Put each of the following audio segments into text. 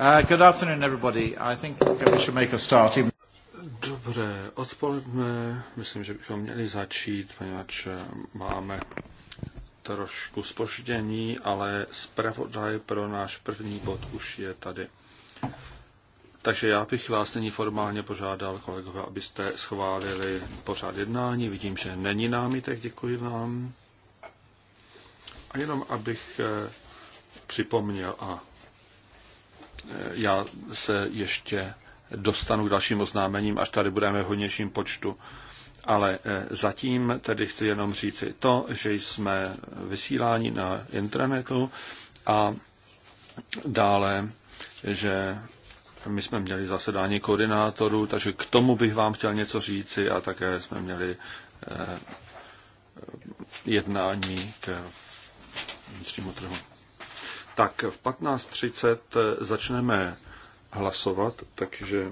Uh, good afternoon, everybody. I think we should make a start. Dobré odpoledne. Myslím, že bychom měli začít, poněvadž eh, máme trošku spoždění, ale zpravodaj pro náš první bod už je tady. Takže já bych vás nyní formálně požádal, kolegové, abyste schválili pořád jednání. Vidím, že není námitek, děkuji vám. A jenom abych eh, připomněl a já se ještě dostanu k dalším oznámením, až tady budeme v hodnějším počtu. Ale eh, zatím tedy chci jenom říci to, že jsme vysíláni na internetu a dále, že my jsme měli zasedání koordinátorů, takže k tomu bych vám chtěl něco říci a také jsme měli eh, jednání k vnitřnímu trhu tak v 15.30 eh, začneme hlasovat, takže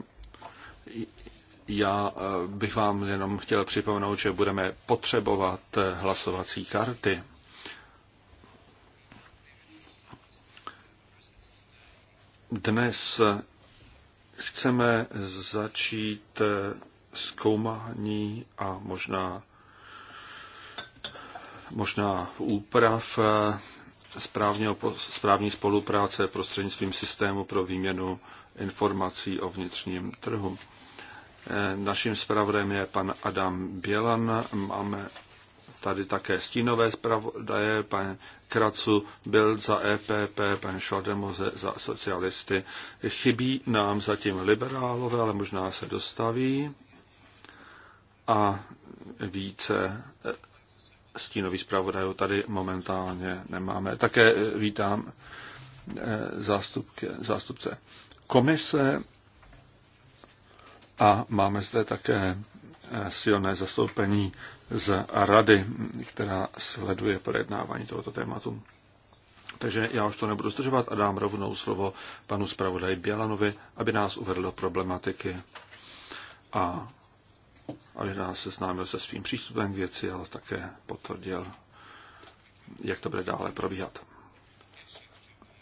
já eh, bych vám jenom chtěl připomenout, že budeme potřebovat eh, hlasovací karty. Dnes chceme začít zkoumání a možná, možná úprav správně, správní spolupráce prostřednictvím systému pro výměnu informací o vnitřním trhu. Eh, naším zpravodajem je pan Adam Bělan. Máme tady také stínové zpravodaje, pan Kracu byl za EPP, pan Šaldemoze za socialisty. Chybí nám zatím liberálové, ale možná se dostaví. A více Stínový zpravodaj ho tady momentálně nemáme. Také eh, vítám eh, zástupky, zástupce komise a máme zde také eh, silné zastoupení z rady, která sleduje projednávání tohoto tématu. Takže já už to nebudu zdržovat a dám rovnou slovo panu zpravodaji Bělanovi, aby nás uvedl do problematiky. A aby nás seznámil se svým přístupem k věci, ale také potvrdil, jak to bude dále probíhat.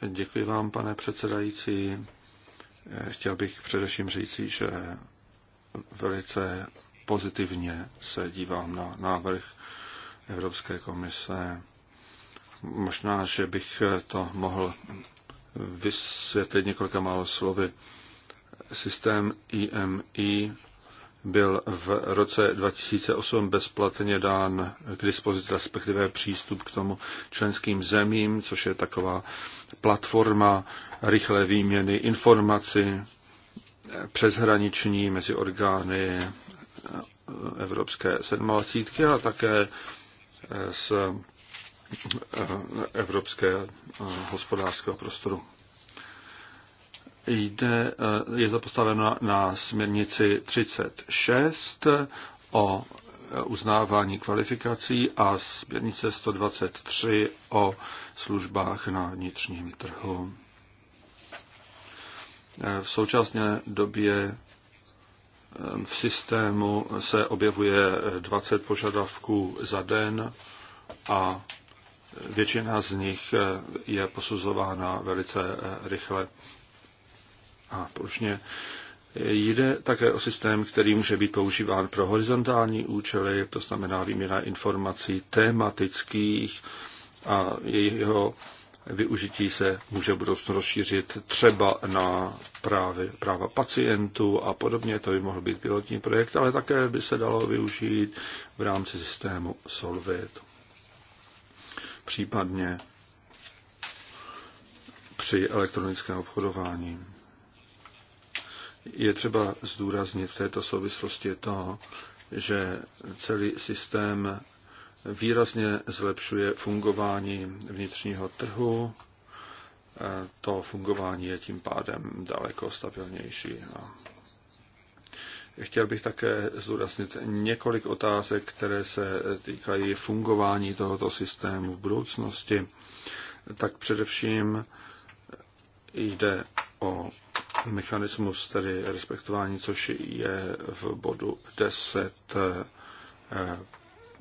Děkuji vám, pane předsedající. Chtěl bych především říci, že velice pozitivně se dívám na návrh Evropské komise. Možná, že bych to mohl vysvětlit několika málo slovy. Systém IMI byl v roce 2008 bezplatně dán k dispozici, respektive přístup k tomu členským zemím, což je taková platforma rychlé výměny informací přeshraniční mezi orgány Evropské 27 a také s eh, Evropské eh, hospodářského prostoru jde, eh, je to postaveno na směrnici 36 o eh, uznávání kvalifikací a směrnice 123 o službách na vnitřním trhu. Eh, v současné době v systému se objevuje 20 požadavků za den a většina z nich je posuzována velice rychle a pružně. Jde také o systém, který může být používán pro horizontální účely, to znamená výměna informací tematických a jeho využití se může v budoucnu rozšířit třeba na právě, práva pacientů a podobně. To by mohl být pilotní projekt, ale také by se dalo využít v rámci systému Solvit. Případně při elektronickém obchodování. Je třeba zdůraznit v této souvislosti to, že celý systém výrazně zlepšuje fungování vnitřního trhu. E, to fungování je tím pádem daleko stabilnější. Chtěl bych také zdůraznit několik otázek, které se týkají fungování tohoto systému v budoucnosti. Tak především jde o mechanismus tedy respektování, což je v bodu 10 eh,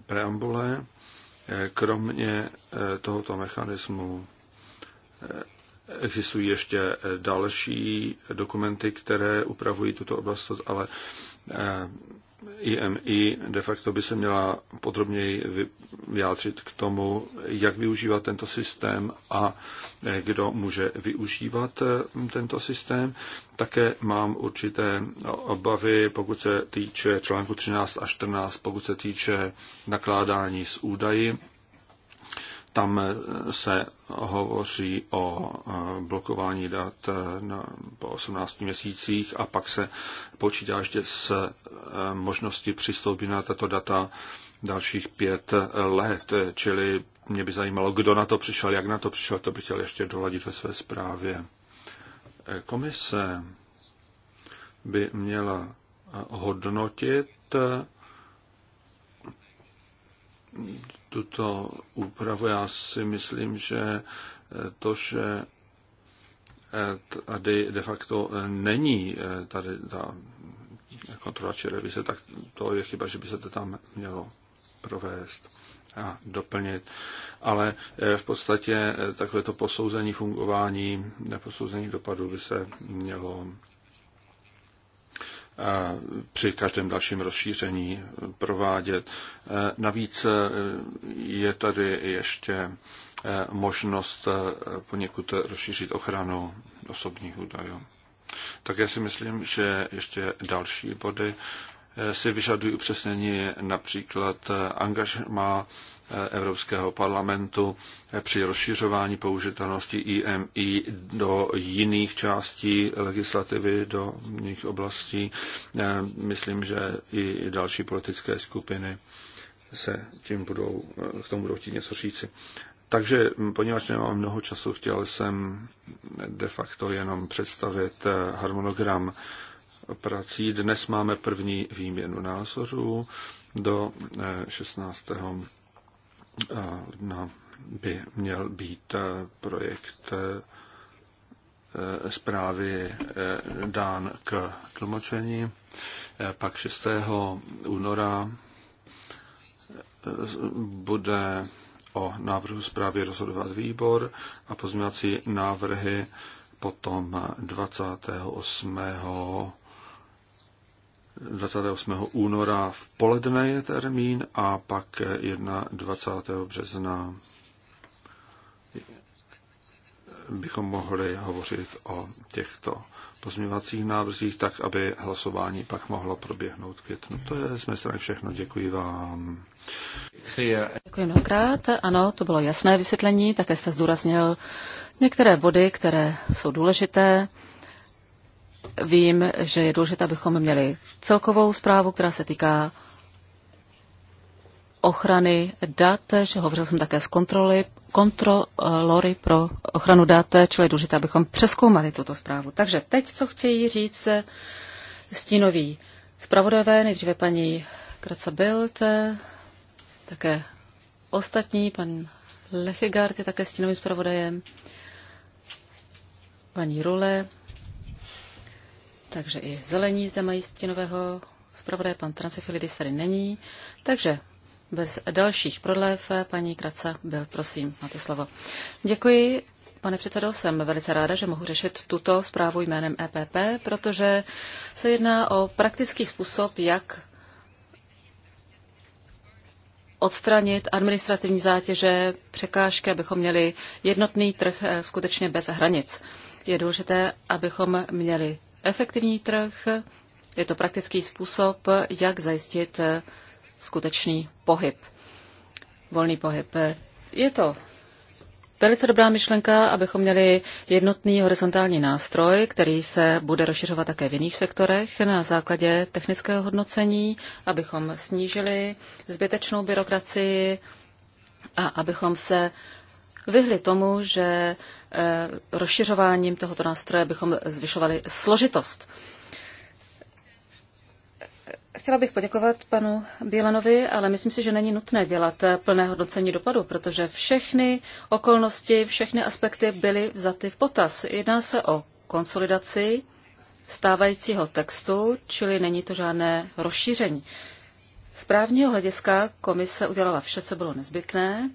preambule. Eh, kromě eh, tohoto mechanismu existují ještě další dokumenty, které upravují tuto oblast, ale IMI de facto by se měla podrobněji vyjádřit k tomu, jak využívat tento systém a kdo může využívat eh, tento systém. Také mám určité obavy, pokud se týče článku 13 a 14, pokud se týče nakládání s údaji. Tam eh, se hovoří o eh, blokování dat po 18 měsících a pak se počítá ještě s možností přistoupit na tato data dalších pět let, čili mě by zajímalo, kdo na to přišel, jak na to přišel, to bych chtěl ještě doladit ve své zprávě. Eh, komise by měla eh, hodnotit eh, tuto úpravu. Já si myslím, že to, že tady de facto není tady ta kontrola či revize, tak to je chyba, že by se to tam mělo provést a doplnit. Ale e, v podstatě e, to posouzení fungování, e, posouzení dopadu by se mělo při každém dalším rozšíření provádět. Navíc je tady ještě možnost poněkud rozšířit ochranu osobních údajů. Tak já si myslím, že ještě další body si vyžadují upřesnění například angažma Evropského parlamentu při rozšiřování použitelnosti IMI e do jiných částí legislativy, do jiných oblastí. Myslím, že i další politické skupiny se tím budou, k tomu budou chtít něco říci. Takže, poněvadž nemám mnoho času, chtěl jsem de facto jenom představit harmonogram prací. Dnes máme první výměnu názorů do 16. Eh, ledna by měl být eh, projekt eh, zprávy dán k tlumočení. Pak 6. února bude o návrhu zprávy rozhodovat výbor a pozměňovací návrhy potom 28. 28. února v poledne je termín a pak 21. března bychom mohli hovořit o těchto pozměňovacích návrzích, tak aby hlasování pak mohlo proběhnout v květnu. To je z mé strany všechno. Děkuji vám. Děkuji mnohokrát. Ano, to bylo jasné vysvětlení. Také jste zdůraznil některé body, které jsou důležité vím, že je důležité, abychom měli celkovou zprávu, která se týká ochrany dat, že hovořil jsem také z kontroly, kontrolory pro ochranu dat, čili je důležité, abychom přeskoumali tuto zprávu. Takže teď, co chtějí říct stínoví zpravodové, nejdříve paní Kraca Bild, také ostatní, pan Lechegard je také stínovým zpravodajem, paní Rule, takže i zelení zde mají stěnového zpravodaje, pan Transifilidis tady není. Takže bez dalších prodlev, paní Kraca byl, prosím, máte slovo. Děkuji. Pane předsedo, jsem velice ráda, že mohu řešit tuto zprávu jménem EPP, protože se jedná o praktický způsob, jak odstranit administrativní zátěže, překážky, abychom měli jednotný trh eh, skutečně bez hranic. Je důležité, abychom měli efektivní trh, je to praktický způsob, jak zajistit skutečný pohyb, volný pohyb. Je to velice dobrá myšlenka, abychom měli jednotný horizontální nástroj, který se bude rozšiřovat také v jiných sektorech na základě technického hodnocení, abychom snížili zbytečnou byrokracii a abychom se vyhli tomu, že Eh, rozšiřováním tohoto nástroje bychom zvyšovali složitost. Chtěla bych poděkovat panu Bílanovi, ale myslím si, že není nutné dělat plné hodnocení dopadu, protože všechny okolnosti, všechny aspekty byly vzaty v potaz. Jedná se o konsolidaci stávajícího textu, čili není to žádné rozšíření. Z právního hlediska komise udělala vše, co bylo nezbytné,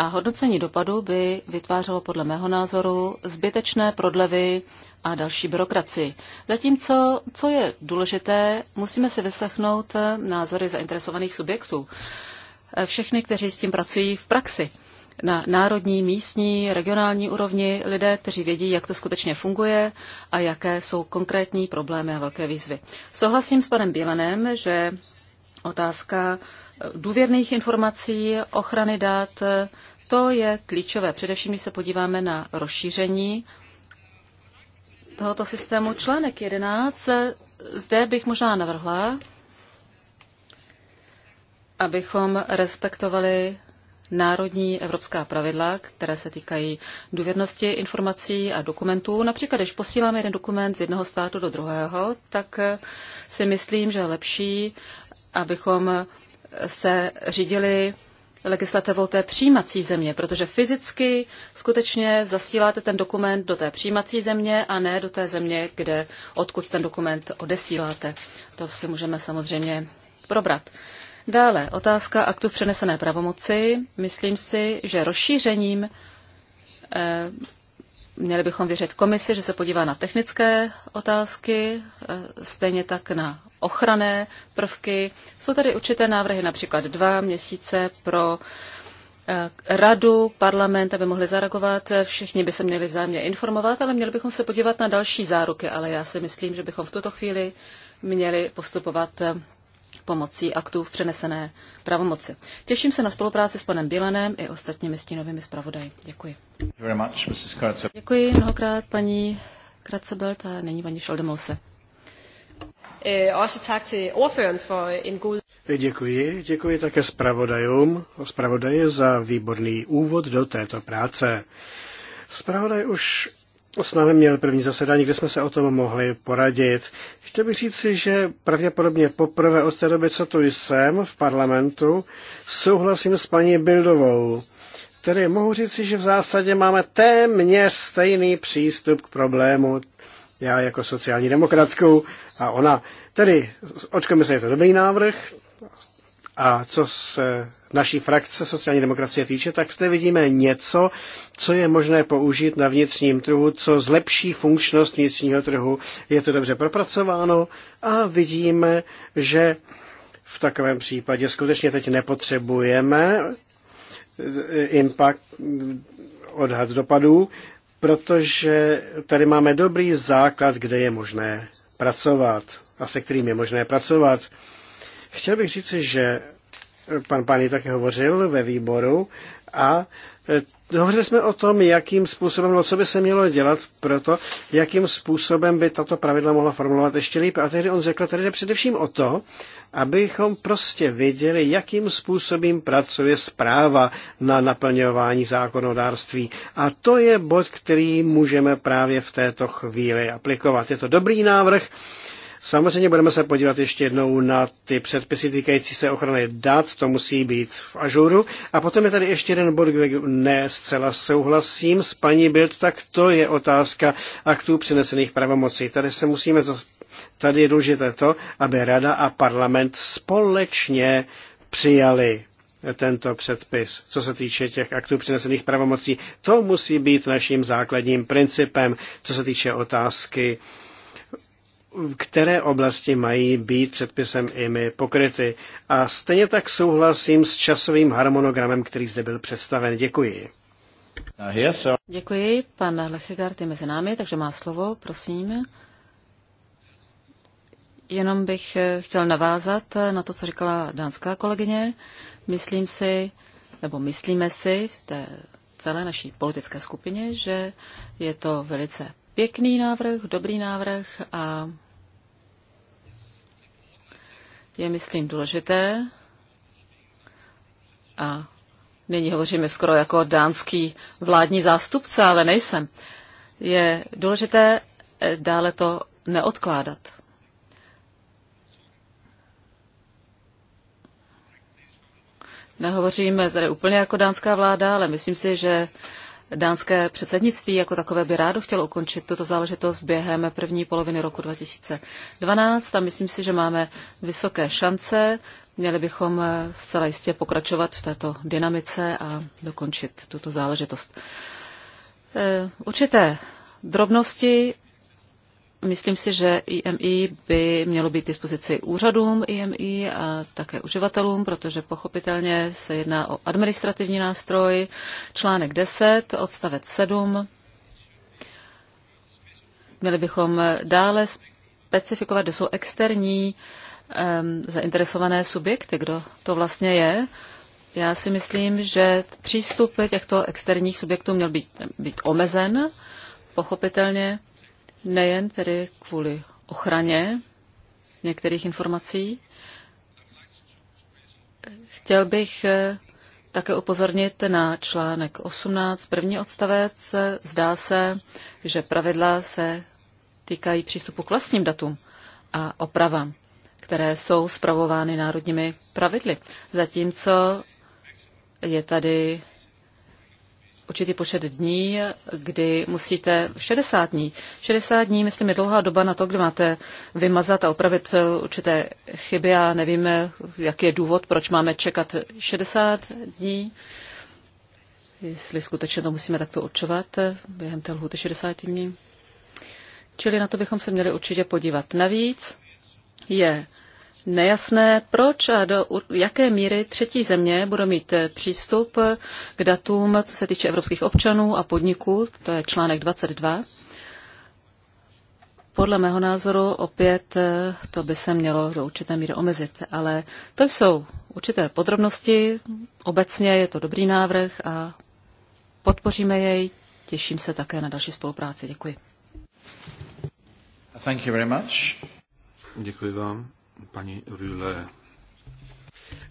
a hodnocení dopadu by vytvářelo podle mého názoru zbytečné prodlevy a další byrokracii. Zatímco, co je důležité, musíme si vyslechnout názory zainteresovaných subjektů. Všechny, kteří s tím pracují v praxi. Na národní, místní, regionální úrovni lidé, kteří vědí, jak to skutečně funguje a jaké jsou konkrétní problémy a velké výzvy. Souhlasím s panem Bílenem, že otázka důvěrných informací, ochrany dat, to je klíčové, především když se podíváme na rozšíření tohoto systému. Článek 11, zde bych možná navrhla, abychom respektovali národní evropská pravidla, které se týkají důvěrnosti informací a dokumentů. Například, když posíláme jeden dokument z jednoho státu do druhého, tak si myslím, že je lepší, abychom se řídili legislativou té přijímací země, protože fyzicky skutečně zasíláte ten dokument do té přijímací země a ne do té země, kde odkud ten dokument odesíláte. To si můžeme samozřejmě probrat. Dále otázka aktu v přenesené pravomoci. Myslím si, že rozšířením e, měli bychom věřit komisi, že se podívá na technické otázky, eh, stejně tak na ochranné prvky. Jsou tady určité návrhy, například dva měsíce pro eh, radu, parlament, aby mohli zareagovat. Všichni by se měli vzájemně informovat, ale měli bychom se podívat na další záruky. Ale já si myslím, že bychom v tuto chvíli měli postupovat eh, pomocí aktů v přenesené pravomoci. Těším se na spolupráci s panem Bílenem i ostatními stínovými zpravodaji. Děkuji. Děkuji mnohokrát paní Kracebelt a není paní Šoldemolse. Eh, også tak til ordføreren for eh, en god... Eh, děkuji, děkuji také zpravodajům, zpravodaje za výborný úvod do této práce. Zpravodaj už s námi měl první zasedání, kde jsme se o tom mohli poradit. Chtěl bych říci, že pravděpodobně poprvé od té doby, co tu jsem v parlamentu, souhlasím s paní Bildovou. Tedy mohu říci, že v zásadě máme téměř stejný přístup k problému. Já jako sociální demokratku a ona. Tedy od se, je to dobrý návrh a co se naší frakce sociální demokracie týče, tak zde vidíme něco, co je možné použít na vnitřním trhu, co zlepší funkčnost vnitřního trhu. Je to dobře propracováno a vidíme, že v takovém případě skutečně teď nepotřebujeme eh, impact odhad dopadů, protože tady máme dobrý základ, kde je možné pracovat a se kterým je možné pracovat. Chtěl bych říci, že pan Pani také hovořil ve výboru a Hovořili jsme o tom, jakým způsobem, no co by se mělo dělat pro to, jakým způsobem by tato pravidla mohla formulovat ještě líp. A tehdy on řekl, tady jde především o to, abychom prostě věděli, jakým způsobem pracuje zpráva na naplňování zákonodárství. A to je bod, který můžeme právě v této chvíli aplikovat. Je to dobrý návrh, Samozřejmě budeme se podívat ještě jednou na ty předpisy týkající se ochrany dat, to musí být v ažuru. A potom je tady ještě jeden bod, kde ne zcela souhlasím s paní Bild, tak to je otázka aktů přinesených pravomocí. Tady se musíme Tady je důležité to, aby Rada a parlament společně přijali tento předpis, co se týče těch aktů přinesených pravomocí. To musí být naším základním principem, co se týče otázky v které oblasti mají být předpisem IMI pokryty. A stejně tak souhlasím s časovým harmonogramem, který zde byl představen. Děkuji. Děkuji. Pan Lechegard je mezi námi, takže má slovo, prosím. Jenom bych eh, chtěl navázat eh, na to, co říkala dánská kolegyně. Myslím si, nebo myslíme si v té celé naší politické skupině, že je to velice pěkný návrh, dobrý návrh a je, myslím, důležité. A nyní hovoříme skoro jako dánský vládní zástupce, ale nejsem. Je důležité eh, dále to neodkládat. Nehovoříme tady úplně jako dánská vláda, ale myslím si, že Dánské předsednictví jako takové by rádo chtělo ukončit tuto záležitost během první poloviny roku 2012 a myslím si, že máme vysoké šance. Měli bychom eh, zcela jistě pokračovat v této dynamice a dokončit tuto záležitost. Eh, určité drobnosti Myslím si, že IMI by mělo být dispozici úřadům IMI a také uživatelům, protože pochopitelně se jedná o administrativní nástroj. Článek 10, odstavec 7. Měli bychom dále specifikovat, kde jsou externí um, zainteresované subjekty, kdo to vlastně je. Já si myslím, že přístup těchto externích subjektů měl být, být omezen, pochopitelně nejen tedy kvůli ochraně některých informací. Chtěl bych eh, také upozornit na článek 18, první odstavec. Zdá se, že pravidla se týkají přístupu k vlastním datům a opravám, které jsou spravovány národními pravidly. Zatímco je tady určitý počet dní, kdy musíte 60 dní. 60 dní, myslím, je dlouhá doba na to, kdy máte vymazat a opravit určité chyby a nevíme, jaký je důvod, proč máme čekat 60 dní. Jestli skutečně to musíme takto určovat během té lhuty 60 dní. Čili na to bychom se měli určitě podívat. Navíc je nejasné, proč a do jaké míry třetí země budou mít eh, přístup eh, k datům, co se týče evropských občanů a podniků, to je článek 22. Podle mého názoru opět eh, to by se mělo do určité míry omezit, ale to jsou určité podrobnosti. Obecně je to dobrý návrh a podpoříme jej. Těším se také na další spolupráci. Děkuji. Thank you very much. Děkuji vám paní Rüle.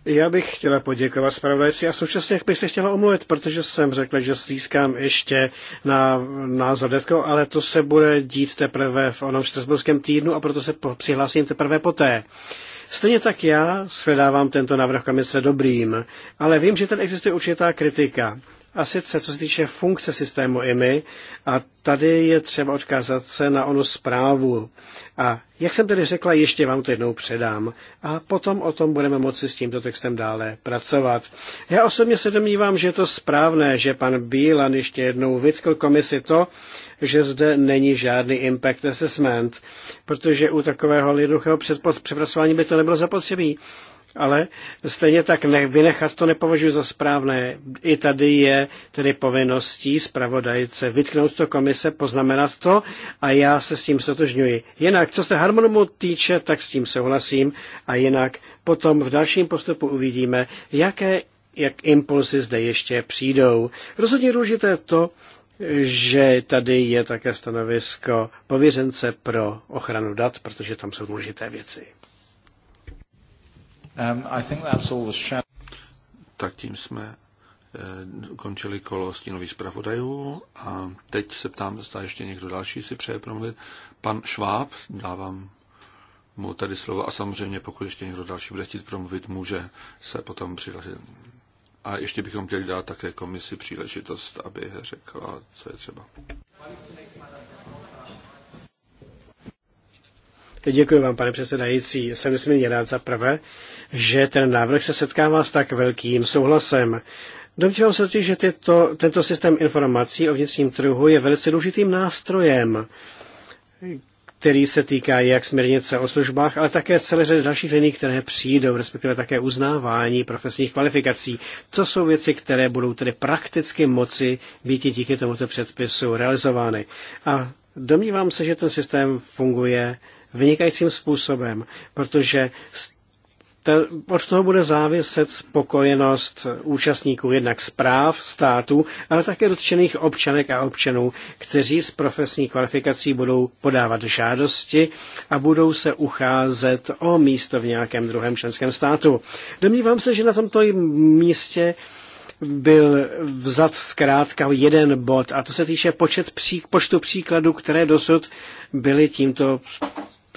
Já bych chtěla poděkovat zpravodajci a současně bych se chtěla omluvit, protože jsem řekla, že získám ještě na, na zadetko, ale to se bude dít teprve v onom štrasburském týdnu a proto se po, přihlásím teprve poté. Stejně tak já shledávám tento návrh komise dobrým, ale vím, že ten existuje určitá kritika. A sice, co se týče funkce systému IMI, a tady je třeba odkázat se na onu zprávu. A jak jsem tedy řekla, ještě vám to jednou předám. A potom o tom budeme moci s tímto textem dále pracovat. Já osobně se domnívám, že je to správné, že pan Bílan ještě jednou vytkl komisi to, že zde není žádný impact assessment, protože u takového jednoduchého přepracování by to nebylo zapotřebí ale stejně tak ne, vynechat to nepovažuji za správné. I tady je tedy povinností zpravodajce vytknout to komise, poznamenat to a já se s tím sotožňuji. Jinak, co se harmonomu týče, tak s tím souhlasím a jinak potom v dalším postupu uvidíme, jaké jak impulsy zde ještě přijdou. Rozhodně důležité to, že tady je také stanovisko pověřence pro ochranu dat, protože tam jsou důležité věci. Um, tak tím jsme eh, končili kolo stínových zpravodajů a teď se ptám, zda ještě někdo další si přeje promluvit. Pan Šváb, dávám mu tady slovo a samozřejmě pokud ještě někdo další bude chtít promluvit, může se potom přihlásit. A ještě bychom chtěli dát také komisi příležitost, aby řekla, co je třeba. Děkuji vám, pane předsedající. Jsem nesmírně rád za prvé, že ten návrh se setkává s tak velkým souhlasem. Domnívám se totiž, že tyto, tento systém informací o vnitřním trhu je velice důležitým nástrojem, který se týká jak směrnice o službách, ale také celé řady dalších liní, které přijdou, respektive také uznávání profesních kvalifikací. To jsou věci, které budou tedy prakticky moci být díky tomuto předpisu realizovány. A domnívám se, že ten systém funguje vynikajícím způsobem, protože od toho bude záviset spokojenost účastníků jednak zpráv, států, ale také dotčených občanek a občanů, kteří s profesní kvalifikací budou podávat žádosti a budou se ucházet o místo v nějakém druhém členském státu. Domnívám se, že na tomto místě byl vzat zkrátka jeden bod, a to se týče počet pří, počtu příkladů, které dosud byly tímto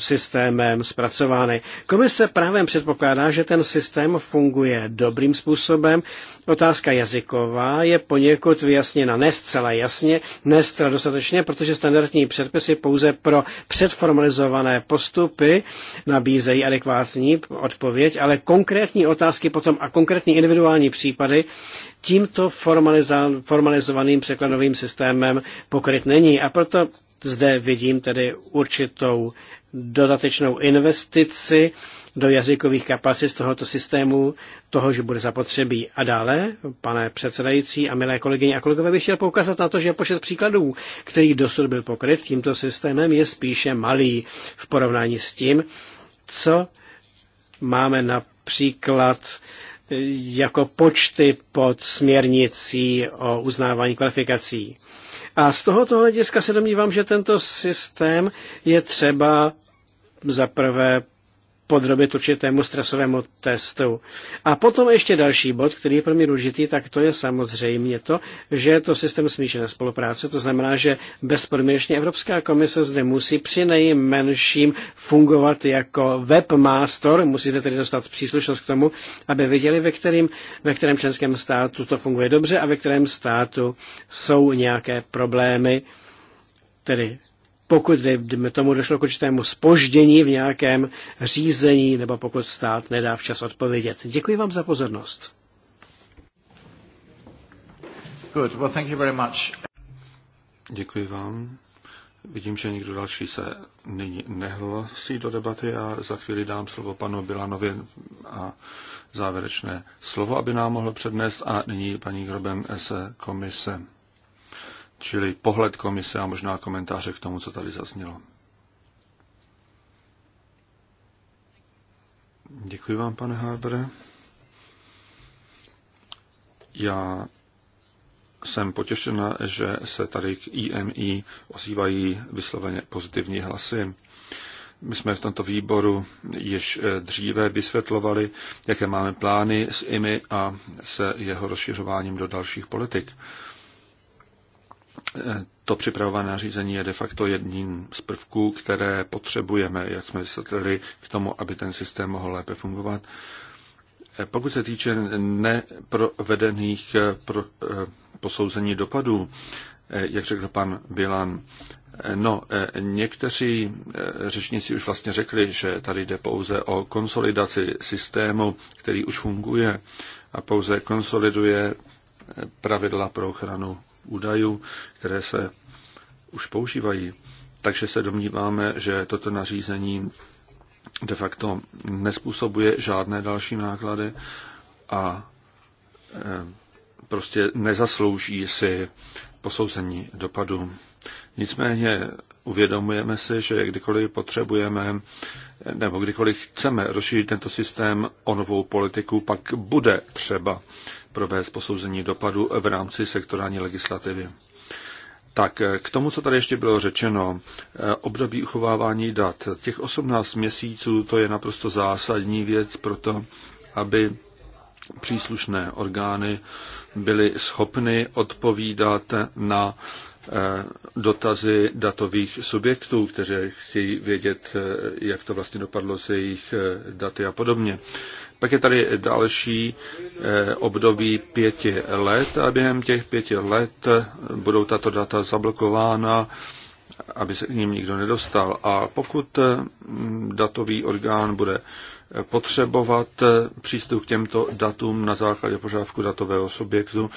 systémem zpracovány. Komise právě předpokládá, že ten systém funguje dobrým způsobem. Otázka jazyková je poněkud vyjasněna, ne zcela jasně, ne zcela dostatečně, protože standardní předpisy pouze pro předformalizované postupy nabízejí adekvátní odpověď, ale konkrétní otázky potom a konkrétní individuální případy tímto formalizovaným překladovým systémem pokryt není. A proto zde vidím tedy určitou dodatečnou investici do jazykových kapacit tohoto systému, toho, že bude zapotřebí. A dále, pane předsedající a milé kolegyně a kolegové, bych chtěl poukázat na to, že počet příkladů, který dosud byl pokryt tímto systémem, je spíše malý v porovnání s tím, co máme například eh, jako počty pod směrnicí o uznávání kvalifikací. A z tohoto hlediska se domnívám, že tento systém je třeba zaprvé podrobit určitému stresovému testu. A potom ještě další bod, který je pro mě důležitý, tak to je samozřejmě to, že je to systém smíšené spolupráce, to znamená, že bezpodmínečně Evropská komise zde musí při nejmenším fungovat jako webmaster, musíte tedy dostat příslušnost k tomu, aby viděli, ve, kterém ve kterém členském státu to funguje dobře a ve kterém státu jsou nějaké problémy, tedy pokud, dejme tomu, došlo k určitému spoždění v nějakém řízení, nebo pokud stát nedá včas odpovědět. Děkuji vám za pozornost. Good. Well, thank you very much. Děkuji vám. Vidím, že nikdo další se nyní nehlasí do debaty a za chvíli dám slovo panu Bilanovi a závěrečné slovo, aby nám mohl přednést a nyní paní Groben se komise. Čili pohled komise a možná komentáře k tomu, co tady zaznělo. Děkuji vám, pane Harbre. Já jsem potěšena, že se tady k IMI ozývají vysloveně pozitivní hlasy. My jsme v tomto výboru již dříve vysvětlovali, jaké máme plány s IMI a se jeho rozšiřováním do dalších politik to připravované nařízení je de facto jedním z prvků, které potřebujeme, jak jsme vysvětlili, k tomu, aby ten systém mohl lépe fungovat. Pokud se týče neprovedených eh, pro, eh, posouzení dopadů, eh, jak řekl pan Bilan, no, někteří řečníci už vlastně řekli, že tady jde pouze o konsolidaci systému, který už funguje a pouze konsoliduje pravidla pro ochranu údajů, které se už používají. Takže se domníváme, že toto nařízení de facto nespůsobuje žádné další náklady a e, prostě nezaslouží si posouzení dopadu. Nicméně uvědomujeme si, že kdykoliv potřebujeme nebo kdykoliv chceme rozšířit tento systém o novou politiku, pak bude třeba provést posouzení dopadu v rámci sektorální legislativy. Tak k tomu, co tady ještě bylo řečeno, eh, období uchovávání dat. Těch 18 měsíců to je naprosto zásadní věc pro to, aby příslušné orgány byly schopny odpovídat na eh, dotazy datových subjektů, kteří chtějí vědět, eh, jak to vlastně dopadlo s jejich daty a podobně. Pak je tady další eh, období pěti let a během těch pěti let eh, budou tato data zablokována, aby se k ním nikdo nedostal. A pokud eh, datový orgán bude potřebovat přístup k těmto datům na základě požádku datového subjektu,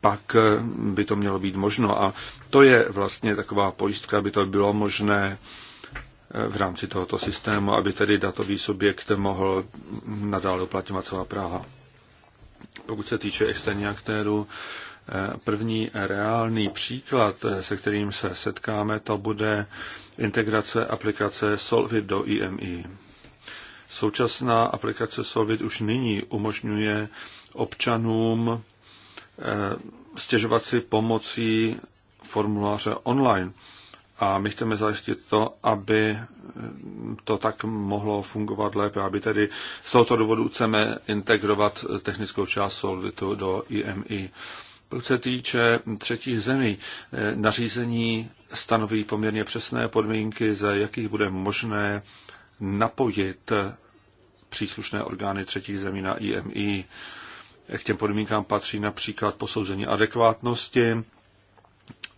pak by to mělo být možno. A to je vlastně taková pojistka, aby to bylo možné v rámci tohoto systému, aby tedy datový subjekt mohl nadále uplatňovat svá práva. Pokud se týče externí aktérů, první reálný příklad, se kterým se setkáme, to bude integrace aplikace Solvit do IMI. Současná aplikace Solvit už nyní umožňuje občanům eh, stěžovat si pomocí formuláře online. A my chceme zajistit to, aby to tak mohlo fungovat lépe, aby tedy z tohoto důvodu chceme integrovat technickou část Solvitu do IMI. Pokud se týče třetích zemí, nařízení stanoví poměrně přesné podmínky, za jakých bude možné napojit příslušné orgány třetích zemí na IMI. K těm podmínkám patří například posouzení adekvátnosti,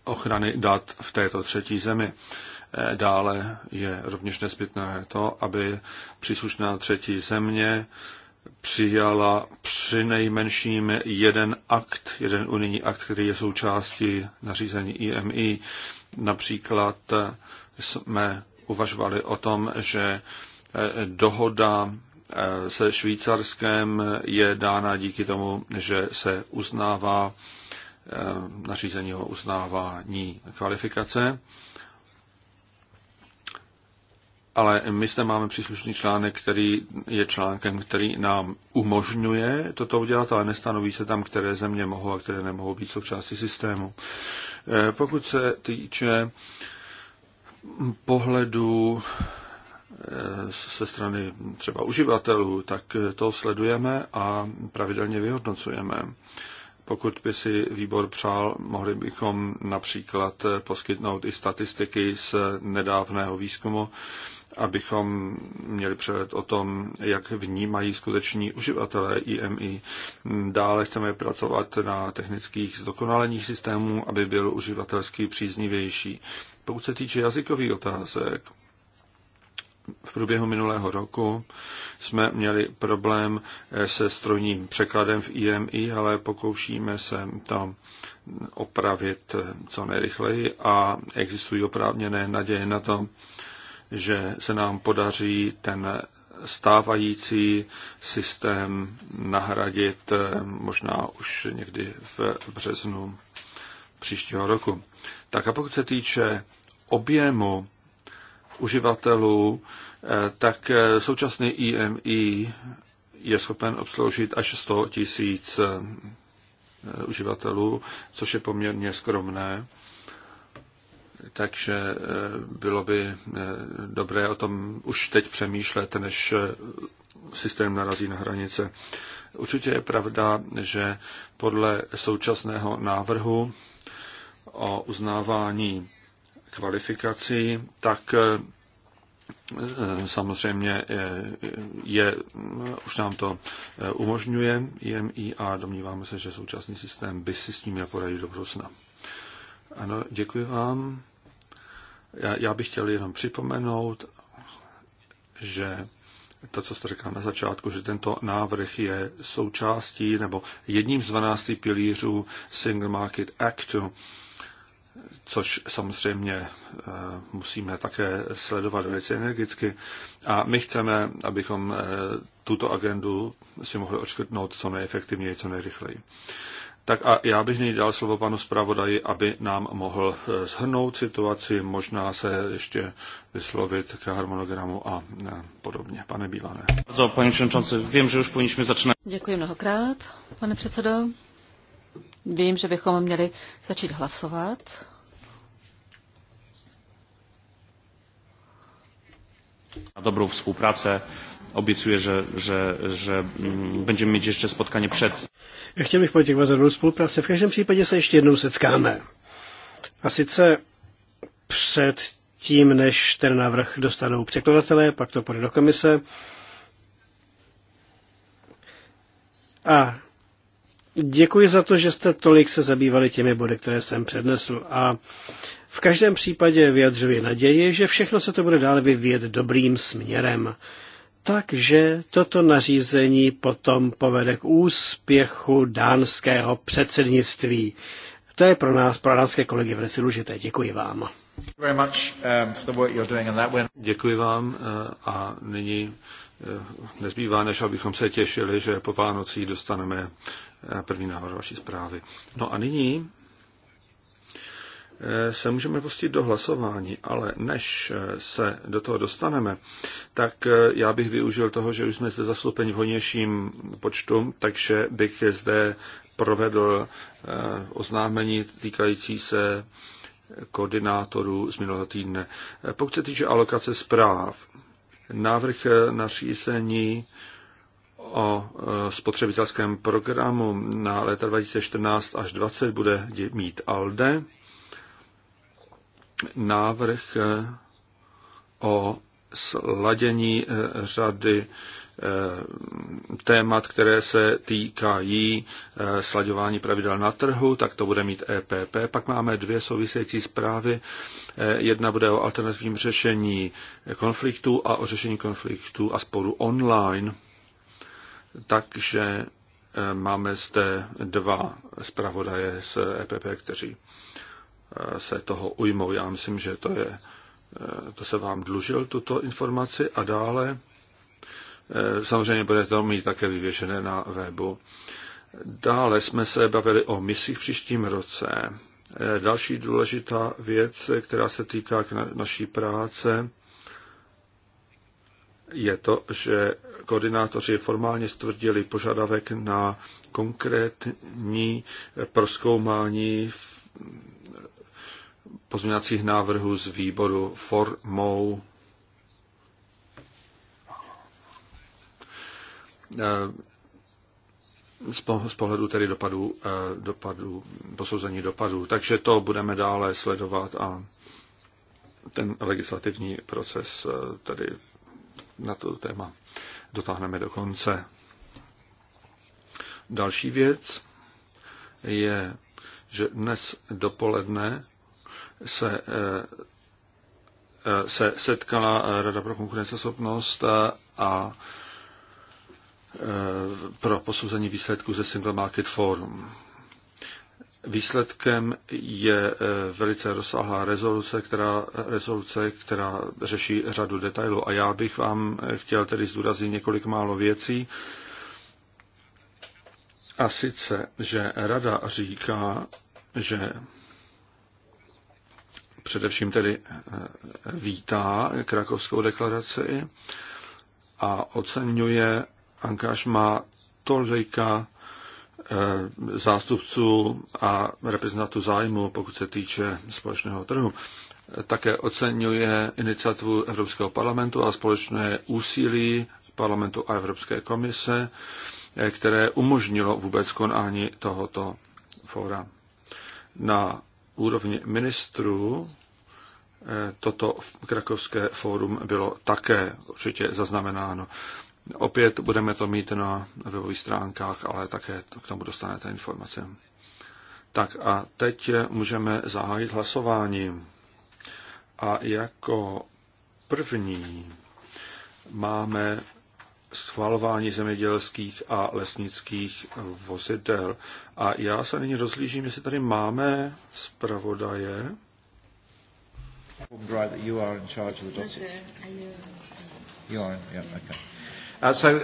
ochrany dat v této třetí zemi. Eh, dále je rovněž nezbytné to, aby příslušná třetí země přijala při nejmenším jeden akt, jeden unijní akt, který je součástí nařízení IMI. Například eh, jsme uvažovali o tom, že eh, dohoda se Švýcarskem je dána díky tomu, že se uznává Eh, nařízení o uznávání kvalifikace. Ale my zde máme příslušný článek, který je článkem, který nám umožňuje toto udělat, ale nestanoví se tam, které země mohou a které nemohou být součástí systému. Eh, pokud se týče pohledu eh, se strany třeba uživatelů, tak to sledujeme a pravidelně vyhodnocujeme. Pokud by si výbor přál, mohli bychom například poskytnout i statistiky z nedávného výzkumu, abychom měli přehled o tom, jak vnímají skuteční uživatelé IMI. Dále chceme pracovat na technických zdokonaleních systémů, aby byl uživatelský příznivější. Pokud se týče jazykových otázek, v průběhu minulého roku jsme měli problém eh, se strojním překladem v IMI, ale pokoušíme se to opravit eh, co nejrychleji a existují oprávněné naděje na to, že se nám podaří ten stávající systém nahradit eh, možná už někdy v březnu příštího roku. Tak a pokud se týče objemu uživatelů, eh, tak eh, současný IMI e e je schopen obsloužit až 100 tisíc eh, uživatelů, což je poměrně skromné. Takže bylo by dobré o tom už teď přemýšlet, než systém narazí na hranice. Určitě je pravda, že podle současného návrhu o uznávání kvalifikací, tak eh, eh, samozřejmě eh, je, už nám to umožňuje IMI a domníváme se, že současný systém by si s tím měl jako poradit do budoucna. Ano, děkuji vám. Já, já bych chtěl jenom připomenout, že to, co jste říkal na začátku, že tento návrh je součástí nebo jedním z 12 pilířů Single Market Actu, což samozřejmě eh, musíme také sledovat velice energicky. A my chceme, abychom eh, tuto agendu si mohli očkrtnout co nejefektivněji, co nejrychleji. Tak a já bych nyní dal slovo panu zpravodaji, aby nám mohl zhrnout eh, situaci, možná se ještě vyslovit k harmonogramu a podobně. Pane Bílané. Děkuji mnohokrát, pane předsedo. Vím, že bychom měli začít hlasovat. Na dobrou spolupráce. Obiecuję, že, že, že będziemy mieć ještě spotkanie před. Chtěl bych poděkovat za dobrou spolupráci. V každém případě se ještě jednou setkáme. A sice před tím, než ten návrh dostanou překladatelé, pak to půjde do komise. A Děkuji za to, že jste tolik se zabývali těmi body, které jsem přednesl. A v každém případě vyjadřuji naději, že všechno se to bude dále vyvíjet dobrým směrem. Takže toto nařízení potom povede k úspěchu dánského předsednictví. To je pro nás, pro dánské kolegy, velice důležité. Děkuji vám. Um, Děkuji vám uh, a nyní uh, nezbývá, než abychom se těšili, že po Vánocích dostaneme Eh, první návrh vaší zprávy. No a nyní eh, se můžeme pustit do hlasování, ale než eh, se do toho dostaneme, tak já bych využil toho, že už jsme zde zastoupeni v honějším počtu, takže bych zde provedl oznámení týkající se koordinátorů z minulého týdne. Pokud se týče alokace zpráv, návrh řízení o e, spotřebitelském programu na léta 2014 až 2020 bude mít ALDE. Návrh e, o sladění e, řady témat, které se týkají slaďování pravidel na trhu, tak to bude mít EPP. Pak máme dvě související zprávy. Jedna bude o alternativním řešení konfliktu a o řešení konfliktu a sporu online takže eh, máme zde dva zpravodaje z EPP, kteří eh, se toho ujmou. Já myslím, že to je, eh, to se vám dlužil, tuto informaci. A dále, samozřejmě bude to mít také vyvěšené na webu. Dále jsme se bavili o misích v příštím roce. Další důležitá věc, která se týká naší práce, je to, že koordinátoři formálně stvrdili požadavek na konkrétní proskoumání pozměňovacích návrhů z výboru formou z pohledu tedy dopadu, eh, dopadu, posouzení dopadů. Takže to budeme dále sledovat a ten legislativní proces eh, tedy na to téma dotáhneme do konce. Další věc je, že dnes dopoledne se, eh, se setkala Rada pro konkurenceschopnost a eh, pro posouzení výsledků ze Single Market Forum. Výsledkem je eh, velice rozsáhlá rezoluce která, rezoluce, která řeší řadu detailů. A já bych vám eh, chtěl tedy zdůraznit několik málo věcí. A sice, že Rada říká, že především tedy eh, vítá krakovskou deklaraci a oceňuje angažma tolika Eh, zástupců a reprezentantů zájmu, pokud se týče společného trhu. Také oceňuje iniciativu Evropského parlamentu a společné úsilí parlamentu a Evropské komise, eh, které umožnilo vůbec konání tohoto fóra. Na úrovni ministrů eh, toto krakovské fórum bylo také určitě zaznamenáno. Opět budeme to mít na webových stránkách, ale také to k tomu dostanete informace. Tak a teď můžeme zahájit hlasování. A jako první máme schvalování zemědělských a lesnických vozidel. A já se nyní rozlížím, jestli tady máme zpravodaje. You are in charge of the dossier. You are, yeah, okay. Uh,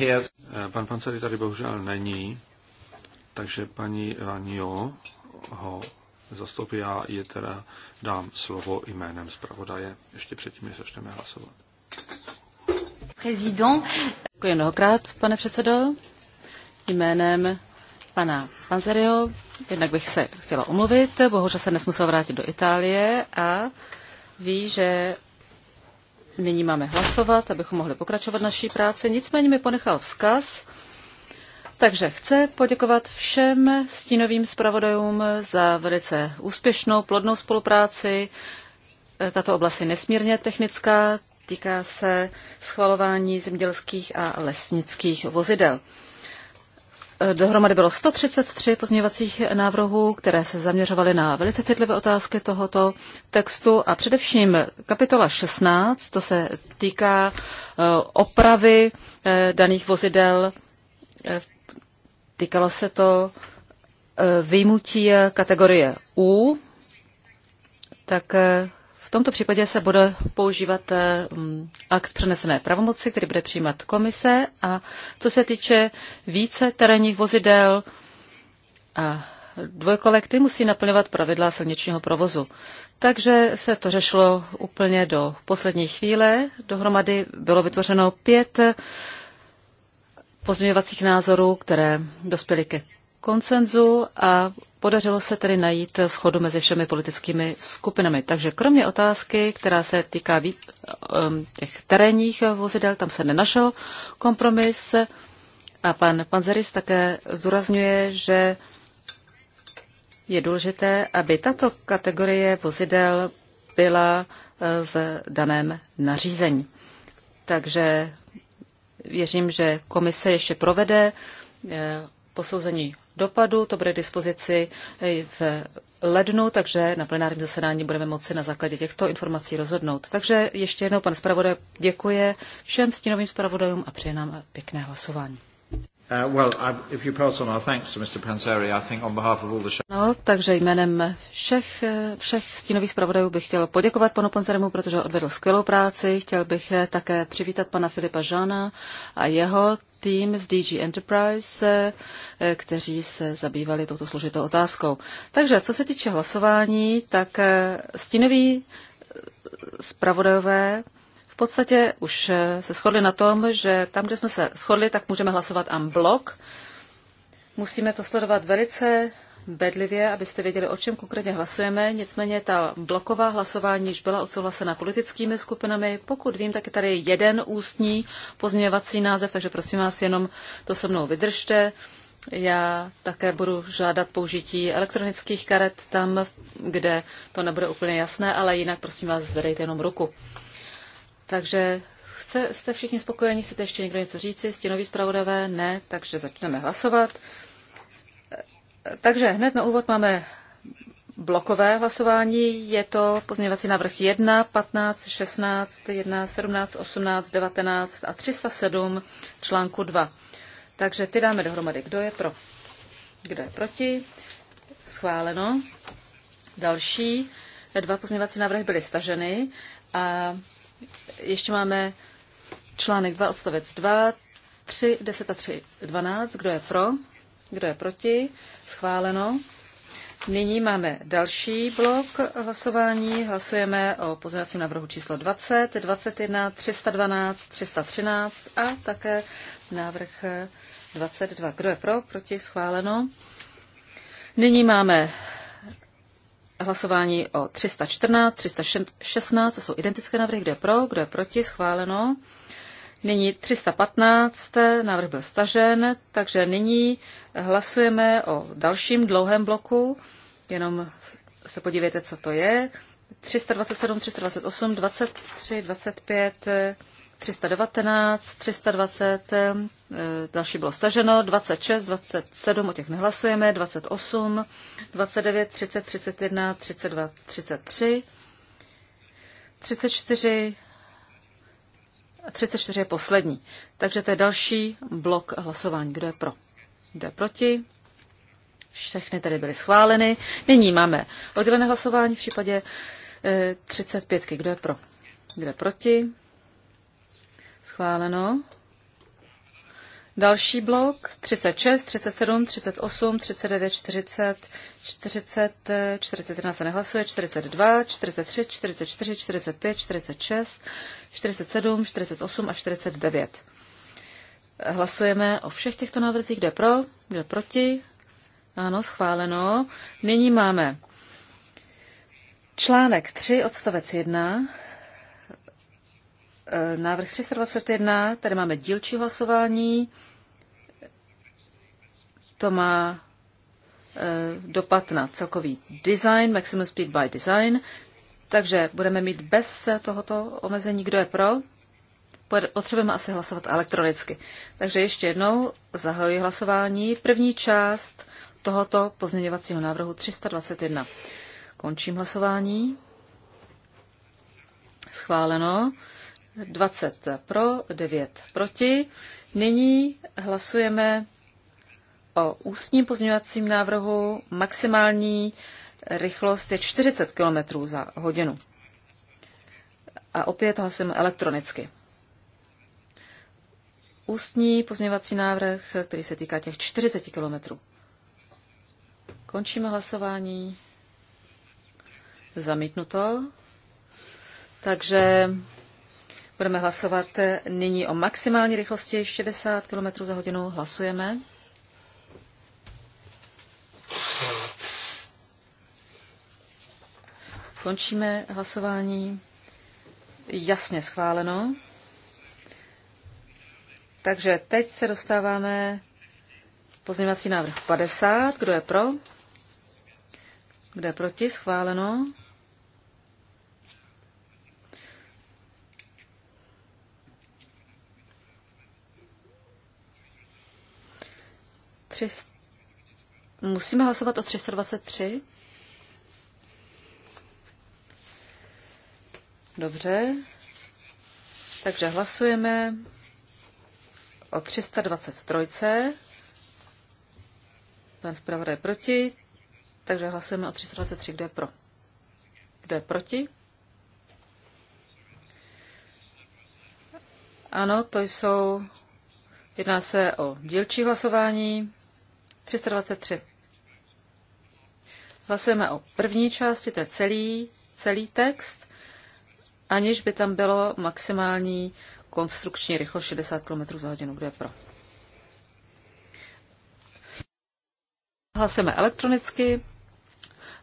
eh, pan Panceri tady bohužel není, takže paní Nio ho zastoupí a je teda dám slovo jménem zpravodaje ještě předtím, než začneme hlasovat. Prezident. Děkuji mnohokrát, pane předsedo. Jménem pana Panzerio, jednak bych se chtěla omluvit, bohužel se dnes musel vrátit do Itálie a ví, že Nyní máme hlasovat, abychom mohli pokračovat naší práci. Nicméně mi ponechal vzkaz, takže chce poděkovat všem stínovým zpravodajům za velice úspěšnou, plodnou spolupráci. E, tato oblast je nesmírně technická, týká se schvalování zemědělských a lesnických vozidel. Eh, dohromady bylo 133 pozměňovacích návrhů, které se zaměřovaly na velice citlivé otázky tohoto textu a především kapitola 16, to se týká eh, opravy eh, daných vozidel. Týkalo se to výjimutí kategorie U, tak tomto případě se bude používat eh, mm, akt přenesené pravomoci, který bude přijímat komise a co se týče více terénních vozidel a dvojkolek, ty musí naplňovat pravidla silničního provozu. Takže se to řešilo úplně do poslední chvíle. Dohromady bylo vytvořeno pět pozměňovacích názorů, které dospěly ke koncenzu a Podařilo se tedy najít schodu mezi všemi politickými skupinami. Takže kromě otázky, která se týká um, těch terénních vozidel, tam se nenašel kompromis. A pan Panzeris také zdůrazňuje, že je důležité, aby tato kategorie vozidel byla eh, v daném nařízení. Takže věřím, že komise ještě provede eh, posouzení dopadu. To bude k dispozici v lednu, takže na plenárním zasedání budeme moci na základě těchto informací rozhodnout. Takže ještě jednou pan zpravodaj děkuje všem stínovým zpravodajům a přeje nám pěkné hlasování. Uh, well, if you pass on our thanks to Mr. Panseri, I think on behalf of all the... No, takže jménem všech, všech stínových zpravodajů bych chtěl poděkovat panu Panzeremu, protože odvedl skvělou práci. Chtěl bych také přivítat pana Filipa Žána a jeho tým z DG Enterprise, kteří se zabývali touto složitou otázkou. Takže co se týče hlasování, tak stínoví zpravodajové v podstatě už eh, se shodli na tom, že tam, kde jsme se shodli, tak můžeme hlasovat en blok. Musíme to sledovat velice bedlivě, abyste věděli, o čem konkrétně hlasujeme. Nicméně ta bloková hlasování již byla odsouhlasena politickými skupinami. Pokud vím, tak je tady jeden ústní pozměňovací název, takže prosím vás, jenom to se mnou vydržte. Já také budu žádat použití elektronických karet tam, kde to nebude úplně jasné, ale jinak prosím vás zvedejte jenom ruku. Takže chce, jste všichni spokojeni? Chcete ještě někdo něco říci? Stěnový zpravodavé? Ne, takže začneme hlasovat. Takže hned na úvod máme blokové hlasování. Je to pozměňovací návrh 1, 15, 16, 1, 17, 18, 19 a 307 článku 2. Takže ty dáme dohromady. Kdo je pro? Kdo je proti? Schváleno. Další dva pozměňovací návrhy byly staženy a ještě máme článek 2, odstavec 2, 3, 10 a 3, 12. Kdo je pro? Kdo je proti? Schváleno. Nyní máme další blok hlasování. Hlasujeme o pozměňovacím návrhu číslo 20, 21, 312, 313 a také návrh 22. Kdo je pro? Proti? Schváleno. Nyní máme hlasování o 314, 316, to jsou identické návrhy, kdo je pro, kdo je proti, schváleno. Nyní 315, návrh byl stažen, takže nyní hlasujeme o dalším dlouhém bloku, jenom se podívejte, co to je. 327, 328, 23, 25, 319, 320, eh, další bylo staženo, 26, 27, o těch nehlasujeme, 28, 29, 30, 31, 32, 33, 34, 34 je poslední. Takže to je další blok hlasování. Kdo je pro? Kdo je proti? Všechny tady byly schváleny. Nyní máme oddělené hlasování v případě 35. Eh, Kdo je pro? Kdo je proti? Schváleno. Další blok 36, 37, 38, 39, 40, 40, 41 se nehlasuje, 42, 43, 44, 45, 46, 47, 48 a 49. Hlasujeme o všech těchto návrzích, kde pro, kde proti. Ano, schváleno. Nyní máme článek 3, odstavec 1. E, návrh 321, tady máme dílčí hlasování. To má e, dopad na celkový design, maximum speed by design. Takže budeme mít bez tohoto omezení, kdo je pro. Potřebujeme asi hlasovat elektronicky. Takže ještě jednou zahajuji hlasování. První část tohoto pozměňovacího návrhu 321. Končím hlasování. Schváleno. 20 pro, 9 proti. Nyní hlasujeme o ústním pozměňovacím návrhu. Maximální rychlost je 40 km za hodinu. A opět hlasujeme elektronicky. Ústní pozměňovací návrh, který se týká těch 40 kilometrů. Končíme hlasování. Zamítnuto. Takže Budeme hlasovat nyní o maximální rychlosti 60 km za hodinu. Hlasujeme. Končíme hlasování. Jasně schváleno. Takže teď se dostáváme pozměňovací návrh 50. Kdo je pro? Kdo je proti? Schváleno. 300 Musíme hlasovat o 323. Dobře. Takže hlasujeme o 323. Pan zpravodaj proti, takže hlasujeme o 323, kdo je pro. Kdo je proti? Ano, to jsou, jedná se o dílčí hlasování. 323. Hlasujeme o první části, to je celý, celý text, aniž by tam bylo maximální konstrukční rychlost 60 km za hodinu. Kdo je pro? Hlasujeme elektronicky.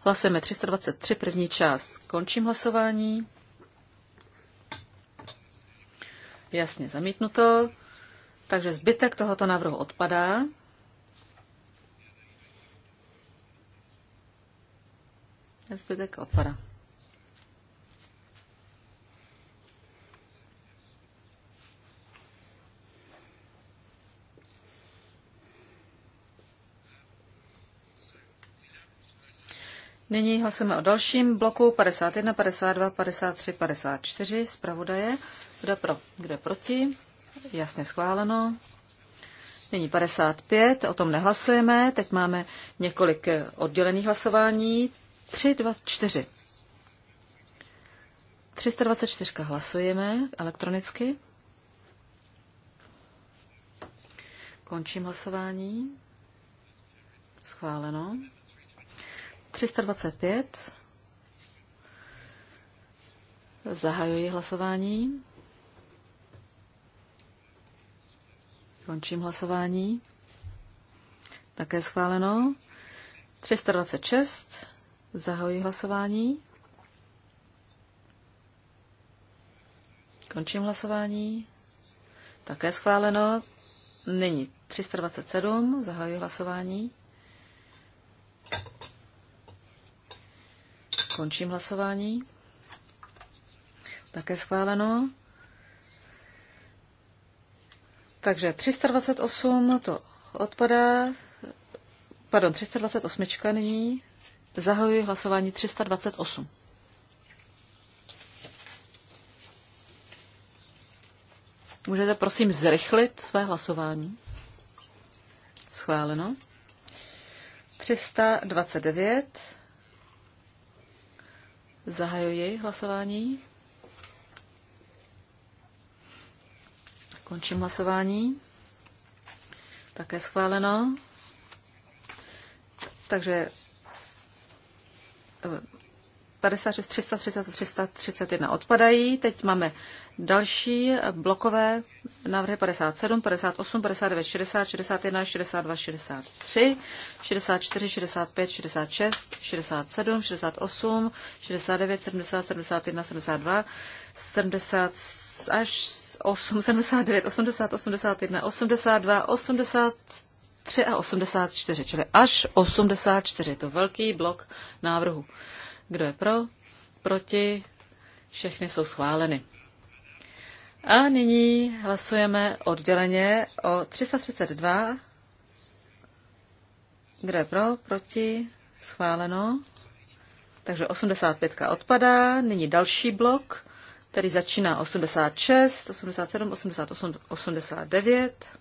Hlasujeme 323, první část. Končím hlasování. Jasně zamítnuto. Takže zbytek tohoto návrhu odpadá. zbytek Nyní hlasujeme o dalším bloku 51, 52, 53, 54 zpravodaje. Kdo pro, kdo proti? Jasně schváleno. Nyní 55, o tom nehlasujeme. Teď máme několik oddělených hlasování. 3, 2, 4. 324 hlasujeme elektronicky. Končím hlasování. Schváleno. 325. Zahajuji hlasování. Končím hlasování. Také schváleno. 326. Zahoji hlasování. Končím hlasování. Také schváleno. Nyní 327. Zahajuji hlasování. Končím hlasování. Také schváleno. Takže 328 to odpadá. Pardon, 328 nyní. Zahajuji hlasování 328. Můžete prosím zrychlit své hlasování? Schváleno. 329. Zahajuji hlasování. Končím hlasování. Také schváleno. Takže 56, 330 a 331 odpadají. Teď máme další blokové návrhy 57, 58, 59, 60, 61, 62, 63, 64, 65, 66, 67, 68, 69, 70, 71, 72, 70 až 8, 79, 80, 81, 82, 83, 3 a 84, čili až 84. To velký blok návrhu. Kdo je pro? Proti? Všechny jsou schváleny. A nyní hlasujeme odděleně o 332. Kdo je pro? Proti? Schváleno. Takže 85 odpadá. Nyní další blok, který začíná 86, 87, 88, 89.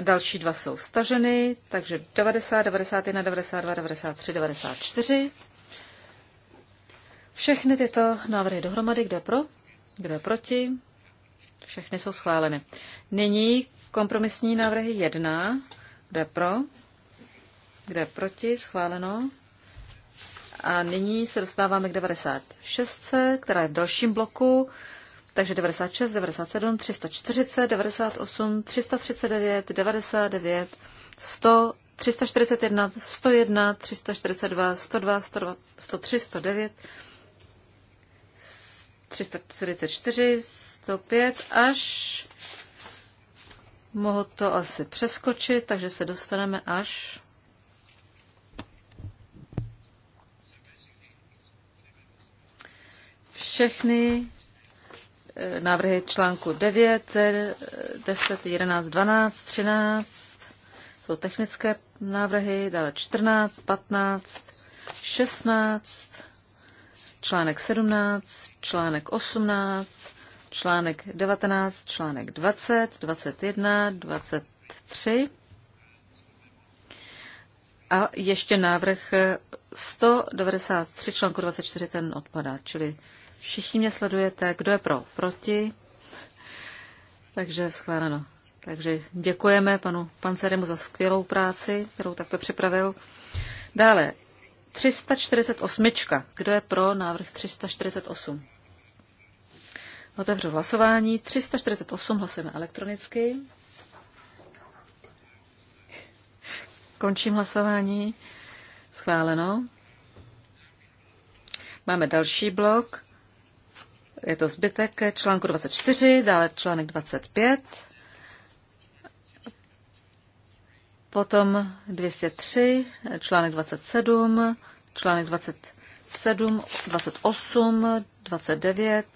Další dva jsou staženy, takže 90, 91, 92, 93, 94. Všechny tyto návrhy dohromady, kdo je pro, kdo je proti, všechny jsou schváleny. Nyní kompromisní návrhy 1, kdo je pro, kdo je proti, schváleno. A nyní se dostáváme k 96, která je v dalším bloku. Takže 96, 97, 340, 98, 339, 99, 100, 341, 101, 342, 102, 102 103, 109, 344, 105 až mohu to asi přeskočit, takže se dostaneme až všechny návrhy článku 9, 10, 11, 12, 13, jsou technické návrhy, dále 14, 15, 16, článek 17, článek 18, článek 19, článek 20, 21, 23 a ještě návrh 193 článku 24, ten odpadá, čili Všichni mě sledujete, kdo je pro, proti. Takže schváleno. Takže děkujeme panu Panceremu za skvělou práci, kterou takto připravil. Dále, 348. Kdo je pro návrh 348? Otevřu hlasování. 348 hlasujeme elektronicky. Končím hlasování. Schváleno. Máme další blok je to zbytek článku 24, dále článek 25, potom 203, článek 27, článek 27, 28, 29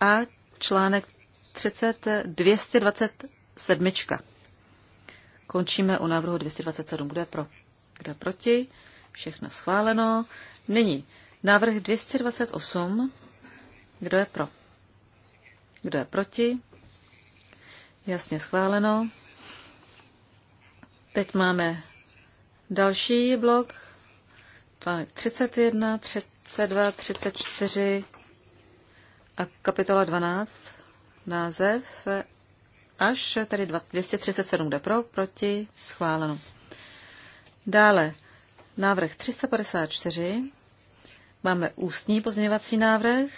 a článek 30, 227. Končíme u návrhu 227. Kdo je pro? Kdo je proti? Všechno schváleno. Nyní návrh 228. Kdo je pro? Kdo je proti? Jasně schváleno. Teď máme další blok. Plány 31, 32, 34 a kapitola 12. Název až tady 237 kde pro, proti, schváleno. Dále návrh 354. Máme ústní pozměňovací návrh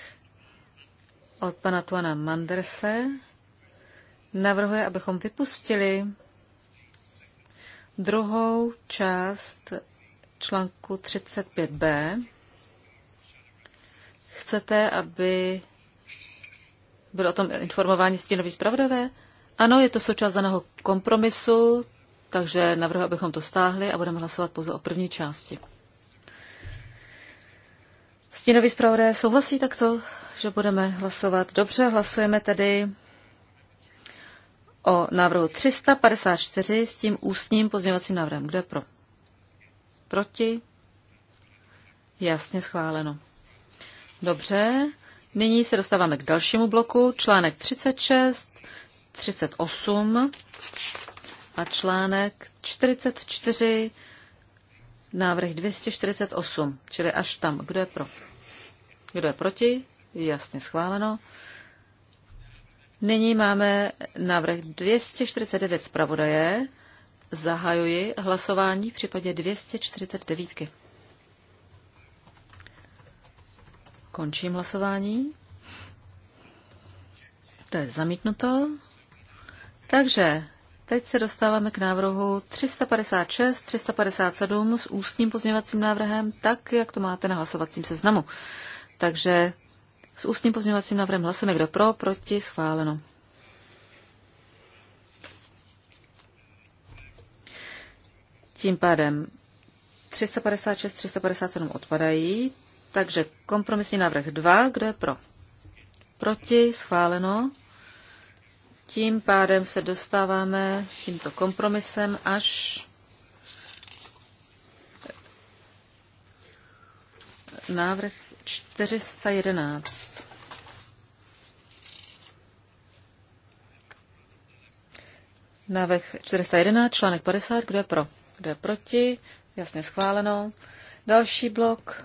od pana Tuana Manderse navrhuje, abychom vypustili druhou část článku 35b. Chcete, aby bylo o tom informování stínoví zpravodové? Ano, je to součást daného kompromisu, takže navrhuji, abychom to stáhli a budeme hlasovat pouze o první části. Stínový zpravodaj souhlasí takto, že budeme hlasovat. Dobře, hlasujeme tedy o návrhu 354 s tím ústním pozměňovacím návrhem. Kdo je pro? Proti? Jasně schváleno. Dobře, nyní se dostáváme k dalšímu bloku, článek 36, 38 a článek 44, návrh 248, čili až tam. Kdo je pro? Kdo je proti? Jasně schváleno. Nyní máme návrh 249 zpravodaje. Zahajuji hlasování v případě 249. Končím hlasování. To je zamítnuto. Takže teď se dostáváme k návrhu 356, 357 s ústním pozměňovacím návrhem, tak jak to máte na hlasovacím seznamu. Takže s ústním pozměňovacím návrhem hlasujeme, kdo pro, proti, schváleno. Tím pádem 356, 357 odpadají, takže kompromisní návrh 2, kdo je pro? Proti, schváleno. Tím pádem se dostáváme tímto kompromisem až návrh 411. Návrh 411, článek 50, kdo je pro, kdo je proti, jasně schváleno. Další blok,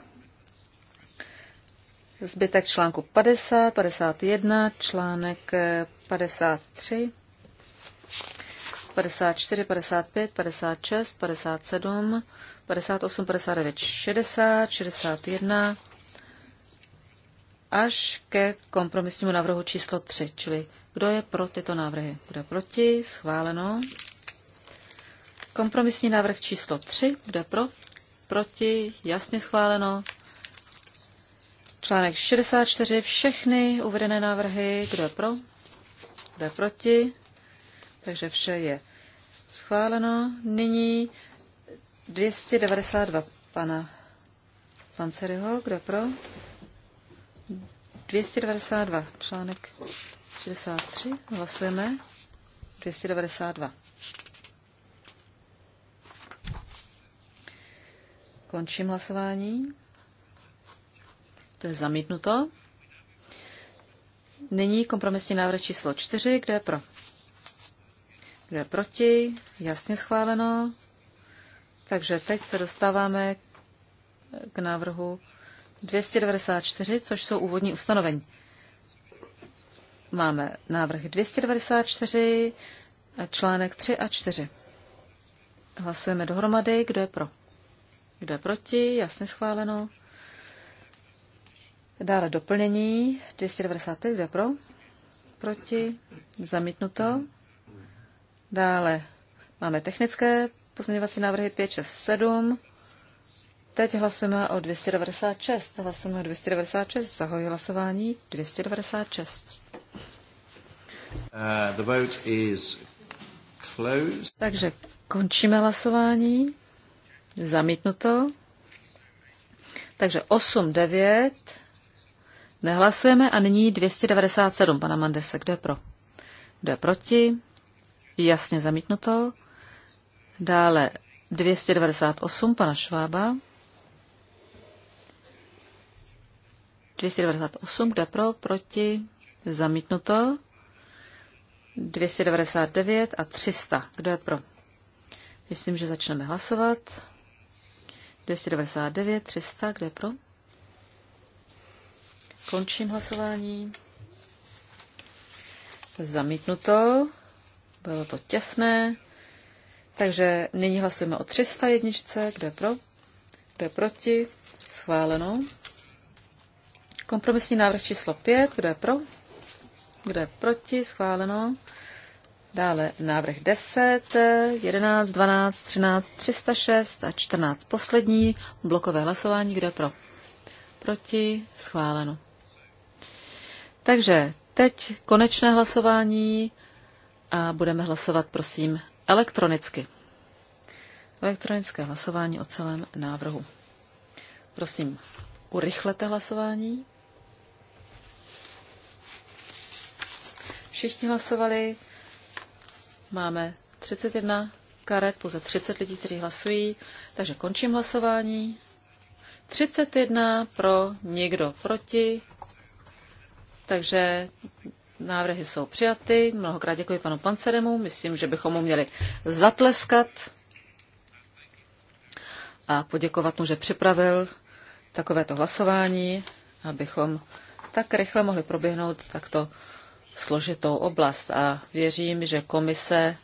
zbytek článku 50, 51, článek 53, 54, 55, 56, 57, 58, 59, 60, 61, až ke kompromisnímu návrhu číslo 3, čili kdo je pro tyto návrhy? Kdo je proti? Schváleno. Kompromisní návrh číslo 3, kdo je pro? Proti? Jasně schváleno. Článek 64, všechny uvedené návrhy, kdo je pro? Kdo je proti? Takže vše je schváleno. Nyní 292 pana Panceryho, kdo je pro? 292, článek 63, hlasujeme. 292. Končím hlasování. To je zamítnuto. Nyní kompromisní návrh číslo 4. Kdo je pro? Kdo je proti? Jasně schváleno. Takže teď se dostáváme k návrhu 294, což jsou úvodní ustanovení. Máme návrh 294, článek 3 a 4. Hlasujeme dohromady, kdo je pro. Kdo je proti, jasně schváleno. Dále doplnění 295, kdo je pro, proti, zamítnuto. Dále máme technické pozměňovací návrhy 5, 6, 7. Teď hlasujeme o 296. Hlasujeme o 296. Zahoji hlasování 296. Uh, the vote is Takže končíme hlasování. Zamítnuto. Takže 8, 9. Nehlasujeme a nyní 297. Pana Mandese, kdo je pro? Kdo je proti? Jasně zamítnuto. Dále 298 pana Švába. 298, kde pro, proti, zamítnuto. 299 a 300, kdo je pro. Myslím, že začneme hlasovat. 299, 300, kdo je pro. Končím hlasování. Zamítnuto. Bylo to těsné. Takže nyní hlasujeme o jedničce, kdo je pro, kdo je proti. Schváleno. Kompromisní návrh číslo 5. Kdo je pro? Kdo je proti? Schváleno. Dále návrh 10, 11, 12, 13, 306 a 14. Poslední blokové hlasování. Kdo je pro? Proti? Schváleno. Takže teď konečné hlasování a budeme hlasovat, prosím, elektronicky. Elektronické hlasování o celém návrhu. Prosím, urychlete hlasování. Všichni hlasovali. Máme 31 karet, pouze 30 lidí, kteří hlasují. Takže končím hlasování. 31 pro, někdo proti. Takže návrhy jsou přijaty. Mnohokrát děkuji panu Panceremu. Myslím, že bychom mu měli zatleskat a poděkovat mu, že připravil takovéto hlasování, abychom tak rychle mohli proběhnout takto složitou oblast a věřím, že komise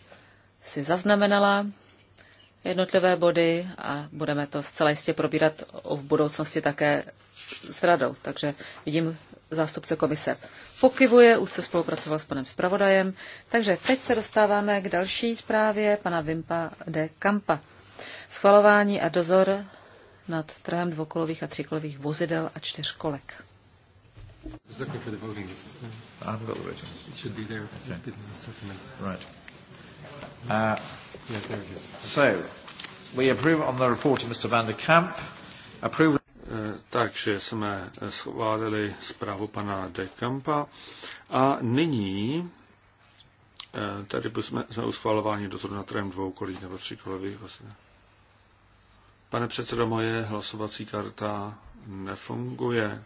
si zaznamenala jednotlivé body a budeme to zcela jistě probírat v budoucnosti také s radou. Takže vidím zástupce komise pokivuje, už se spolupracoval s panem zpravodajem. Takže teď se dostáváme k další zprávě pana Vimpa de Kampa. Schvalování a dozor nad trhem dvokolových a tříkolových vozidel a čtyřkolek. Just looking for the voting list. I haven't got the voting list. It should be there. Okay. be in the documents. Right. Uh, uh yes, there it is. So, we approve on the report of Mr. Van der Kamp. Approve uh, takže jsme eh, schválili zprávu pana De Campa a nyní eh, tady jsme, jsme u schvalování dozoru na trém dvou kolí nebo tříkolových. Vlastně. Pane předsedo, moje hlasovací karta nefunguje.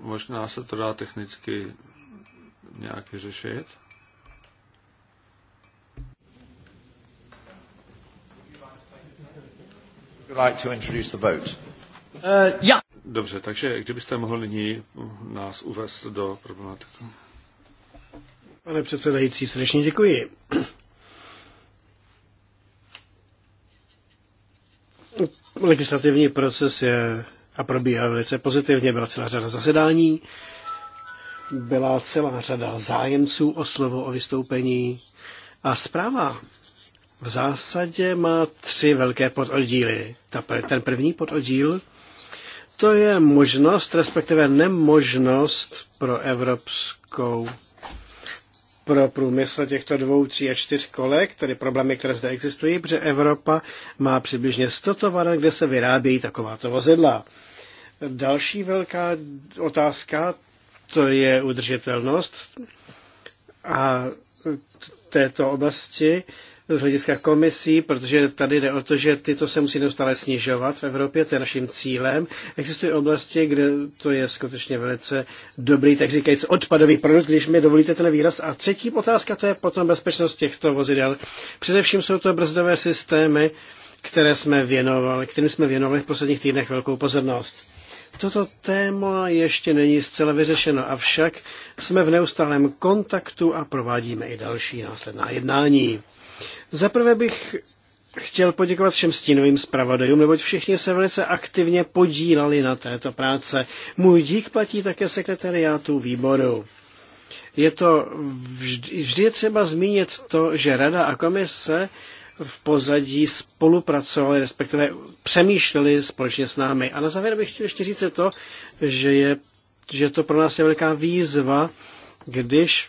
možná se to dá technicky nějak vyřešit. Like to introduce the vote. Uh, yeah. Dobře, takže kdybyste mohl nyní nás uvést do problematiky. Pane předsedající, srdečně děkuji. Legislativní proces je a probíhá velice pozitivně. Byla celá řada zasedání, byla celá řada zájemců o slovo, o vystoupení a zpráva v zásadě má tři velké pododíly. Ten první pododíl to je možnost, respektive nemožnost pro Evropskou pro průmysl těchto dvou, tří a čtyř kolek, tedy problémy, které zde existují, protože Evropa má přibližně 100 továren, kde se vyrábějí takováto vozidla. Další velká otázka, to je udržitelnost a této oblasti z hlediska komisí, protože tady jde o to, že tyto se musí neustále snižovat v Evropě, to je naším cílem. Existují oblasti, kde to je skutečně velice dobrý, tak říkajíc, odpadový produkt, když mi dovolíte ten výraz. A třetí otázka, to je potom bezpečnost těchto vozidel. Především jsou to brzdové systémy, které jsme věnovali, kterým jsme věnovali v posledních týdnech velkou pozornost. Toto téma ještě není zcela vyřešeno, avšak jsme v neustálém kontaktu a provádíme i další následná jednání. Zaprvé bych chtěl poděkovat všem stínovým zpravodajům, neboť všichni se velice aktivně podílali na této práce. Můj dík platí také sekretariátu výboru. Je to vždy, vždy je třeba zmínit to, že Rada a komise v pozadí spolupracovali, respektive přemýšleli společně s námi. A na závěr bych chtěl ještě říct to, že, je, že to pro nás je velká výzva, když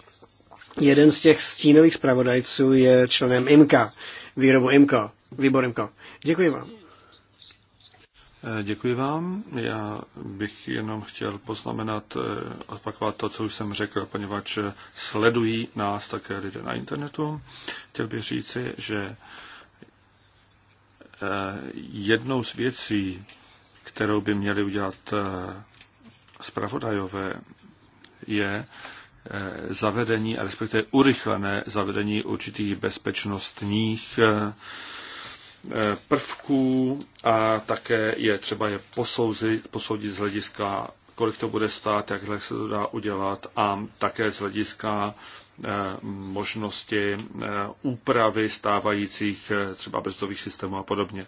Jeden z těch stínových zpravodajců je členem IMKA, výrobu IMKA, výbor IMKA. Děkuji vám. Eh, děkuji vám. Já bych jenom chtěl poznamenat, eh, opakovat to, co už jsem řekl, poněvadž eh, sledují nás také lidé na internetu. Chtěl bych říci, že jednou z věcí, kterou by měli udělat zpravodajové, je, Eh, zavedení, respektive urychlené zavedení určitých bezpečnostních eh, eh, prvků a také je třeba je posoudit, posoudit z hlediska, kolik to bude stát, jak se to dá udělat a také z hlediska možnosti úpravy stávajících třeba brzdových systémů a podobně.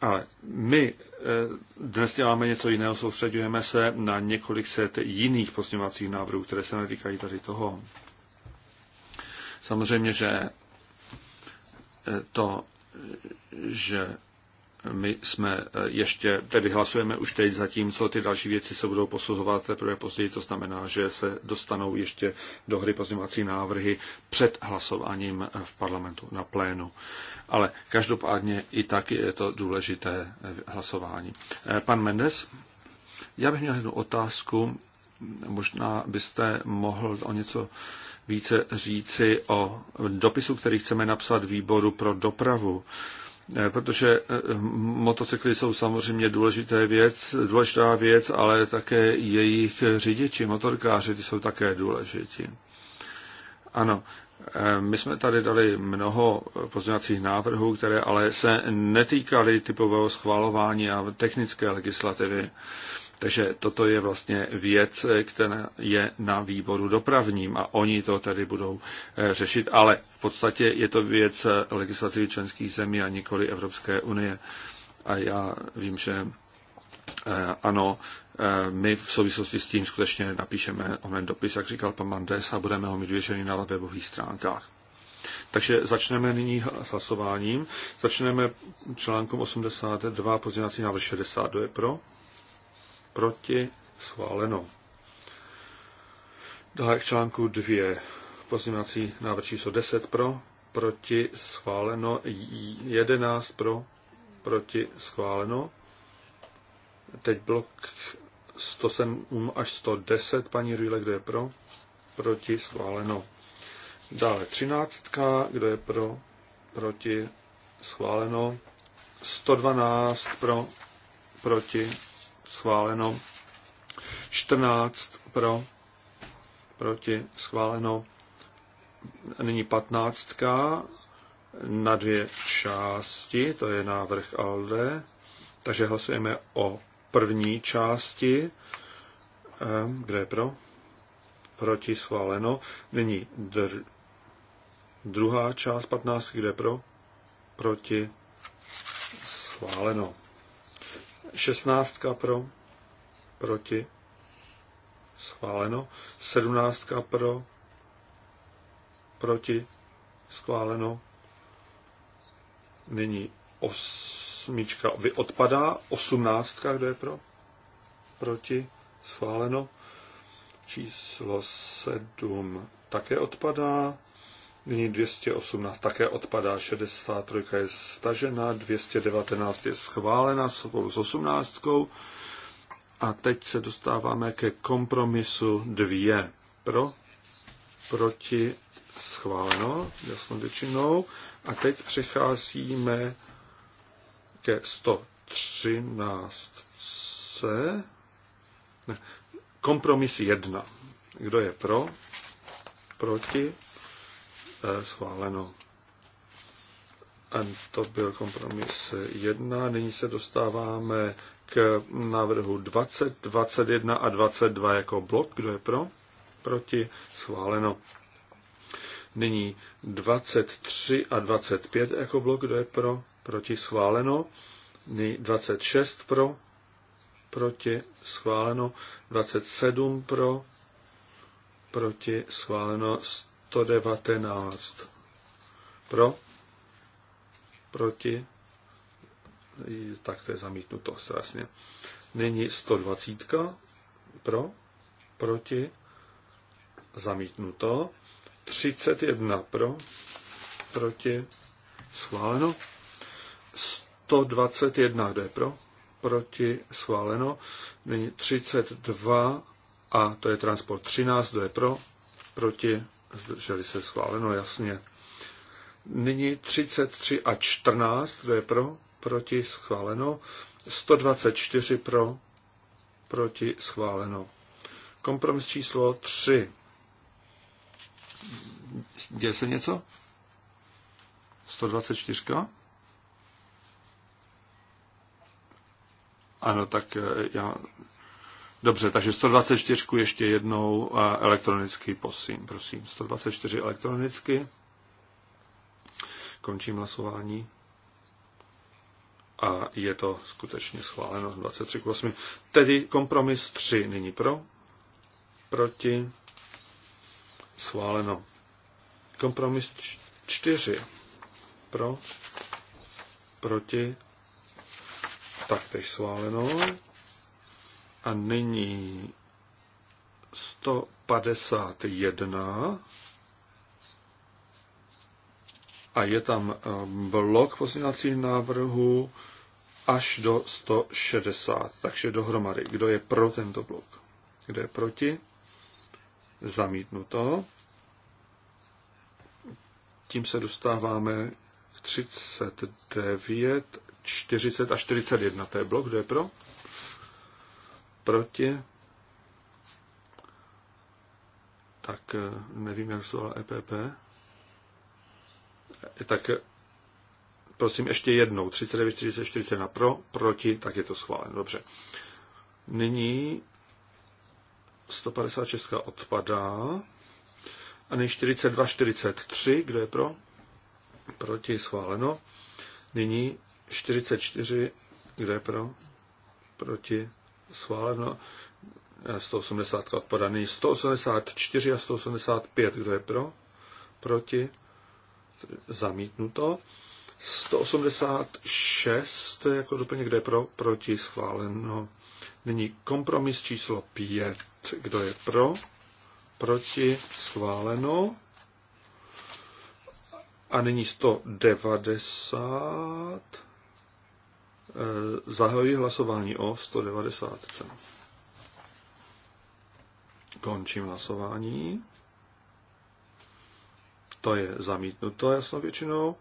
Ale my Eh, dnes děláme něco jiného, soustředujeme se na několik set jiných pozměňovacích návrhů, které se netýkají tady toho. Samozřejmě, že eh, to, že my jsme eh, ještě, tedy hlasujeme už teď, co ty další věci se budou posuzovat teprve později, to znamená, že se dostanou ještě do hry pozměňovací návrhy před hlasováním eh, v parlamentu na plénu. Ale každopádně i tak je to důležité eh, hlasování. Pan Mendes, já bych měl jednu otázku, možná byste mohl o něco více říci o dopisu, který chceme napsat výboru pro dopravu. Eh, protože eh, motocykly jsou samozřejmě důležité věc, důležitá věc, ale také jejich řidiči, motorkáři, ty jsou také důležití. Ano, eh, my jsme tady dali mnoho pozměňovacích návrhů, které ale se netýkaly typového schvalování a technické legislativy. Hmm takže toto je vlastně věc, která je na výboru dopravním a oni to tedy budou eh, řešit, ale v podstatě je to věc eh, legislativy členských zemí a nikoli Evropské unie. A já vím, že eh, ano, my v souvislosti s tím skutečně napíšeme onen dopis, jak říkal pan Mandes, a budeme ho mít věšený na webových stránkách. Takže začneme nyní hlasováním. Začneme článkem 82, pozměňovací návrh 60. Kdo je pro? proti, schváleno. Dále k článku 2. Pozměňovací návrh číslo 10 pro, proti, schváleno. 11 pro, proti, schváleno. Teď blok 107 až 110, paní Rýle, kdo je pro? Proti, schváleno. Dále 13, kdo je pro? Proti, schváleno. 112 pro, proti, schváleno. 14 pro, proti, schváleno. Nyní 15 na dvě části, to je návrh ALDE. Takže hlasujeme o první části. Ehm, kde je pro? Proti schváleno. Nyní dr- druhá část 15, kde je pro? Proti schváleno šestnáctka pro, proti, schváleno. sedmnáctka pro, proti, schváleno. Nyní osmička vy odpadá, osmnáctka, kdo je pro? Proti, schváleno. Číslo sedm také odpadá, Nyní 218 také odpadá, 63 je stažena, 219 je schválena spolu s 18. A teď se dostáváme ke kompromisu 2. Pro, proti, schváleno jasnou většinou. A teď přicházíme ke 113. Ne, kompromis 1. Kdo je pro, proti, Eh, schváleno. to byl kompromis 1. Nyní se dostáváme k návrhu 20, 21 a 22 jako blok. Kdo je pro? Proti? Schváleno. Nyní 23 a 25 jako blok. Kdo je pro? Proti? Schváleno. Nyní 26 pro? Proti? Schváleno. 27 pro? Proti? Schváleno. 119. Pro? Proti? Tak to je zamítnuto, strašně. Nyní 120. Pro? Proti? Zamítnuto. 31 pro, proti, schváleno. 121 je pro, proti, schváleno. Nyní 32 a to je transport 13, kdo je pro, proti, zdrželi se schváleno, jasně. Nyní 33 a 14, kdo je pro, proti, schváleno. 124 pro, proti, schváleno. Kompromis číslo 3. Děje se něco? 124? Ano, tak eh, já Dobře, takže 124 ještě jednou a elektronicky posím, prosím. 124 elektronicky. Končím hlasování. A je to skutečně schváleno 23 k 8. Tedy kompromis 3 nyní pro, proti, schváleno. Kompromis 4 pro, proti, Tak teď schváleno. A nyní 151. A je tam eh, blok pozměňovacích návrhů až do 160. Takže dohromady. Kdo je pro tento blok? Kdo je proti? Zamítnuto. Tím se dostáváme k 39, 40 a 41. To je blok. Kdo je pro? proti, tak eh, nevím, jak se EPP. Eh, tak eh, prosím ještě jednou, 39, 40, 40 na pro, proti, tak je to schváleno. Dobře. Nyní 156 odpadá. A nyní 42, 43, kdo je pro? Proti, schváleno. Nyní 44, kdo je pro? Proti, schváleno. 180 odpadaný. 184 a 185. Kdo je pro? Proti? Zamítnuto. 186 jako doplněk, kde je pro, proti schváleno. Nyní kompromis číslo 5. Kdo je pro? Proti schváleno. A nyní 190. Eh, zahajuji hlasování o 190. Končím hlasování. To je zamítnuto jasnou většinou.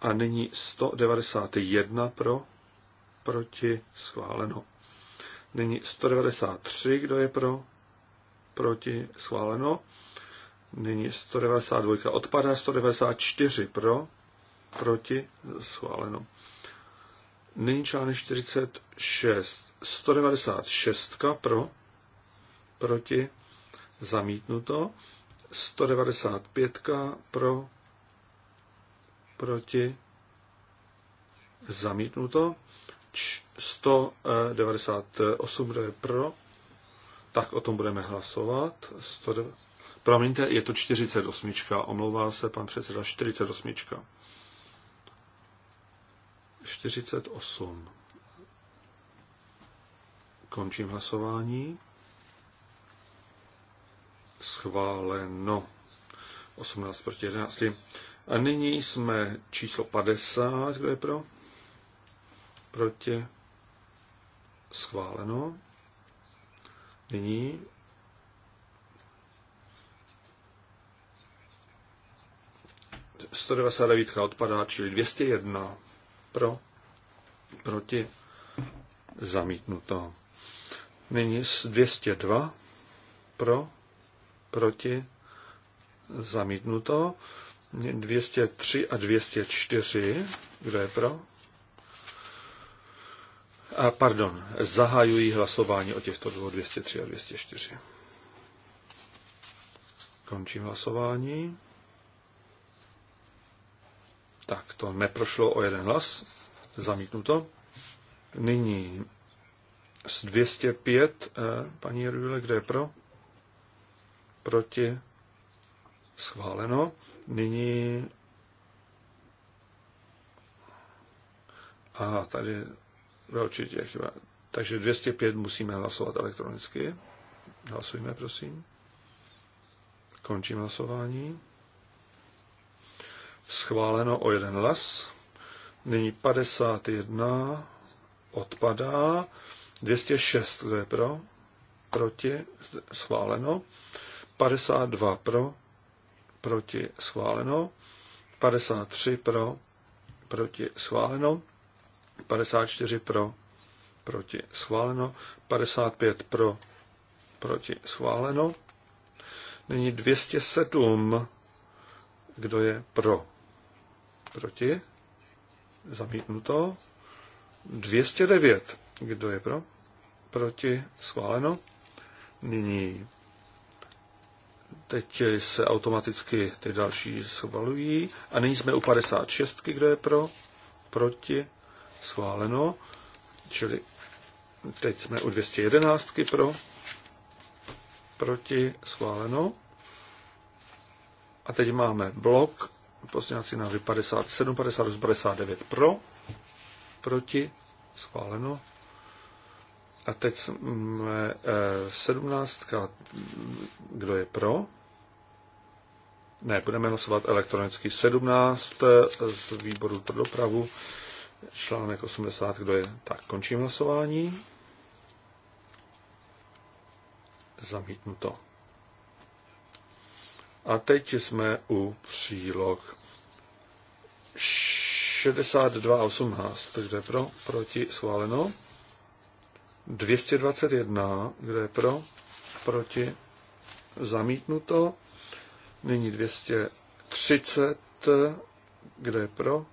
A nyní 191 pro, proti, schváleno. Nyní 193, kdo je pro, proti, schváleno. Nyní 192 odpadá, 194 pro, proti, schváleno. Nyní článek 46. 196 pro, proti, zamítnuto. 195 pro, proti, zamítnuto. 198 je pro, tak o tom budeme hlasovat. 100, promiňte, je to 48, omlouvá se pan předseda 48. 48. Končím hlasování. Schváleno. 18 proti 11. A nyní jsme číslo 50. Kdo je pro? Proti. Schváleno. Nyní devadesátka odpadá, čili 201 pro, proti, zamítnuto. Nyní 202 pro, proti, zamítnuto. 203 a 204, kdo je pro? A pardon, zahajují hlasování o těchto dvou 203 a 204. Končím hlasování. Tak to neprošlo o jeden hlas. Zamítnuto. Nyní z 205 eh, paní Rujle, kde je pro? Proti? Schváleno. Nyní Aha, tady určitě chyba. Takže 205 musíme hlasovat elektronicky. Hlasujme, prosím. Končím hlasování schváleno o jeden hlas. Nyní 51 odpadá. 206, kdo je pro? Proti, schváleno. 52 pro, proti, schváleno. 53 pro, proti, schváleno. 54 pro, proti, schváleno. 55 pro, proti, schváleno. Nyní 207, kdo je pro? Proti? Zamítnuto. 209. Kdo je pro? Proti? Schváleno. Nyní teď se automaticky ty další schvalují. A nyní jsme u 56, kdo je pro? Proti? Schváleno. Čili teď jsme u 211 pro? Proti? Schváleno. A teď máme blok Pozměňovací návrh 57, 58, 59 pro, proti, schváleno. A teď jsme e, eh, 17. Kdo je pro? Ne, budeme hlasovat elektronicky 17 eh, z výboru pro dopravu, článek 80, kdo je. Tak, končím hlasování. Zamítnuto. A teď jsme u příloh 62.18, takže je pro, proti, schváleno. 221, kde je pro, proti, zamítnuto. Nyní 230, kde je pro,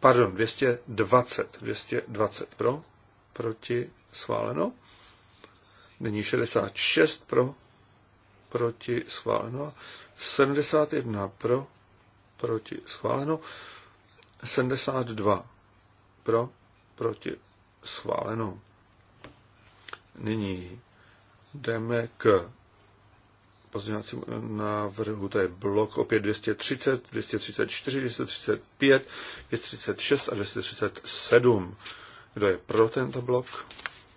pardon, 220, 220 pro, proti, schváleno. Nyní 66 pro, proti schváleno, 71 pro, proti schváleno, 72 pro, proti schváleno. Nyní jdeme k pozměňovacímu návrhu, to je blok opět 230, 234, 235, 236 a 237. Kdo je pro tento blok?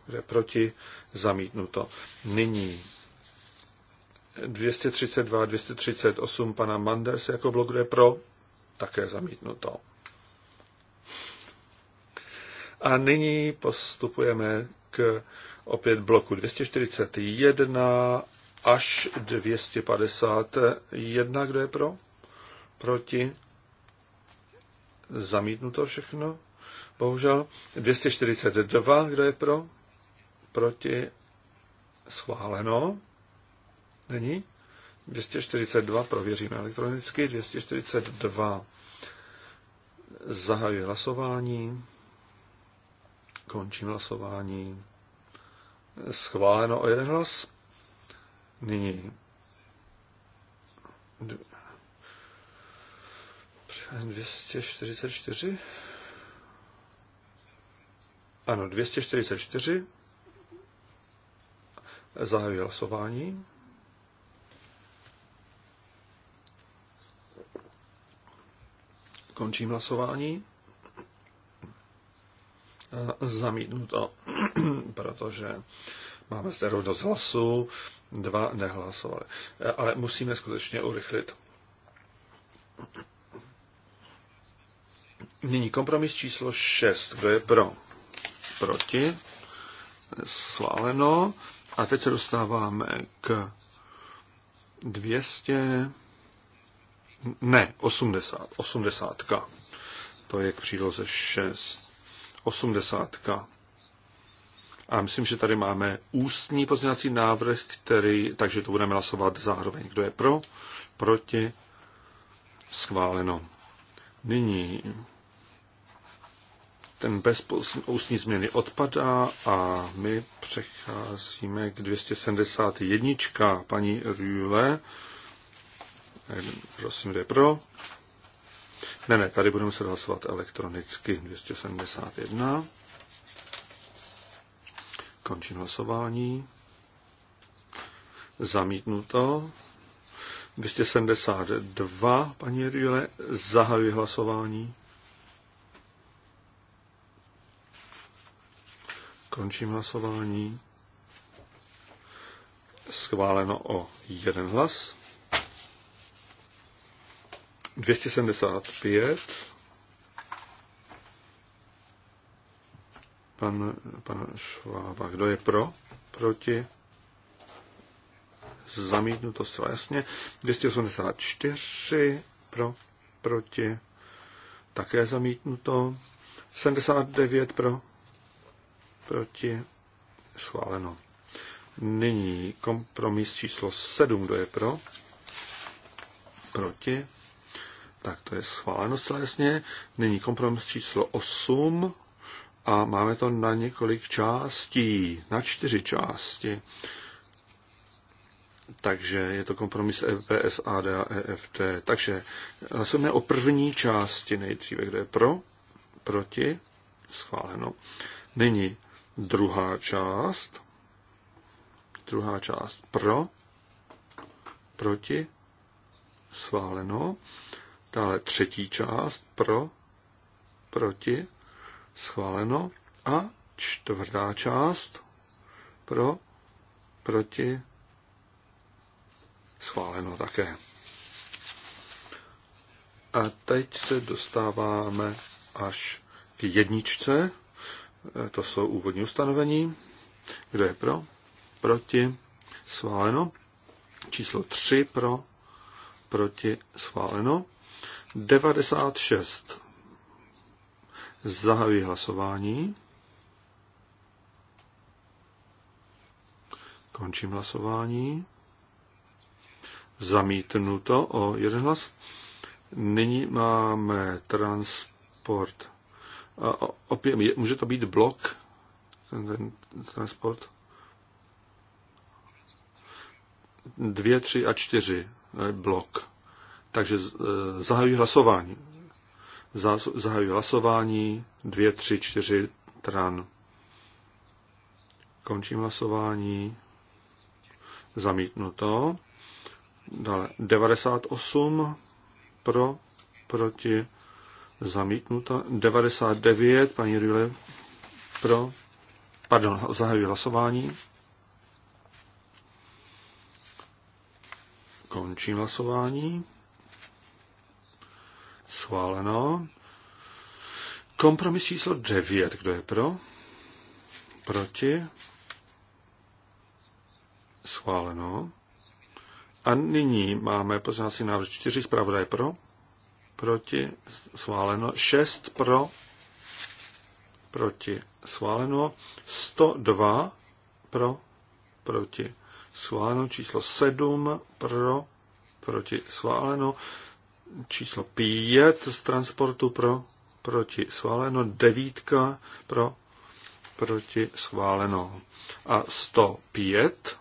Kdo je proti? Zamítnuto. Nyní 232 a 238 pana Manders jako blok kde pro, také zamítnuto. A nyní postupujeme k opět bloku 241 až 251, kdo je pro, proti, zamítnuto všechno, bohužel. 242, kdo je pro, proti, schváleno. Není? 242 prověříme elektronicky. 242 zahajuji hlasování. Končím hlasování. Schváleno o jeden hlas. Nyní 244. Ano, 244. Zahajuji hlasování. Končím hlasování. Zamítnuto, protože máme zde rovnost hlasu, dva nehlasovali. Ale musíme skutečně urychlit. Nyní kompromis číslo 6. Kdo je pro? Proti? Sváleno. A teď se dostáváme k 200 ne, 80, 80. To je k příloze 6. 80. A myslím, že tady máme ústní pozměňovací návrh, který, takže to budeme hlasovat zároveň. Kdo je pro, proti, schváleno. Nyní ten bez ústní změny odpadá a my přecházíme k 271. paní Rühle. Prosím, kde pro? Ne, ne, tady budeme se hlasovat elektronicky. 271. Končím hlasování. Zamítnuto. 272, paní Rüle, zahajuji hlasování. Končím hlasování. Schváleno o jeden hlas. 275. Pan, pan Švába, kdo je pro? Proti? to zcela jasně. 284 pro, proti? Také zamítnuto. 79 pro, proti? Schváleno. Nyní kompromis číslo 7, kdo je pro? Proti? Tak to je schváleno zcela jasně. Nyní kompromis číslo 8 a máme to na několik částí, na čtyři části. Takže je to kompromis EPS, AD a EFT. Takže hlasujeme o první části nejdříve, kde je pro, proti, schváleno. Nyní druhá část, druhá část pro, proti, schváleno. Dále třetí část pro, proti, schváleno. A čtvrtá část pro, proti, schváleno také. A teď se dostáváme až k jedničce. E, to jsou úvodní ustanovení. Kdo je pro? Proti? Schváleno. Číslo 3 pro? Proti? Schváleno. 96. Zahajuji hlasování. Končím hlasování. Zamítnuto o jeden hlas. Nyní máme transport. A opět, může to být blok, ten, ten transport? Dvě, tři a čtyři eh, blok. Takže eh, zahajují hlasování. Zahajují hlasování. Dvě, tři, čtyři, tran. Končím hlasování. Zamítnuto. Dále 98 pro, proti, zamítnuto. 99, paní Rile, pro. Pardon, zahajuji hlasování. Končím hlasování. Schváleno. Kompromis číslo 9. Kdo je pro? Proti? Schváleno. A nyní máme pozornosti návrh 4. Zpravodaj pro? Proti? Schváleno. 6 pro? Proti? Schváleno. 102 pro? Proti? Schváleno. Číslo 7 pro? Proti? Schváleno číslo 5 z transportu pro, proti schváleno, devítka pro, proti schváleno. A 105,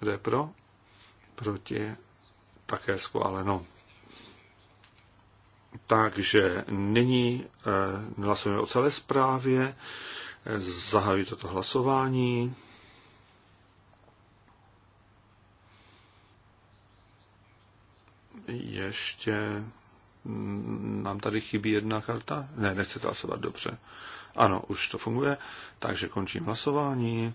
kde pro, proti také schváleno. Takže nyní eh, hlasujeme o celé zprávě. Zahajuji toto hlasování. ještě mm, nám tady chybí jedna karta. Ne, nechcete hlasovat, dobře. Ano, už to funguje, takže končím hlasování.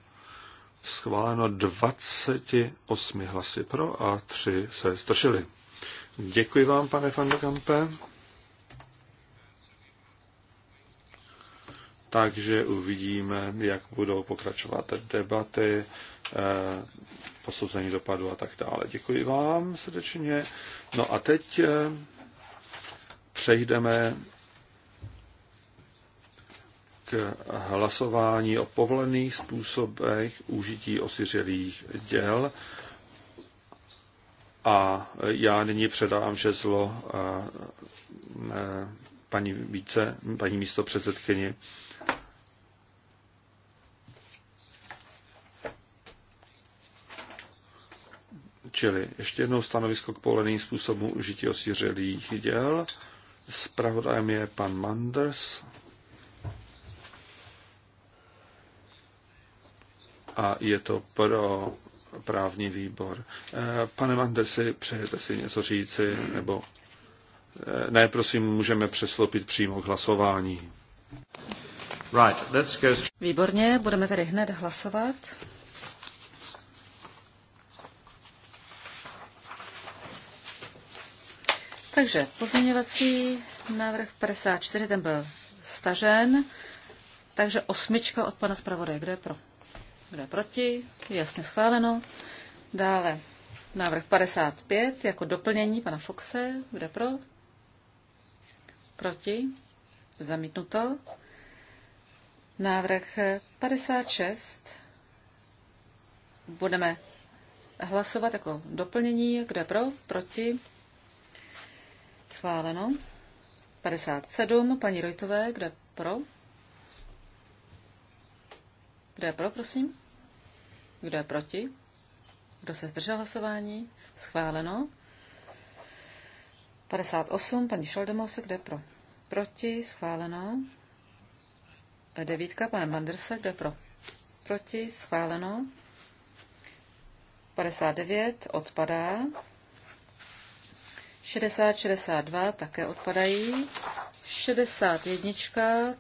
Schváleno 28 hlasy pro a 3 se stršili. Děkuji vám, pane Fandekampe. Takže uvidíme, jak budou pokračovat debaty. Eh, posouzení dopadu a tak dále. Děkuji vám srdečně. No a teď eh, přejdeme k hlasování o povolených způsobech užití osiřelých děl. A já nyní předávám žezlo eh, eh, paní, více, paní místo předsedkyni Čili ještě jednou stanovisko k povoleným způsobům užití osířelých děl. Spravodajem je pan Manders. A je to pro právní výbor. Eh, pane Mandersi, přejete si něco říci? Nebo eh, ne, prosím, můžeme přeslopit přímo k hlasování. Right, let's go... Výborně, budeme tedy hned hlasovat. Takže pozměňovací návrh 54, ten byl stažen, takže osmička od pana zpravodaje, kde je pro? Kde je proti? Jasně schváleno. Dále návrh 55 jako doplnění pana Foxe, kde pro? Proti? Zamítnuto. Návrh 56 budeme hlasovat jako doplnění, kde pro, proti, Schváleno. 57. Paní Rojtové, kde pro? kde je pro, prosím? Kdo je proti? Kdo se zdržel hlasování? Schváleno. 58. Paní Šaldemose, kde je pro? Proti, schváleno. 9. Pane Mandersa, kde je pro? Proti, schváleno. 59 odpadá. 60, 62 také odpadají. 61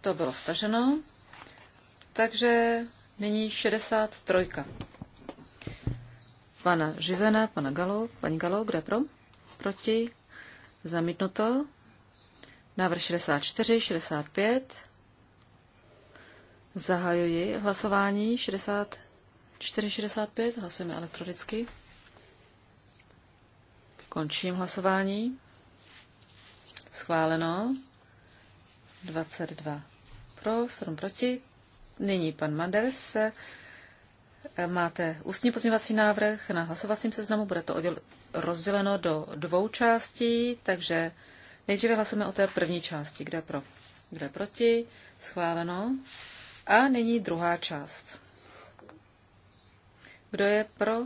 to bylo staženo. Takže nyní 63. Pana Živena, pana Galo, paní Galo, kde pro? Proti. Zamítnuto. Návrh 64, 65. Zahajuji hlasování 64, 65. Hlasujeme elektronicky. Končím hlasování. Schváleno. 22 pro, 7 proti. Nyní pan Manders. Máte ústní pozměňovací návrh na hlasovacím seznamu, bude to rozděleno do dvou částí, takže nejdříve hlasujeme o té první části, kde pro, kde proti, schváleno. A nyní druhá část. Kdo je pro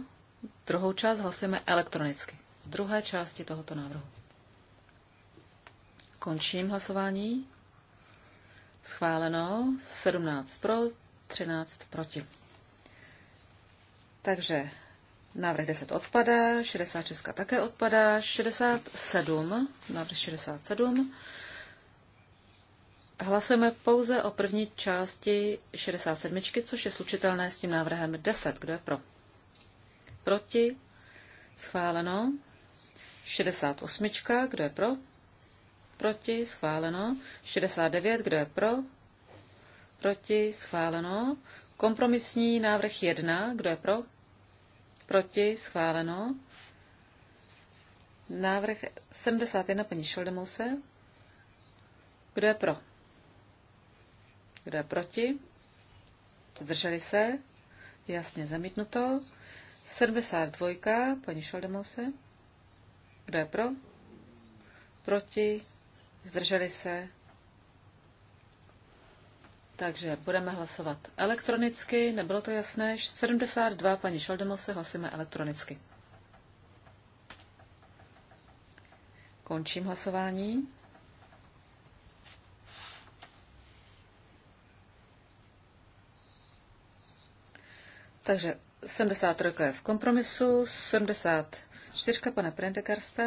druhou část, hlasujeme elektronicky druhé části tohoto návrhu. Končím hlasování. Schváleno 17 pro, 13 proti. Takže návrh 10 odpadá, 66 také odpadá, 67, návrh 67. Hlasujeme pouze o první části 67, což je slučitelné s tím návrhem 10. Kdo je pro? Proti? Schváleno. 68. Kdo je pro? Proti? Schváleno. 69. Kdo je pro? Proti? Schváleno. Kompromisní návrh 1. Kdo je pro? Proti? Schváleno. Návrh 71 paní Šoldemouse. Kdo je pro? Kdo je proti? Zdrželi se? Jasně zamítnuto. 72. paní Šoldemouse. Kdo je pro? Proti? Zdrželi se? Takže budeme hlasovat elektronicky, nebylo to jasné, 72, paní se hlasujeme elektronicky. Končím hlasování. Takže 73 je v kompromisu, 70 Čtyřka pana Prendekarsta.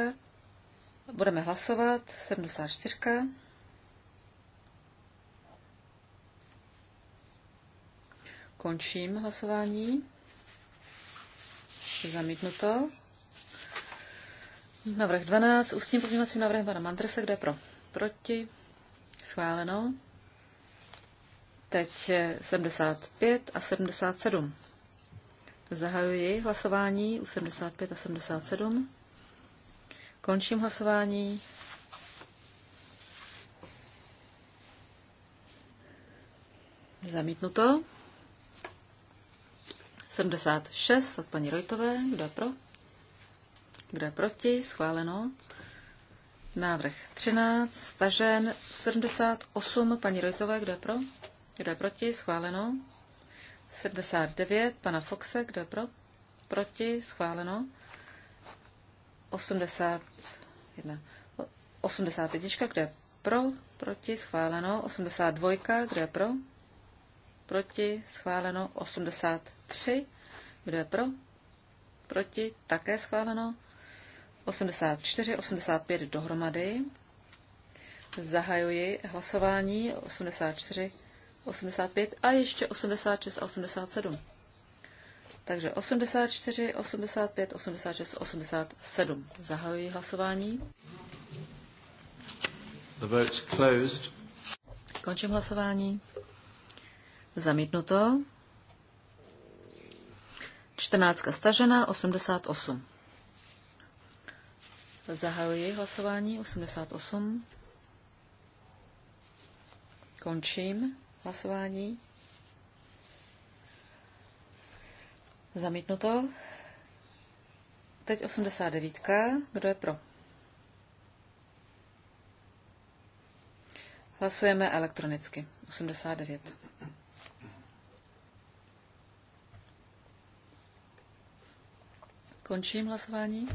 Budeme hlasovat. 74. Končím hlasování. Zamítnuto. Navrh 12. Ústní pozměňovacím návrhem pana Mandrese. Kdo je pro? Proti. Schváleno. Teď 75 a 77. Zahajuji hlasování u 75 a 77. Končím hlasování. Zamítnuto. 76 od paní Rojtové. Kdo je pro? Kdo je proti? Schváleno. Návrh 13, stažen 78, paní Rojtové, kdo je pro? Kdo je proti? Schváleno. 79 pana Foxe, kdo je pro? Proti, schváleno. 81. 81, kdo je pro? Proti, schváleno. 82, kdo je pro? Proti, schváleno. 83, kdo je pro? Proti, také schváleno. 84, 85 dohromady. Zahajuji hlasování 84 85 a ještě 86 a 87. Takže 84, 85, 86, 87. Zahajuji hlasování. The vote's closed. Končím hlasování. Zamítnuto. 14 stažena, 88. Zahajuji hlasování, 88. Končím hlasování. Zamítnuto. Teď 89. Kdo je pro? Hlasujeme elektronicky. 89. Končím hlasování.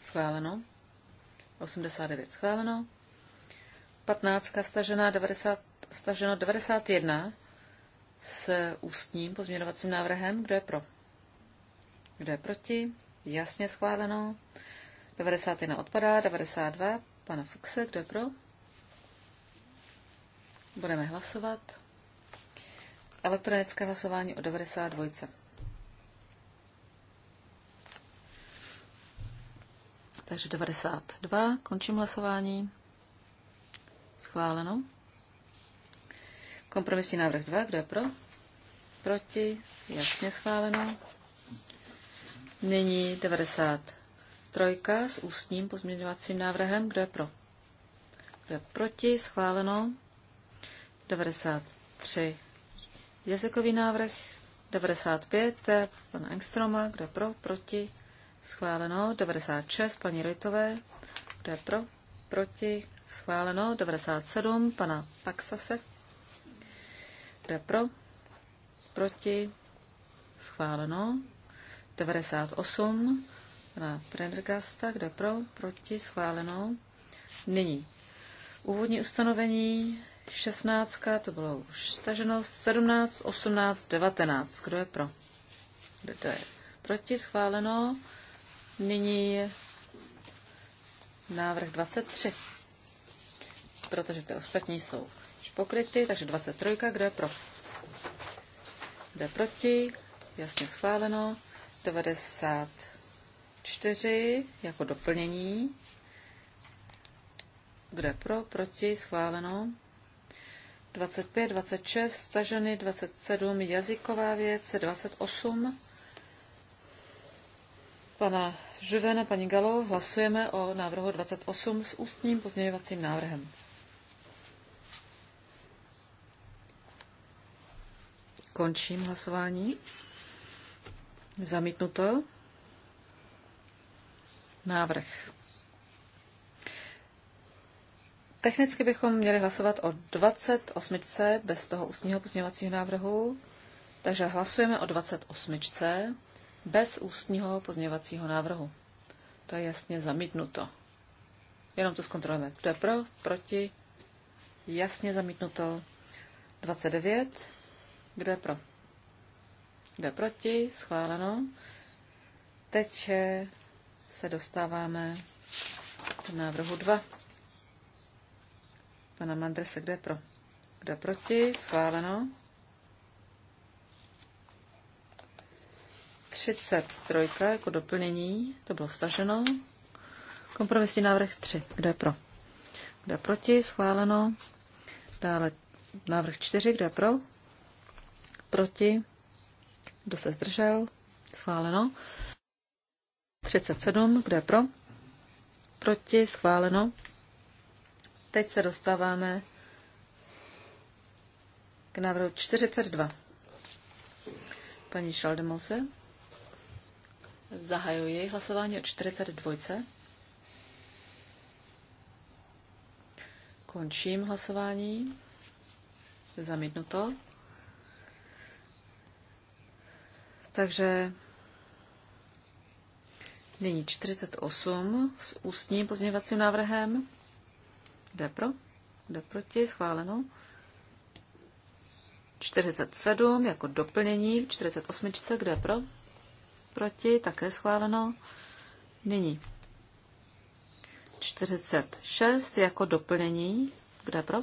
Schváleno. 89 schváleno. 15 stažená, 90 staženo 91 s ústním pozměňovacím návrhem. Kdo je pro? Kdo je proti? Jasně schváleno. 91 odpadá, 92 pana Fuxe, kdo je pro? Budeme hlasovat. Elektronické hlasování o 92. Takže 92. Končím hlasování. Schváleno. Kompromisní návrh 2, kdo je pro? Proti, jasně schváleno. Nyní 93 s ústním pozměňovacím návrhem, kdo je pro? Kdo je proti, schváleno. 93 jazykový návrh, 95 eh, Pana Engstroma, kdo je pro, proti, schváleno. 96 paní Rojtové, kdo je pro, proti, schváleno. 97 pana Paxase, kdo je pro? Proti? Schváleno. 98 na Prendergasta. Kdo je pro? Proti? Schváleno. Nyní. Úvodní ustanovení 16, to bylo už staženo, 17, 18, 19. Kdo je pro? Kdo je proti? Schváleno. Nyní návrh 23, protože ty ostatní jsou pokryty, takže 23, kdo je pro? Kdo je proti? Jasně schváleno. 94 jako doplnění. Kdo je pro? Proti? Schváleno. 25, 26, staženy, 27, jazyková věc, 28. Pana Živena, paní Galo, hlasujeme o návrhu 28 s ústním pozměňovacím návrhem. Končím hlasování. Zamítnuto. Návrh. Technicky bychom měli hlasovat o 28. bez toho ústního pozměňovacího návrhu. Takže hlasujeme o 28. bez ústního pozměňovacího návrhu. To je jasně zamítnuto. Jenom to zkontrolujeme. Kdo je pro, proti? Jasně zamítnuto. 29 kdo je pro? Kdo je proti? Schváleno. Teď eh, se dostáváme k návrhu 2. Pana Mandrese, kde je pro? Kdo je proti? Schváleno. 33 jako doplnění, to bylo staženo. Kompromisní návrh 3. Kdo je pro? Kdo je proti? Schváleno. Dále návrh 4. Kdo je pro? Proti? Kdo se zdržel? Schváleno. 37. Kdo je pro? Proti? Schváleno. Teď se dostáváme k návrhu 42. Paní Šaldemose, zahajuji hlasování o 42. Končím hlasování. Zamítnuto. Takže nyní 48 s ústním pozměňovacím návrhem. Jde pro? Jde proti? Schváleno. 47 jako doplnění, 48, kde pro? Proti, také schváleno. Nyní 46 jako doplnění, kde pro?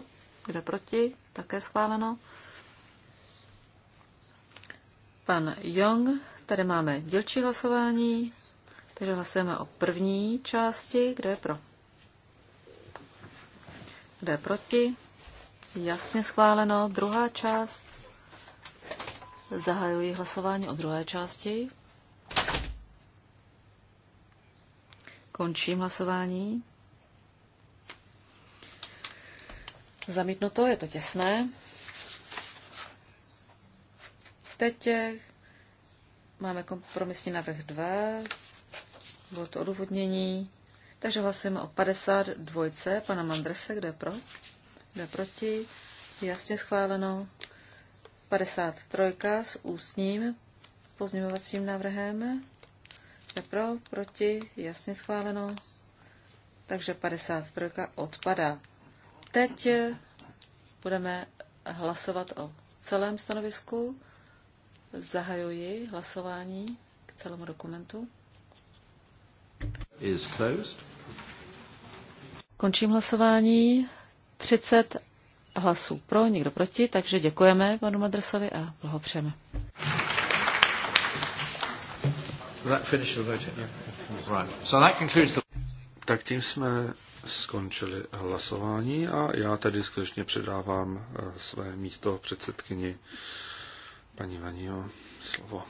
Kde proti, také schváleno pan Jong. Tady máme dělčí hlasování, takže hlasujeme o první části. Kdo je pro? Kdo je proti? Jasně schváleno. Druhá část. Zahajuji hlasování o druhé části. Končím hlasování. Zamítnuto, je to těsné. Teď eh, máme kompromisní návrh 2, bylo to odůvodnění, takže hlasujeme o 52 pana Mandrese, kde je pro, kde je proti, jasně schváleno. 53 s ústním pozměňovacím návrhem, kde pro, proti, jasně schváleno. Takže 53 odpadá. Teď eh, budeme hlasovat o celém stanovisku. Zahajuji hlasování k celému dokumentu. Is closed. Končím hlasování. 30 hlasů pro, nikdo proti, takže děkujeme panu Madrsovi a blahopřejeme. Tak tím jsme skončili hlasování a já tady skutečně předávám eh, své místo předsedkyni paní Vanio slovo.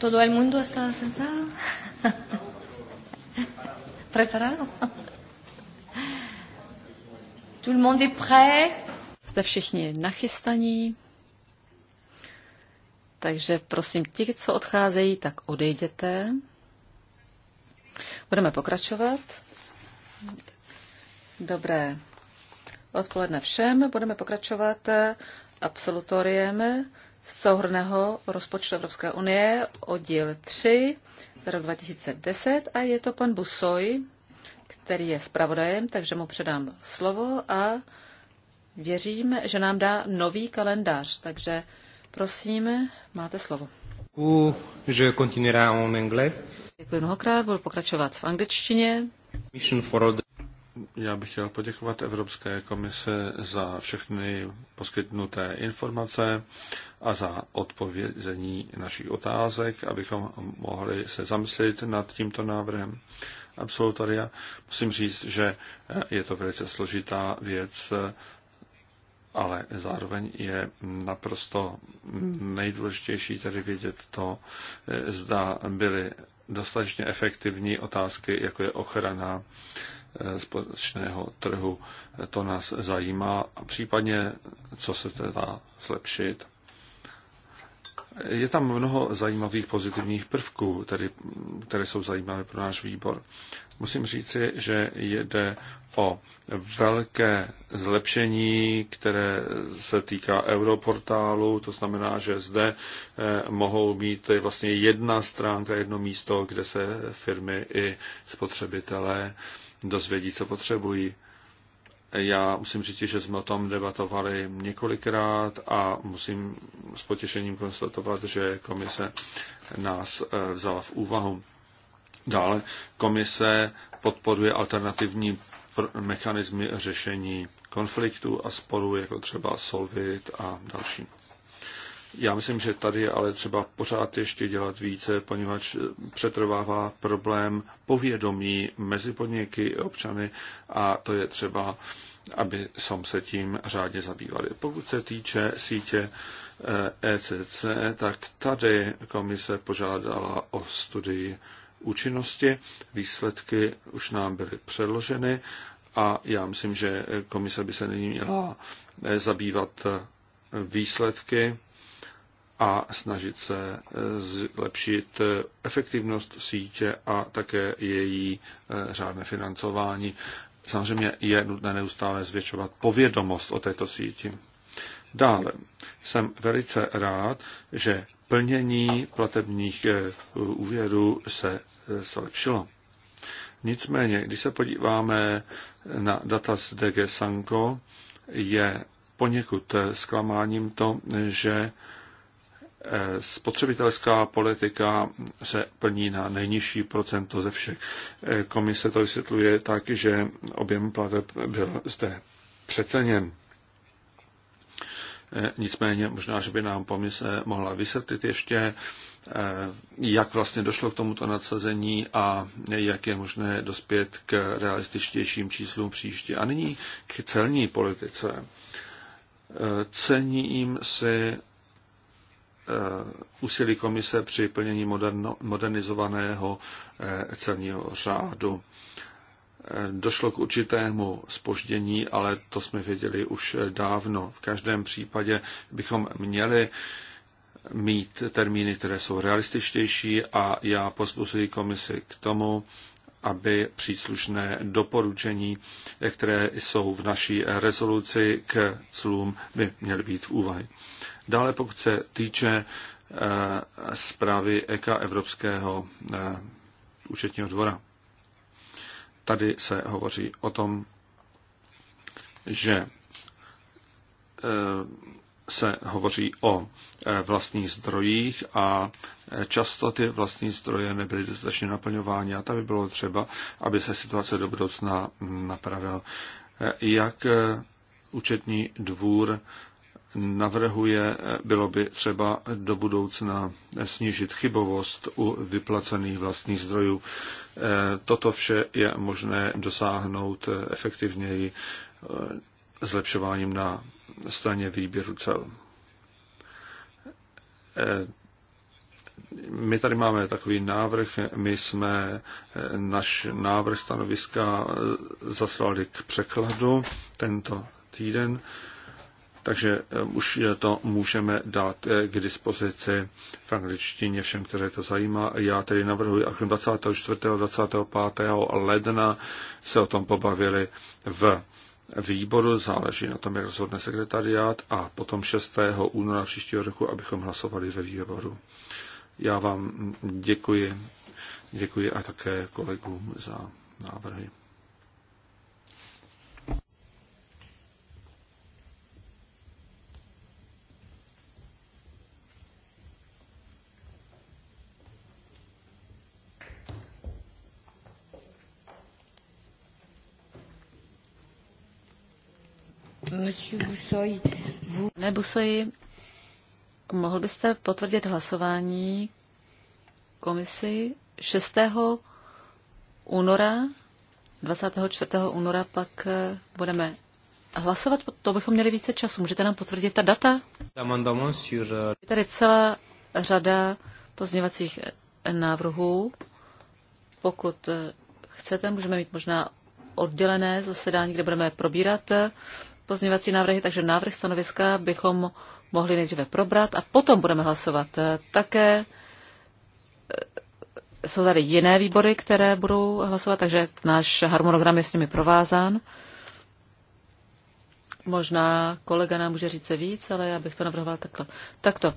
¿Todo el mundo está sentado? ¿Preparado? ¿Tout le monde est prêt? Jste všichni nachystaní? Takže prosím, ti, co odcházejí, tak odejděte. Budeme pokračovat. Dobré odpoledne všem. Budeme pokračovat absolutoriem souhrného rozpočtu Evropské unie, oddíl 3, rok 2010 a je to pan Busoj, který je zpravodajem, takže mu předám slovo a věřím, že nám dá nový kalendář. Takže prosím, máte slovo. U, že continuera en anglais. Děkuji mnohokrát, budu pokračovat v angličtině. Mission for já bych chtěl poděkovat Evropské komise za všechny poskytnuté informace a za odpovězení našich otázek, abychom mohli se zamyslit nad tímto návrhem absolutoria. Musím říct, že je to velice složitá věc, ale zároveň je naprosto nejdůležitější tedy vědět to, zda byly dostatečně efektivní otázky, jako je ochrana Eh, společného trhu. Eh, to nás zajímá a případně, co se teda zlepšit. Je tam mnoho zajímavých pozitivních prvků, tedy, které jsou zajímavé pro náš výbor. Musím říci, že jde o velké zlepšení, které se týká Europortálu, to znamená, že zde eh, mohou mít vlastně jedna stránka, jedno místo, kde se firmy i spotřebitelé dozvědí, co potřebují. Já musím říct, že jsme o tom debatovali několikrát a musím s potěšením konstatovat, že komise nás eh, vzala v úvahu. Dále komise podporuje alternativní mechanismy řešení konfliktů a sporů, jako třeba Solvit a další. Já myslím, že tady je ale třeba pořád ještě dělat více, poněvadž eh, přetrvává problém povědomí mezi podniky občany a to je třeba, aby som se tím řádně zabývali. Pokud se týče sítě ECC, eh, e tak tady komise požádala o studii účinnosti. Výsledky už nám byly předloženy a já myslím, že komise by se nyní měla eh, zabývat výsledky a snažit se eh, zlepšit eh, efektivnost sítě a také její eh, řádné financování. Samozřejmě je nutné neustále zvětšovat povědomost o této síti. Dále jsem velice rád, že plnění platebních úvěrů se zlepšilo. Nicméně, když se podíváme na data z DG Sanko, je poněkud zklamáním to, že Eh, spotřebitelská politika se plní na nejnižší procento ze všech. Eh, komise to vysvětluje tak, že objem plateb byl zde přeceněn. Eh, nicméně možná, že by nám komise mohla vysvětlit ještě, jak vlastně došlo k tomuto nadsazení a jak je možné dospět k realističtějším číslům příště. A nyní k celní politice. Cením si Eh, úsilí komise při plnění moderno, modernizovaného eh, celního řádu. Eh, došlo k určitému spoždění, ale to jsme věděli už dávno. V každém případě bychom měli mít termíny, které jsou realističtější a já pozbuzuji komisi k tomu, aby příslušné doporučení, které jsou v naší rezoluci k clům, by měly být v úvahy. Dále pokud se týče eh, zprávy EKA Evropského eh, účetního dvora. Tady se hovoří o tom, že eh, se hovoří o vlastních zdrojích a často ty vlastní zdroje nebyly dostatečně naplňovány a tam by bylo třeba, aby se situace do budoucna hm, napravila. Jak účetní dvůr navrhuje, bylo by třeba do budoucna snížit chybovost u vyplacených vlastních zdrojů. Toto vše je možné dosáhnout efektivněji eh, zlepšováním na straně výběru cel. Eh, my tady máme takový návrh, my jsme eh, náš návrh stanoviska zaslali k překladu tento týden takže eh, už to můžeme dát eh, k dispozici v angličtině všem, které to zajímá. Já tedy navrhuji, abychom 24. a 25. ledna se o tom pobavili v výboru, záleží na tom, jak rozhodne sekretariát, a potom 6. února příštího roku, abychom hlasovali ve výboru. Já vám děkuji, děkuji a také kolegům za návrhy. Pane Busoji, mohl byste potvrdit hlasování komisi 6. února, 24. února pak eh, budeme hlasovat, to bychom měli více času. Můžete nám potvrdit ta data? Eh, Je tady celá řada pozměvacích eh, návrhů. Pokud chcete, můžeme mít možná oddělené zasedání, kde budeme probírat pozměvací návrhy, takže návrh stanoviska bychom mohli nejdříve probrat a potom budeme hlasovat. Také eh, jsou tady jiné výbory, které budou hlasovat, takže náš harmonogram je s nimi provázán. Možná kolega nám může říct se víc, ale já bych to navrhoval takto. Takto.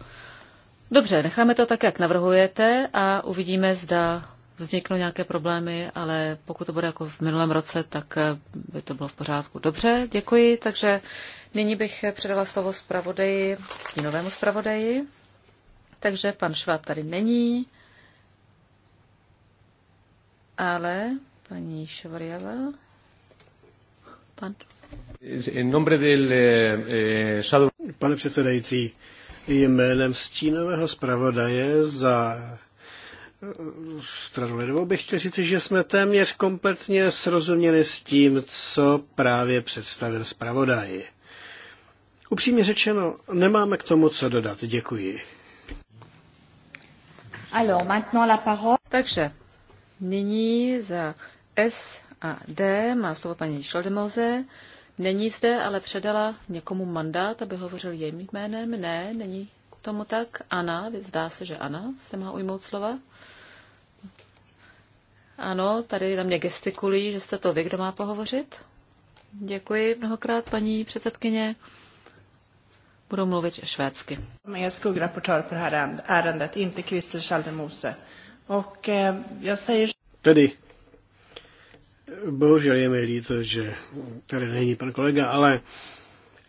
Dobře, necháme to tak, jak navrhujete a uvidíme, zda vzniknou nějaké problémy, ale pokud to bude jako v minulém roce, tak eh, by to bylo v pořádku. Dobře, děkuji. Takže nyní bych předala slovo zpravodaji, stínovému zpravodaji. Takže pan Šváb tady není, ale paní Švariava, pan... Eh, eh, Pane předsedající, jménem stínového zpravodaje za stranu lidovou bych chtěl říct, že jsme téměř kompletně srozuměli s tím, co právě představil zpravodaj. Upřímně řečeno, nemáme k tomu co dodat. Děkuji. Alors, maintenant la parole. Takže nyní za S a D má slovo paní Šeldemoze. Není zde, ale předala někomu mandát, aby hovořil jejím jménem. Ne, není tomu tak. Ana, zdá se, že Ana se má ujmout slova. Ano, tady na mě gestikulují, že jste to vy, kdo má pohovořit. Děkuji mnohokrát, paní předsedkyně. Budu mluvit švédsky. Jag är skuggrapportör på det här inte Schaldemose. Eh, Tedy, bohužel je mi líto, že tady není pan kolega, ale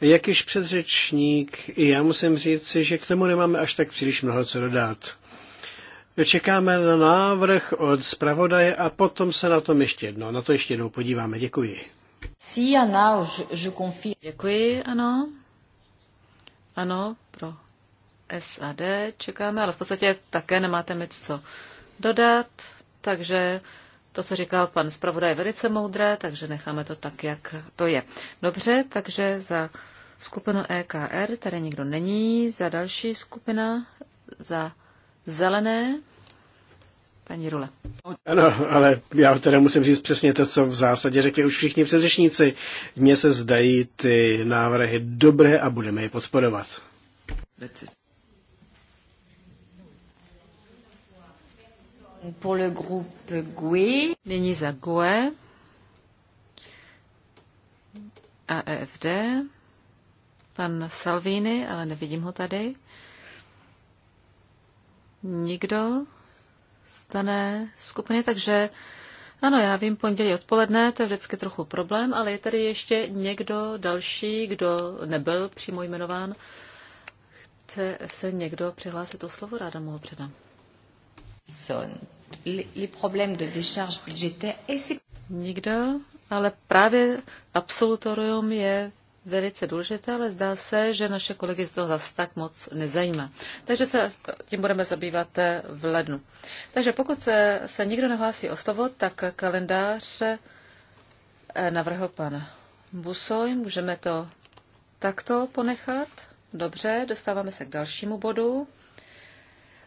jak již předřečník, i já musím říct, že k tomu nemáme až tak příliš mnoho co dodat. Čekáme na návrh od zpravodaje a potom se na tom ještě jedno, na to ještě jednou podíváme. Děkuji. Si, ano, je, je Děkuji, ano. Ano, pro SAD čekáme, ale v podstatě také nemáte nic co dodat, takže to, co říkal pan zpravodaj, je velice moudré, takže necháme to tak, jak to je. Dobře, takže za skupinu EKR tady nikdo není, za další skupina, za Zelené. Paní Rule. Ano, ale já teda musím říct přesně to, co v zásadě řekli už všichni předřečníci. Mně se zdají ty návrhy dobré a budeme je podporovat. Pour le groupe GUE. Nyní za GUE a e Pan Salvini, ale nevidím ho tady nikdo z dané skupiny, takže ano, já vím, pondělí odpoledne, to je vždycky trochu problém, ale je tady ještě někdo další, kdo nebyl přímo jmenován. Chce se někdo přihlásit o slovo? Ráda mu ho předám. Nikdo, ale právě absolutorium je velice důležité, ale zdá se, že naše kolegy z toho zase tak moc nezajímá. Takže se tím budeme zabývat eh, v lednu. Takže pokud se, se nikdo nehlásí o slovo, tak kalendář eh, navrhl pan Busoj. Můžeme to takto ponechat. Dobře, dostáváme se k dalšímu bodu.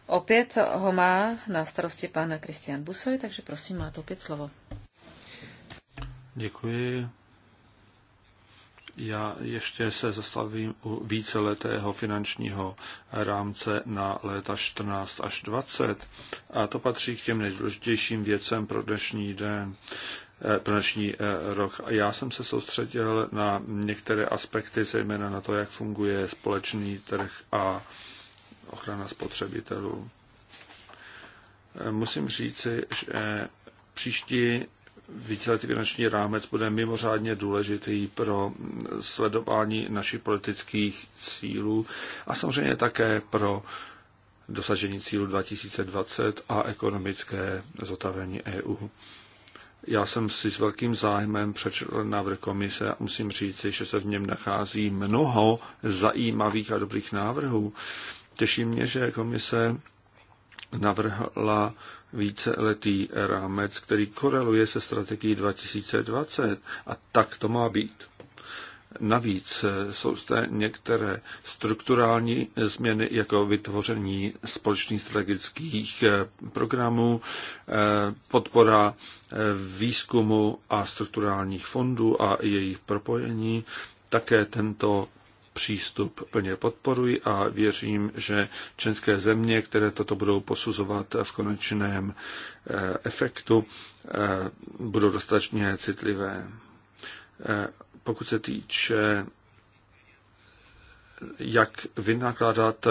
Opět ho má na starosti pan Kristian Busoj, takže prosím, máte opět slovo. Děkuji, já ještě se zastavím u víceletého finančního rámce na léta 14 až 20 a to patří k těm nejdůležitějším věcem pro dnešní den eh, pro dnešní eh, rok. Já jsem se soustředil na některé aspekty, zejména na to, jak funguje společný trh a ochrana spotřebitelů. Eh, musím říci, že příští víceletý finanční rámec bude mimořádně důležitý pro sledování našich politických cílů a samozřejmě také pro dosažení cílu 2020 a ekonomické zotavení EU. Já jsem si s velkým zájmem přečetl návrh komise a musím říci, že se v něm nachází mnoho zajímavých a dobrých návrhů. Těší mě, že komise navrhla víceletý rámec, který koreluje se strategií 2020 a tak to má být. Navíc jsou zde některé strukturální změny, jako vytvoření společných strategických programů, podpora výzkumu a strukturálních fondů a jejich propojení, také tento přístup plně podporuji a věřím, že české země, které toto budou posuzovat v konečném eh, efektu, eh, budou dostatečně citlivé. Eh, pokud se týče jak vynakládat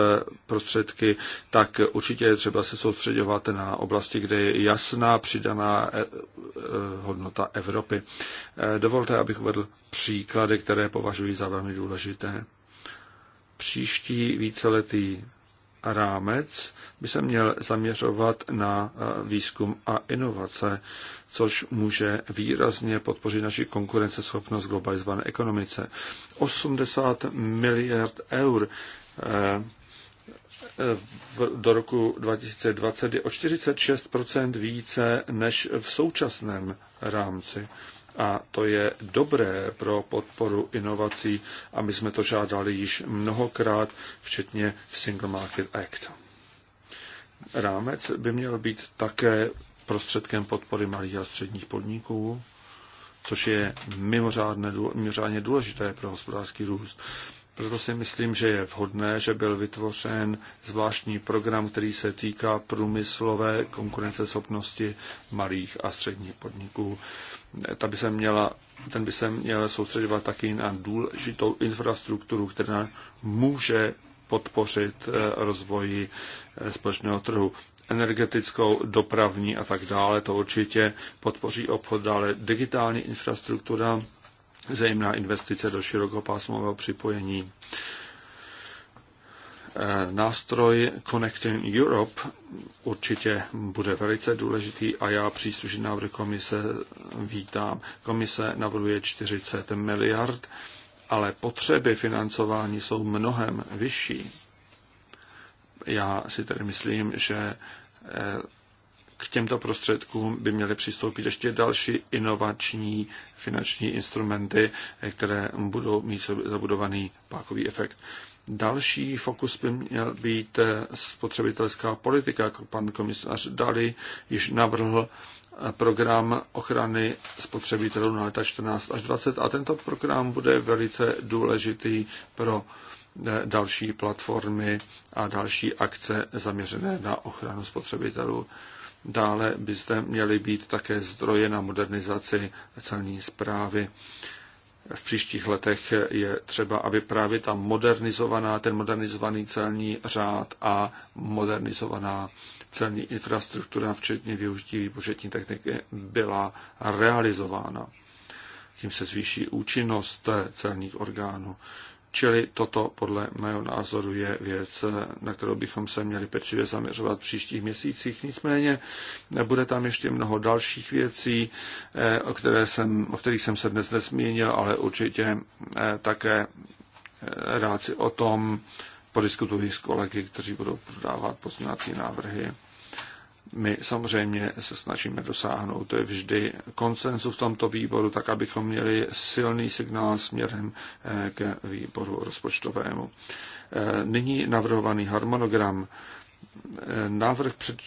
prostředky, tak určitě je třeba se soustředovat na oblasti, kde je jasná přidaná hodnota Evropy. Dovolte, abych uvedl příklady, které považuji za velmi důležité. Příští víceletý rámec by se měl zaměřovat na eh, výzkum a inovace, což může výrazně podpořit naši konkurenceschopnost globalizované ekonomice. 80 miliard eur eh, do roku 2020 je o 46 více než v současném rámci. A to je dobré pro podporu inovací a my jsme to žádali již mnohokrát, včetně Single Market Act. Rámec by měl být také prostředkem podpory malých a středních podniků, což je mimořádně, mimořádně důležité pro hospodářský růst. Proto si myslím, že je vhodné, že byl vytvořen zvláštní program, který se týká průmyslové konkurenceschopnosti malých a středních podniků ta by se měla, ten by se měl soustředovat taky na důležitou infrastrukturu, která může podpořit eh, rozvoji eh, společného trhu energetickou, dopravní a tak dále. To určitě podpoří obchod dále. Digitální infrastruktura, zejména investice do širokopásmového připojení. Eh, nástroj Connecting Europe určitě bude velice důležitý a já příslušný návrh komise vítám. Komise navrhuje 40 miliard, ale potřeby financování jsou mnohem vyšší. Já si tedy myslím, že eh, k těmto prostředkům by měly přistoupit ještě další inovační finanční instrumenty, eh, které budou mít zabudovaný pákový efekt. Další fokus by měl být eh, spotřebitelská politika, jako pan komisař Dali již navrhl eh, program ochrany spotřebitelů na leta 14 až 20 a tento program bude velice důležitý pro eh, další platformy a další akce zaměřené na ochranu spotřebitelů. Dále by zde měly být také zdroje na modernizaci celní zprávy v příštích letech je třeba, aby právě ta modernizovaná, ten modernizovaný celní řád a modernizovaná celní infrastruktura, včetně využití výpočetní techniky, byla realizována. Tím se zvýší účinnost celních orgánů. Čili toto podle mého názoru je věc, na kterou bychom se měli pečlivě zaměřovat v příštích měsících. Nicméně bude tam ještě mnoho dalších věcí, eh, o, které jsem, o kterých jsem se dnes nezmínil, ale určitě eh, také eh, rád si o tom podiskutuji s kolegy, kteří budou prodávat pozměňovací návrhy. My samozřejmě se snažíme dosáhnout, to je vždy konsenzu v tomto výboru, tak abychom měli silný signál směrem eh, k výboru rozpočtovému. Eh, nyní navrhovaný harmonogram. Eh, návrh před,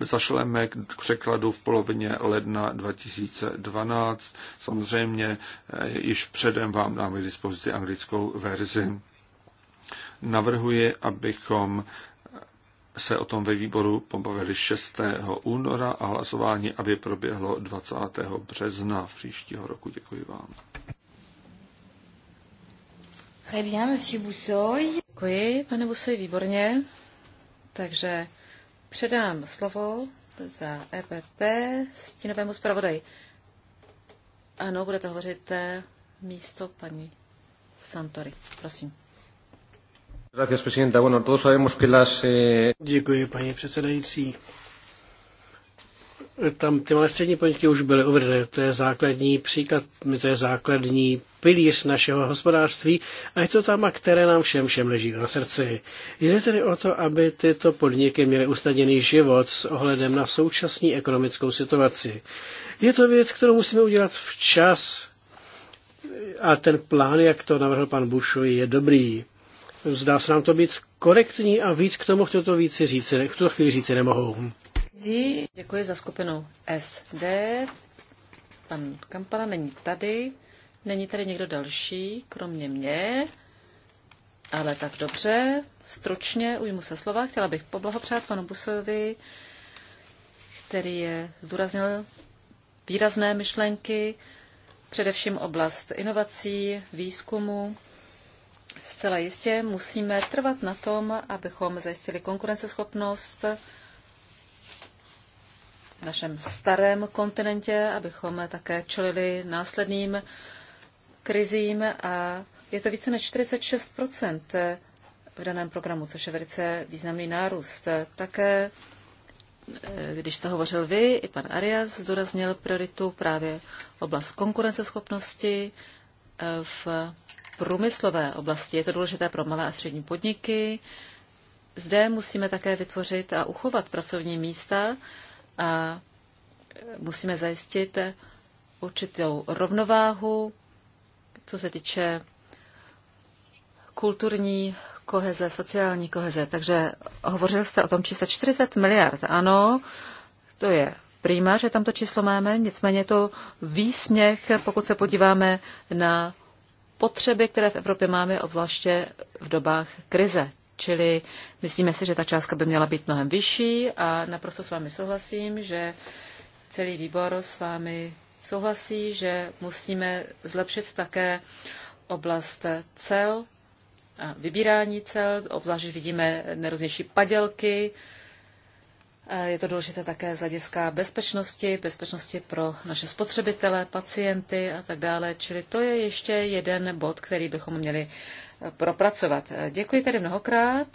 zašleme k překladu v polovině ledna 2012. Samozřejmě již předem vám dáme k dispozici anglickou verzi. Navrhuji, abychom se o tom ve výboru pobavili 6. února a hlasování, aby proběhlo 20. března v příštího roku. Děkuji vám. Děkuji, pane Busoj, výborně. Takže předám slovo za EPP stínovému zpravodaji. Ano, budete hovořit eh, místo paní Santory. Prosím. Eh, Děkuji, paní předsedající. Tam ty malé střední podniky už byly uvedeny. To je základní příklad, to je základní pilíř našeho hospodářství a je to tam, které nám všem všem leží na srdci. Jde tedy o to, aby tyto podniky měly usnadněný život s ohledem na současnou ekonomickou situaci. Je to věc, kterou musíme udělat včas, a ten plán, jak to navrhl pan Bušovi, je dobrý. Zdá se nám to být korektní a víc k tomu to tuto, víci říci, v tuto chvíli říci nemohou. Děkuji za skupinu SD. Pan Kampala není tady. Není tady někdo další, kromě mě. Ale tak dobře, stručně ujmu se slova. Chtěla bych poblahopřát panu Busovi, který je zdůraznil výrazné myšlenky, především oblast inovací, výzkumu, Zcela jistě musíme trvat na tom, abychom zajistili konkurenceschopnost v našem starém kontinentě, abychom také čelili následným krizím a je to více než 46 v daném programu, což je velice významný nárůst. Také, když jste hovořil vy, i pan Arias zdůraznil prioritu právě oblast konkurenceschopnosti eh, v průmyslové oblasti. Je to důležité pro malé a střední podniky. Zde musíme také vytvořit a uchovat pracovní místa a musíme zajistit určitou rovnováhu, co se týče kulturní koheze, sociální koheze. Takže hovořil jste o tom čísle 40 miliard. Ano, to je prýma, že tamto číslo máme, nicméně je to výsměch, pokud se podíváme na potřeby, které v Evropě máme, obzvláště v dobách krize. Čili myslíme si, že ta částka by měla být mnohem vyšší a naprosto s vámi souhlasím, že celý výbor s vámi souhlasí, že musíme zlepšit také oblast cel, a vybírání cel, obzvlášť vidíme nejrůznější padělky, Eh, je to důležité také z hlediska bezpečnosti, bezpečnosti pro naše spotřebitele, pacienty a tak dále. Čili to je ještě jeden bod, který bychom měli eh, propracovat. Eh, děkuji tedy mnohokrát.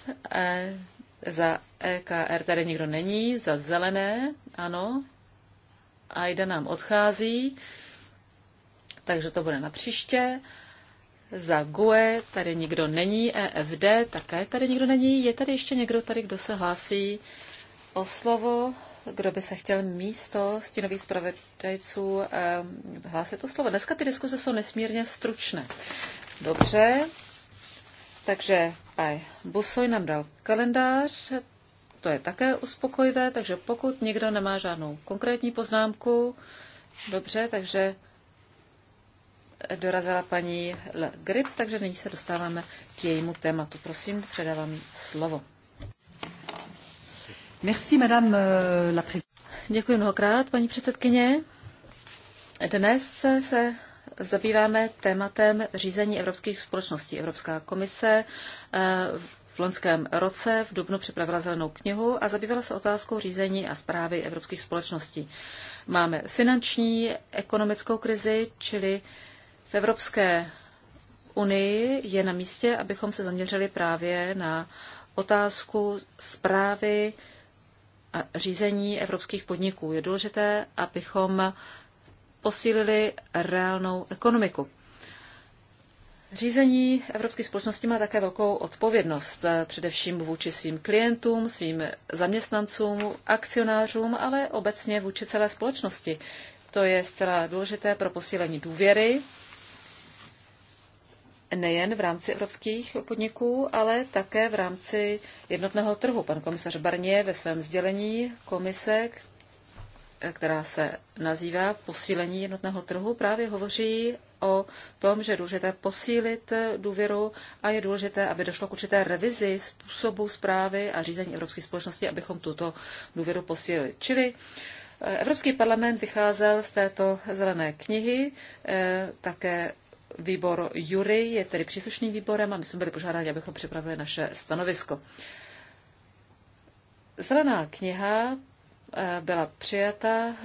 Za EKR tady nikdo není, za zelené, ano. Aida nám odchází, takže to bude na příště. Za GUE tady nikdo není, EFD také tady nikdo není. Je tady ještě někdo tady, kdo se hlásí? o slovo. Kdo by se chtěl místo stínových zpravodajců eh, hlásit o slovo? Dneska ty diskuse jsou nesmírně stručné. Dobře, takže aj Busoj nám dal kalendář, to je také uspokojivé, takže pokud někdo nemá žádnou konkrétní poznámku, dobře, takže dorazila paní L. Grip, takže nyní se dostáváme k jejímu tématu. Prosím, předávám slovo. Merci, madame euh, la Děkuji mnohokrát, paní předsedkyně. Dnes se zabýváme tématem řízení evropských společností. Evropská komise eh, v loňském roce v Dubnu připravila zelenou knihu a zabývala se otázkou řízení a zprávy evropských společností. Máme finanční, ekonomickou krizi, čili v Evropské unii je na místě, abychom se zaměřili právě na otázku zprávy řízení evropských podniků. Je důležité, abychom posílili reálnou ekonomiku. Řízení evropských společností má také velkou odpovědnost, eh, především vůči svým klientům, svým zaměstnancům, akcionářům, ale obecně vůči celé společnosti. To je zcela důležité pro posílení důvěry nejen v rámci evropských podniků, ale také v rámci jednotného trhu. Pan komisař Barnier ve svém sdělení komise, která se nazývá posílení jednotného trhu, právě hovoří o tom, že je důležité posílit důvěru a je důležité, aby došlo k určité revizi způsobu zprávy a řízení evropských společností, abychom tuto důvěru posílili. Čili eh, Evropský parlament vycházel z této zelené knihy, eh, také Výbor Jury je tedy příslušným výborem a my jsme byli požádáni, abychom připravili naše stanovisko. Zelená kniha eh, byla přijata eh,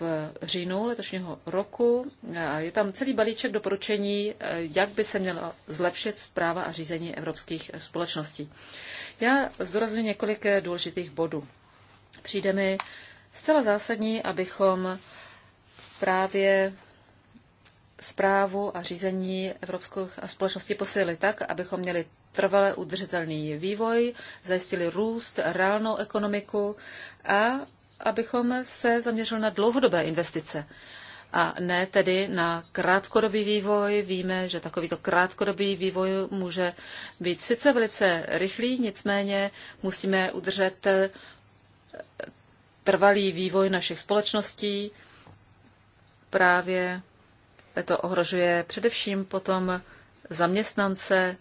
v říjnu letošního roku. Je tam celý balíček doporučení, eh, jak by se měla zlepšit zpráva a řízení evropských společností. Já zdůraznuju několik důležitých bodů. Přijde mi zcela zásadní, abychom právě zprávu a řízení evropské společnosti posílili tak, abychom měli trvale udržitelný vývoj, zajistili růst, reálnou ekonomiku a abychom se zaměřili na dlouhodobé investice a ne tedy na krátkodobý vývoj. Víme, že takovýto krátkodobý vývoj může být sice velice rychlý, nicméně musíme udržet eh, trvalý vývoj našich společností právě to ohrožuje především potom zaměstnance,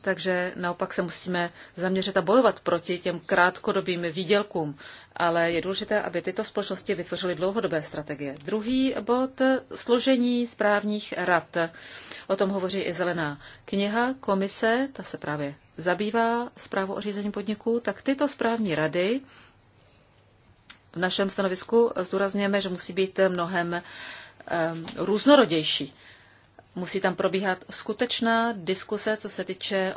takže naopak se musíme zaměřit a bojovat proti těm krátkodobým výdělkům. Ale je důležité, aby tyto společnosti vytvořily dlouhodobé strategie. Druhý bod složení správních rad. O tom hovoří i zelená kniha komise, ta se právě zabývá zprávou o řízení podniků, tak tyto správní rady v našem stanovisku zdůrazňujeme, že musí být mnohem Ehm, různorodější. Musí tam probíhat skutečná diskuse, co se týče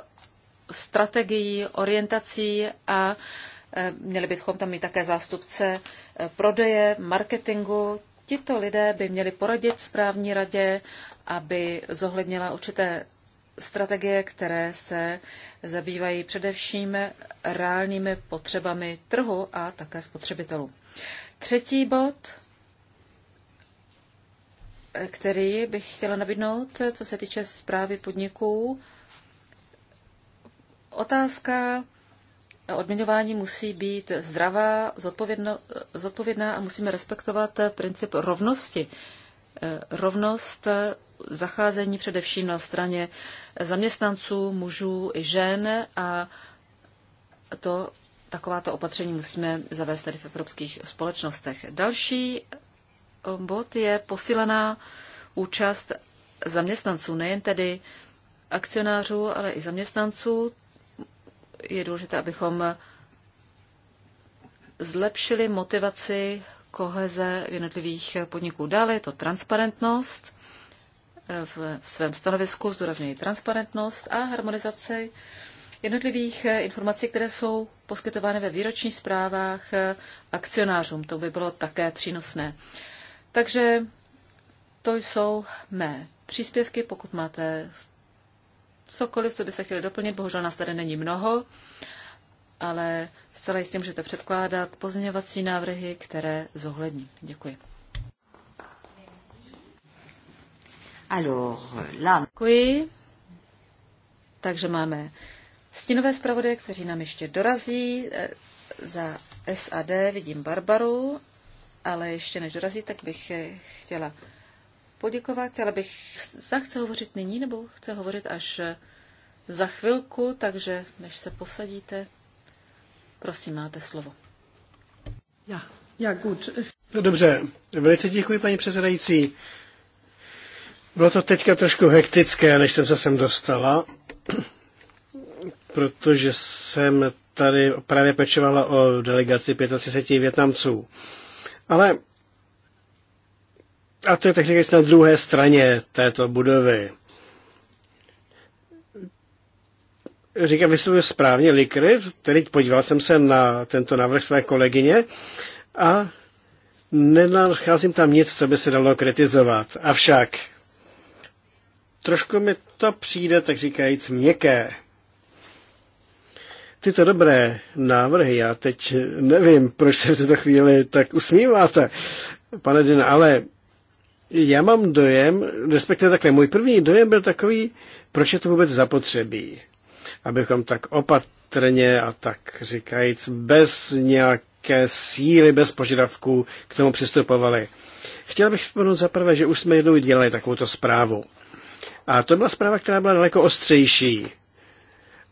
strategií, orientací a ehm, měli bychom tam mít také zástupce eh, prodeje, marketingu. Tito lidé by měli poradit správní radě, aby zohlednila určité strategie, které se zabývají především reálnými potřebami trhu a také spotřebitelů. Třetí bod který bych chtěla nabídnout, co se týče zprávy podniků. Otázka odměňování musí být zdravá, zodpovědná a musíme respektovat princip rovnosti. Rovnost zacházení především na straně zaměstnanců, mužů i žen a to takováto opatření musíme zavést tady v evropských společnostech. Další bod je posílená účast zaměstnanců, nejen tedy akcionářů, ale i zaměstnanců. Je důležité, abychom zlepšili motivaci koheze jednotlivých podniků. Dále je to transparentnost. V svém stanovisku zdůrazňuji transparentnost a harmonizaci jednotlivých informací, které jsou poskytovány ve výročních zprávách akcionářům. To by bylo také přínosné. Takže to jsou mé příspěvky, pokud máte cokoliv, co byste chtěli doplnit, bohužel nás tady není mnoho, ale zcela jistě můžete předkládat pozměňovací návrhy, které zohlední. Děkuji. Děkuji. Takže máme stínové zpravodaje, kteří nám ještě dorazí. Eh, za SAD vidím Barbaru ale ještě než dorazí, tak bych chtěla poděkovat, ale bych za chce hovořit nyní, nebo chce hovořit až eh, za chvilku, takže než se posadíte, prosím, máte slovo. Já, já, gut. No dobře, velice děkuji, paní předsedající. Bylo to teďka trošku hektické, než jsem se sem dostala, protože jsem tady právě pečovala o delegaci 35 Větnamců. Ale a to je tak říkajíc na druhé straně této budovy. Říkám, vyslovuji správně Likrit, tedy podíval jsem se na tento návrh své kolegyně a nenacházím tam nic, co by se dalo kritizovat. Avšak trošku mi to přijde, tak říkajíc, měkké tyto dobré návrhy, já teď nevím, proč se v tuto chvíli tak usmíváte, pane Dina, ale já mám dojem, respektive takhle, můj první dojem byl takový, proč je to vůbec zapotřebí, abychom tak opatrně a tak říkajíc bez nějaké síly, bez požadavků k tomu přistupovali. Chtěl bych vzpomenout zaprvé, že už jsme jednou dělali takovouto zprávu. A to byla zpráva, která byla daleko ostřejší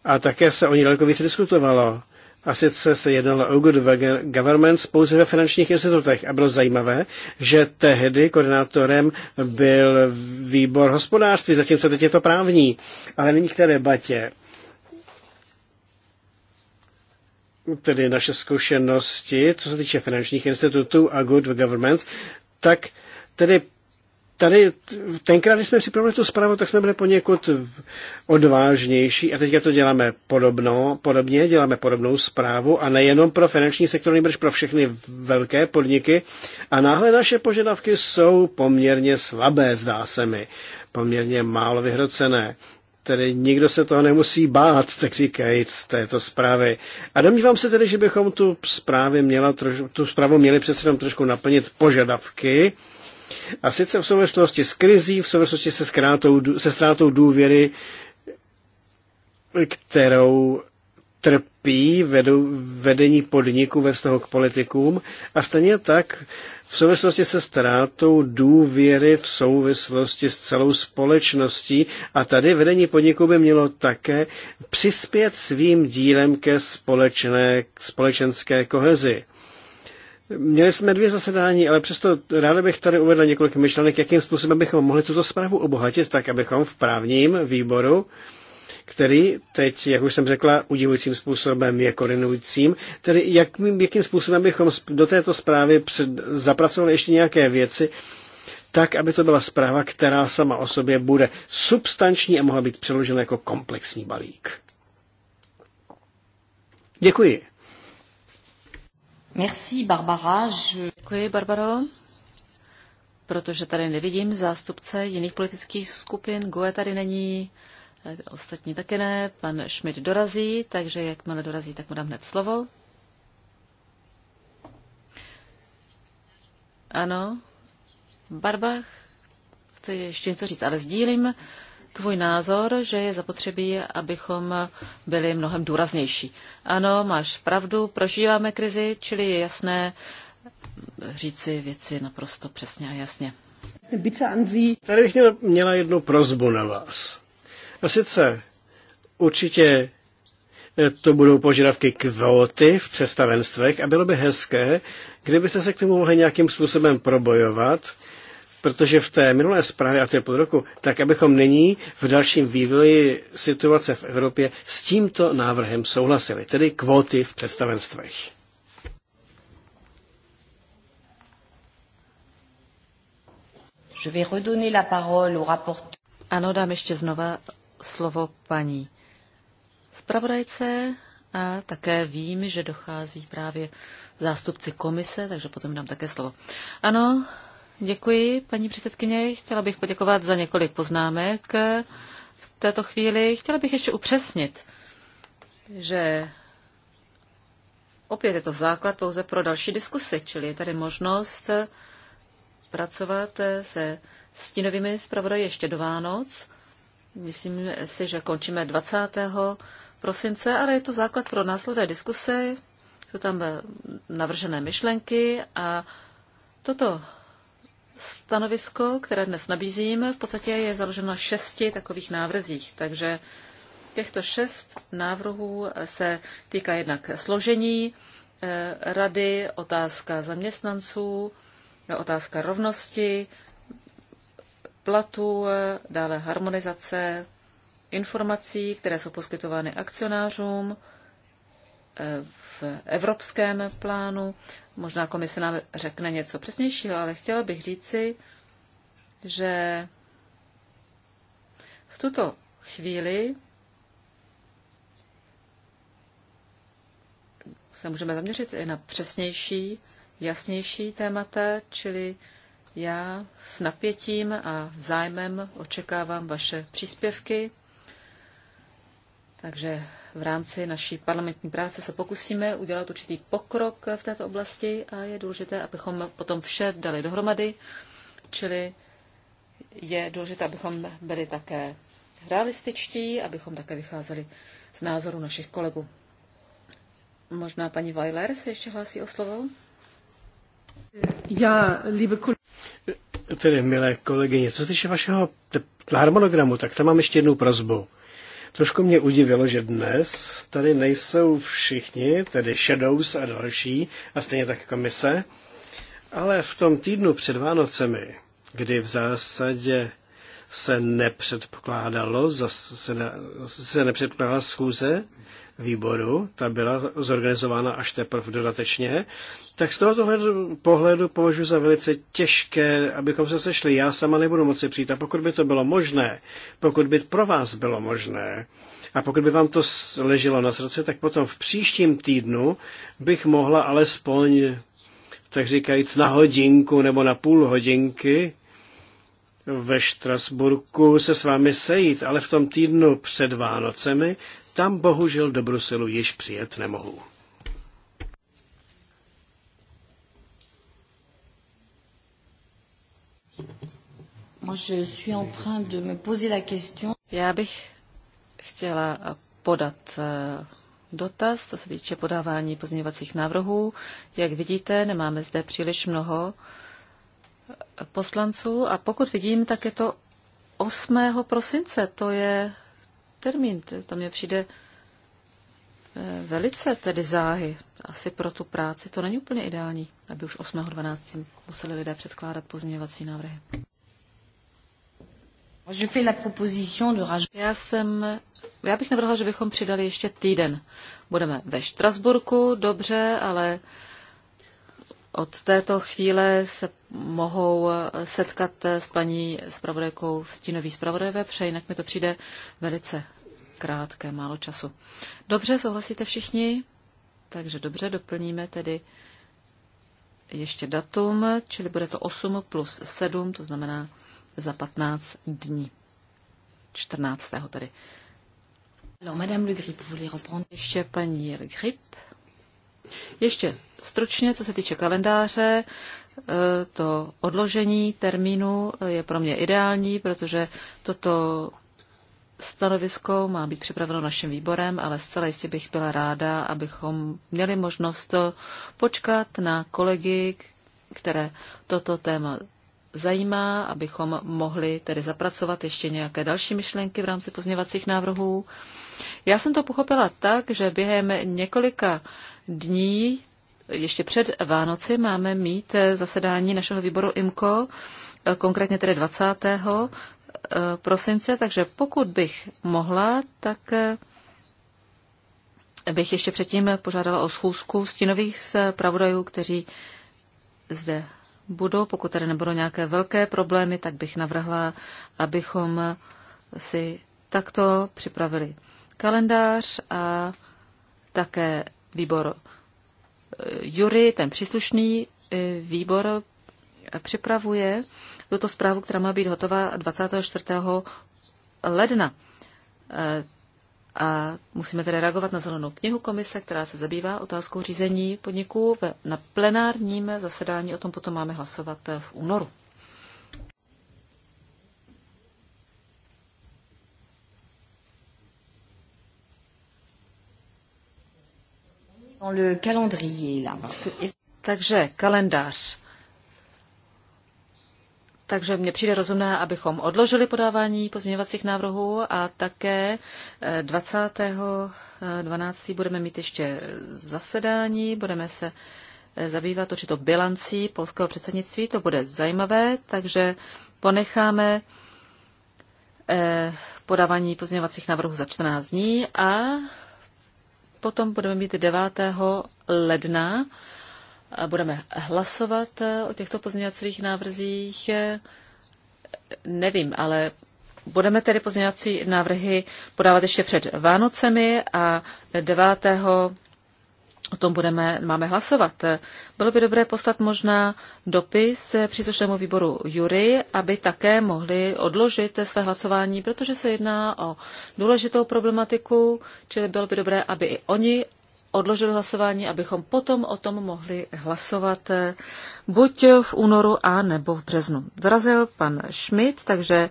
a také se o ní daleko více diskutovalo. A sice se jednalo o good governance pouze ve finančních institutech. A bylo zajímavé, že tehdy koordinátorem byl výbor hospodářství, zatímco teď je to právní. Ale není k té debatě. Tedy naše zkušenosti, co se týče finančních institutů a good governance, tak tedy tady, tenkrát, když jsme připravili tu zprávu, tak jsme byli poněkud odvážnější a teďka to děláme podobno, podobně, děláme podobnou zprávu a nejenom pro finanční sektor, nebo pro všechny velké podniky a náhle naše požadavky jsou poměrně slabé, zdá se mi, poměrně málo vyhrocené. Tedy nikdo se toho nemusí bát, tak říkajíc, této zprávy. A domnívám se tedy, že bychom tu, zprávy měla tu zprávu měli přece jenom trošku naplnit požadavky, a sice v souvislosti s krizí, v souvislosti se ztrátou, se ztrátou důvěry, kterou trpí vedou, vedení podniku ve vztahu k politikům a stejně tak v souvislosti se ztrátou důvěry v souvislosti s celou společností a tady vedení podniku by mělo také přispět svým dílem ke společné, společenské kohezi. Měli jsme dvě zasedání, ale přesto ráda bych tady uvedla několik myšlenek, jakým způsobem bychom mohli tuto zprávu obohatit, tak abychom v právním výboru, který teď, jak už jsem řekla, udivujícím způsobem je koordinujícím, tedy jakým, jakým způsobem bychom do této zprávy před, zapracovali ještě nějaké věci, tak, aby to byla zpráva, která sama o sobě bude substanční a mohla být přeložena jako komplexní balík. Děkuji. Merci, Barbara. Je... Děkuji, Barbaro. Protože tady nevidím zástupce jiných politických skupin, GUE tady není, eh, ostatní také ne, pan Schmidt dorazí, takže jakmile dorazí, tak mu dám hned slovo. Ano, Barbach, chce ještě něco říct, ale sdílím tvůj názor, že je zapotřebí, abychom byli mnohem důraznější. Ano, máš pravdu, prožíváme krizi, čili je jasné říci věci naprosto přesně a jasně. Tady bych měla jednu prozbu na vás. A sice určitě eh, to budou požadavky kvóty v představenstvech a bylo by hezké, kdybyste se k tomu mohli nějakým způsobem probojovat, protože v té minulé zprávě, a to je pod roku, tak abychom nyní v dalším vývoji situace v Evropě s tímto návrhem souhlasili, tedy kvóty v představenstvech. Je vais redonner la parole au rapport... Ano, dám ještě znova slovo paní zpravodajce a také vím, že dochází právě zástupci komise, takže potom dám také slovo. Ano, Děkuji, paní předsedkyně. Chtěla bych poděkovat za několik poznámek v této chvíli. Chtěla bych ještě upřesnit, že opět je to základ pouze pro další diskusy, čili je tady možnost pracovat se stínovými zpravodaji ještě do Vánoc. Myslím si, že končíme 20. prosince, ale je to základ pro následné diskuse. Jsou tam navržené myšlenky a toto Stanovisko, které dnes nabízím, v podstatě je založeno na šesti takových návrzích, takže těchto šest návrhů se týká jednak složení eh, rady, otázka zaměstnanců, otázka rovnosti, platů, eh, dále harmonizace informací, které jsou poskytovány akcionářům eh, v evropském plánu, Možná komise nám řekne něco přesnějšího, ale chtěla bych říci, že v tuto chvíli se můžeme zaměřit i na přesnější, jasnější témata, čili já s napětím a zájmem očekávám vaše příspěvky. Takže v rámci naší parlamentní práce se pokusíme udělat určitý pokrok v této oblasti a je důležité, abychom potom vše dali dohromady, čili je důležité, abychom byli také realističtí, abychom také vycházeli z názoru našich kolegů. Možná paní Weiler se ještě hlásí o slovo? Já, liebe Tedy, milé kolegyně, co se týče vašeho harmonogramu, tak tam mám ještě jednu prozbu. Trošku mě udivilo, že dnes tady nejsou všichni, tedy Shadows a další, a stejně tak komise, ale v tom týdnu před Vánocemi, kdy v zásadě se nepředpokládalo, se, se nepředpokládala schůze, výboru, ta byla zorganizována až teprve dodatečně, tak z tohoto pohledu považuji za velice těžké, abychom se sešli. Já sama nebudu moci přijít a pokud by to bylo možné, pokud by pro vás bylo možné, a pokud by vám to leželo na srdce, tak potom v příštím týdnu bych mohla alespoň, tak říkajíc, na hodinku nebo na půl hodinky ve Štrasburku se s vámi sejít, ale v tom týdnu před Vánocemi tam bohužel do Bruselu již přijet nemohu. Já bych chtěla podat eh, dotaz, co se týče podávání pozměňovacích návrhů. Jak vidíte, nemáme zde příliš mnoho eh, poslanců a pokud vidím, tak je to 8. prosince, to je termín. To mě přijde eh, velice tedy záhy. Asi pro tu práci to není úplně ideální, aby už 8.12. museli lidé předkládat pozměňovací návrhy. Já jsem, já bych navrhla, že bychom přidali ještě týden. Budeme ve Štrasburku, dobře, ale od této chvíle se mohou eh, setkat eh, s paní zpravodajkou Stínový zpravodajové, přeji, jinak mi to přijde velice krátké, málo času. Dobře, souhlasíte všichni? Takže dobře, doplníme tedy ještě datum, čili bude to 8 plus 7, to znamená za 15 dní. 14. tedy. Alors, Madame Le Grip, vous voulez reprendre Ještě paní Le Grip. Ještě stručně, co se týče kalendáře, eh, to odložení termínu je pro mě ideální, protože toto stanovisko má být připraveno naším výborem, ale zcela jistě bych byla ráda, abychom měli možnost počkat na kolegy, které toto téma zajímá, abychom mohli tedy zapracovat ještě nějaké další myšlenky v rámci pozněvacích návrhů. Já jsem to pochopila tak, že během několika dní, ještě před Vánoci, máme mít eh, zasedání našeho výboru IMCO, eh, konkrétně tedy 20. Eh, prosince, takže pokud bych mohla, tak bych ještě předtím požádala o schůzku stínových zpravodajů, kteří zde budou, pokud tady nebudou nějaké velké problémy, tak bych navrhla, abychom si takto připravili kalendář a také výbor eh, Jury, ten příslušný eh, výbor připravuje tuto zprávu, která má být hotová 24. ledna. Eh, a musíme tedy reagovat na zelenou knihu komise, která se zabývá otázkou řízení podniků. Na plenárním zasedání o tom potom máme hlasovat v únoru. Takže kalendář. Takže mně přijde rozumné, abychom odložili podávání pozměňovacích návrhů a také 20.12. Eh, eh, budeme mít ještě zasedání, budeme se eh, zabývat určitou bilancí polského předsednictví, to bude zajímavé, takže ponecháme podávání pozměňovacích návrhů za 14 dní a potom budeme mít 9. ledna budeme hlasovat eh, o těchto pozměňovacích návrzích. Eh, nevím, ale budeme tedy pozměňovací návrhy podávat ještě před Vánocemi a 9. O tom budeme, máme hlasovat. Bylo by dobré poslat možná dopis příslušnému výboru Jury, aby také mohli odložit své hlasování, protože se jedná o důležitou problematiku, čili bylo by dobré, aby i oni odložili hlasování, abychom potom o tom mohli hlasovat eh, buď v únoru a nebo v březnu. Dorazil pan Schmidt, takže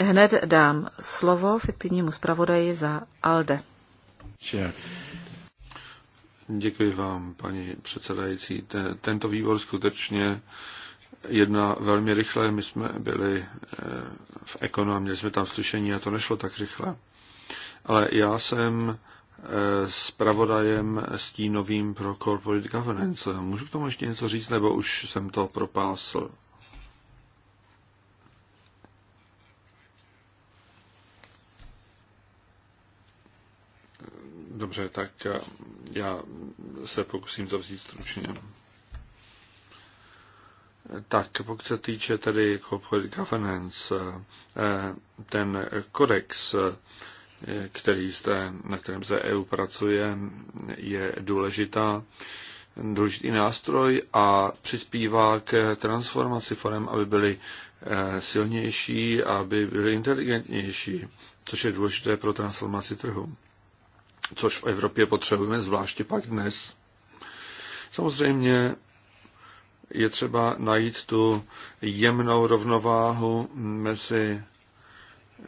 hned dám slovo fiktivnímu zpravodaji za ALDE. Děkuji vám, paní předsedající. Tento výbor skutečně jedna velmi rychle. My jsme byli eh, v ekonomii, měli jsme tam slyšení a to nešlo tak rychle. Ale já jsem zpravodajem stínovým pro corporate governance. Můžu k tomu ještě něco říct, nebo už jsem to propásl? Dobře, tak já se pokusím to vzít stručně. Tak, pokud se týče tedy corporate governance, eh, ten kodex který jste na kterém se EU pracuje, je důležitá, důležitý nástroj a přispívá k transformaci forem, aby byly eh, silnější, aby byly inteligentnější, což je důležité pro transformaci trhu, což v Evropě potřebujeme, zvláště pak dnes. Samozřejmě je třeba najít tu jemnou rovnováhu mezi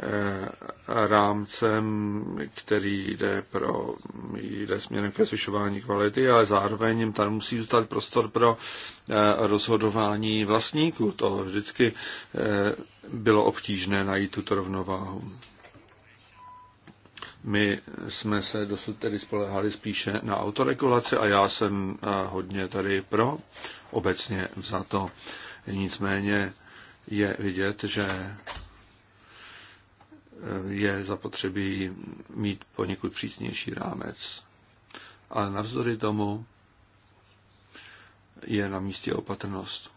Eh, rámcem, který jde, pro, jde směrem ke zvyšování kvality, ale zároveň jim tam musí zůstat prostor pro eh, rozhodování vlastníků. To vždycky eh, bylo obtížné najít tuto rovnováhu. My jsme se dosud tedy spolehali spíše na autoregulaci a já jsem hodně tady pro, obecně za to. Nicméně je vidět, že je zapotřebí mít poněkud přísnější rámec. Ale navzdory tomu je na místě opatrnost.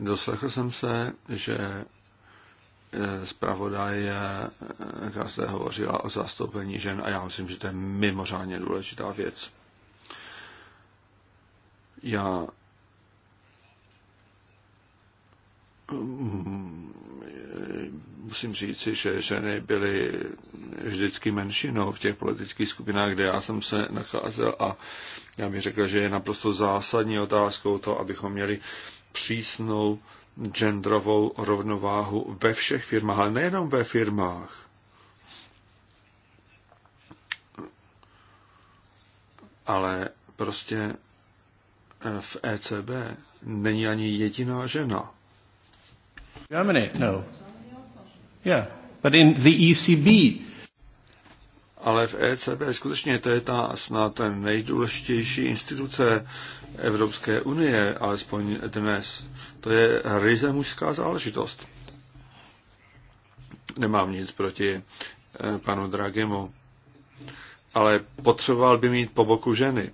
Doslechl jsem se, že eh, zpravodaj se eh, hovořila o zastoupení žen a já myslím, že to je mimořádně důležitá věc. Já mm, musím říci, že ženy byly vždycky menšinou v těch politických skupinách, kde já jsem se nacházel a já bych řekl, že je naprosto zásadní otázkou to, abychom měli přísnou genderovou rovnováhu ve všech firmách, ale nejenom ve firmách. Ale prostě eh, v ECB není ani jediná žena. Germany, no. Yeah, but in the ECB. Ale v ECB skutečně to je ta snad ten nejdůležitější instituce Evropské unie, alespoň dnes. To je ryze mužská záležitost. Nemám nic proti eh, panu Dragemu, ale potřeboval by mít po boku ženy.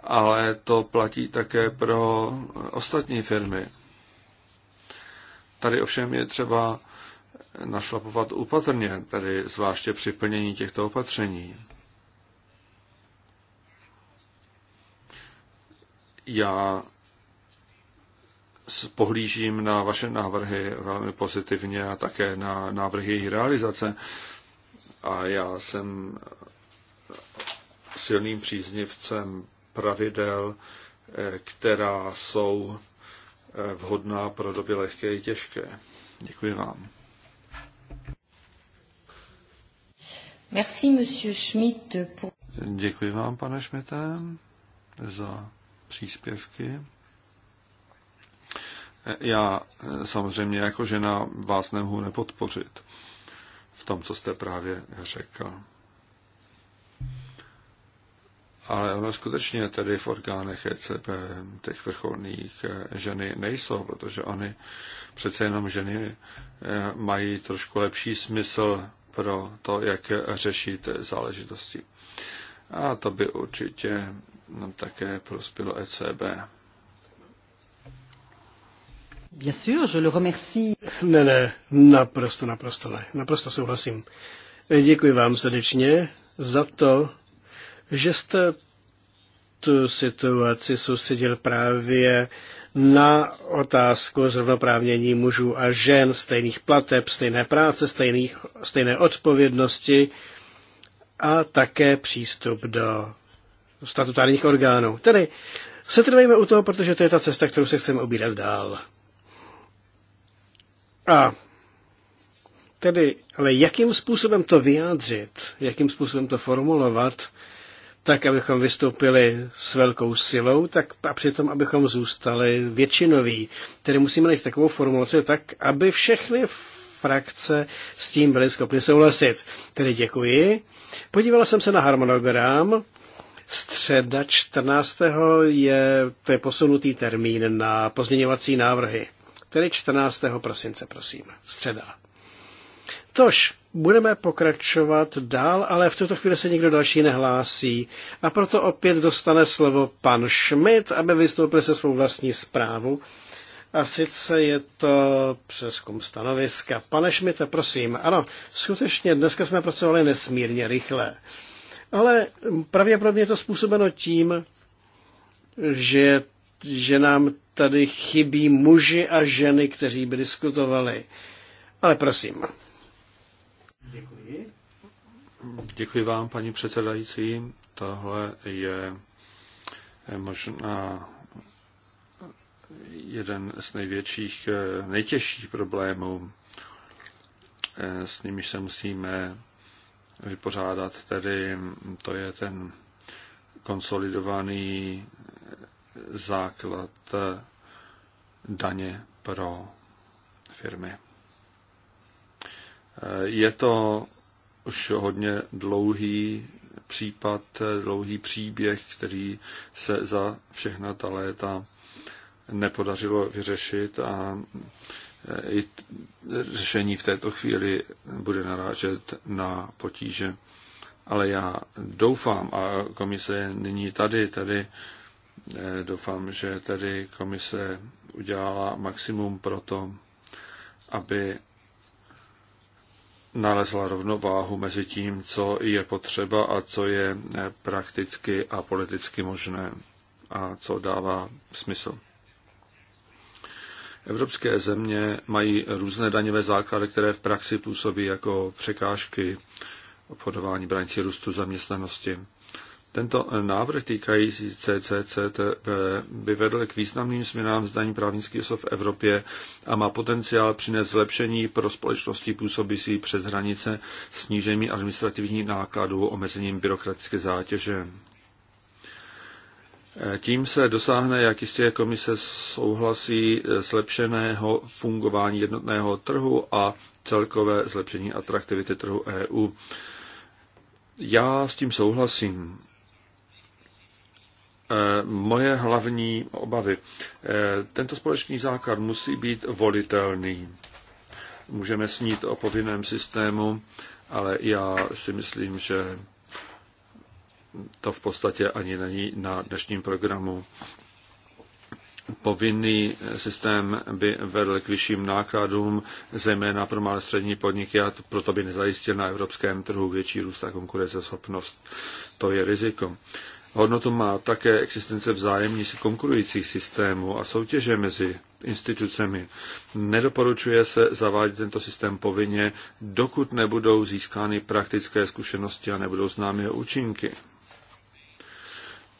Ale to platí také pro ostatní firmy. Tady ovšem je třeba našlapovat upatrně, tedy zvláště při plnění těchto opatření. Já pohlížím na vaše návrhy velmi pozitivně a také na návrhy jejich realizace. A já jsem silným příznivcem pravidel, eh, která jsou eh, vhodná pro doby lehké i těžké. Děkuji vám. Merci, monsieur Schmidt, pour... Děkuji vám, pane Šmite, za příspěvky. Já eh, samozřejmě jako žena vás nemohu nepodpořit v tom, co jste právě řekl. Ale ono skutečně tedy v orgánech ECB těch vrcholných eh, ženy nejsou, protože oni přece jenom ženy eh, mají trošku lepší smysl pro to, jak řešit záležitosti. A to by určitě také prospělo ECB. Bien sûr, je le remercie. Ne, ne, naprosto, naprosto ne. Naprosto souhlasím. Děkuji vám srdečně za to, že jste tu situaci soustředil právě na otázku zrovnoprávnění mužů a žen, stejných plateb, stejné práce, stejných, stejné odpovědnosti a také přístup do statutárních orgánů. Tedy setrvejme u toho, protože to je ta cesta, kterou se chceme obírat dál. A tedy, ale jakým způsobem to vyjádřit, jakým způsobem to formulovat, tak abychom vystoupili s velkou silou, tak a přitom, abychom zůstali většinoví. Tedy musíme najít takovou formulaci tak, aby všechny frakce s tím byly schopny souhlasit. Tedy děkuji. Podívala jsem se na harmonogram. Středa 14. je, to je posunutý termín na pozměňovací návrhy. Tedy 14. prosince, prosím. Středa. Což budeme pokračovat dál, ale v tuto chvíli se nikdo další nehlásí. A proto opět dostane slovo pan Schmidt, aby vystoupil se svou vlastní zprávu. A sice je to přeskum stanoviska. Pane Schmidte, prosím, ano, skutečně dneska jsme pracovali nesmírně rychle. Ale pravděpodobně je to způsobeno tím, že, že nám tady chybí muži a ženy, kteří by diskutovali. Ale prosím. Děkuji. Děkuji vám, paní předsedající. Tohle je možná jeden z největších, nejtěžších problémů, s nimiž se musíme vypořádat. Tedy to je ten konsolidovaný základ daně pro firmy. Eh, je to už hodně dlouhý případ, eh, dlouhý příběh, který se za všechna ta léta nepodařilo vyřešit a eh, i řešení v této chvíli bude narážet na potíže. Ale já doufám, a komise je nyní tady, tady doufám, že tady komise udělala maximum pro to, aby nalezla rovnováhu mezi tím, co je potřeba a co je prakticky a politicky možné a co dává smysl. Evropské země mají různé daňové základy, které v praxi působí jako překážky obchodování branící růstu zaměstnanosti. Tento eh, návrh týkající CCCTP by vedl k významným změnám zdaní právnických osob v Evropě a má potenciál přinést zlepšení pro společnosti působící přes hranice snížení administrativní nákladů omezením byrokratické zátěže. Eh, tím se dosáhne, jak jistě komise souhlasí, eh, zlepšeného fungování jednotného trhu a celkové zlepšení atraktivity trhu EU. Já s tím souhlasím. Eh, moje hlavní obavy. Eh, tento společný základ musí být volitelný. Můžeme snít o povinném systému, ale já si myslím, že to v podstatě ani není na dnešním programu. Povinný systém by vedl k vyšším nákladům, zejména pro malé střední podniky a proto by nezajistil na evropském trhu větší růst a konkurenceschopnost. To je riziko. Hodnotu má také existence vzájemně si konkurujících systémů a soutěže mezi institucemi. Nedoporučuje se zavádět tento systém povinně, dokud nebudou získány praktické zkušenosti a nebudou známy účinky.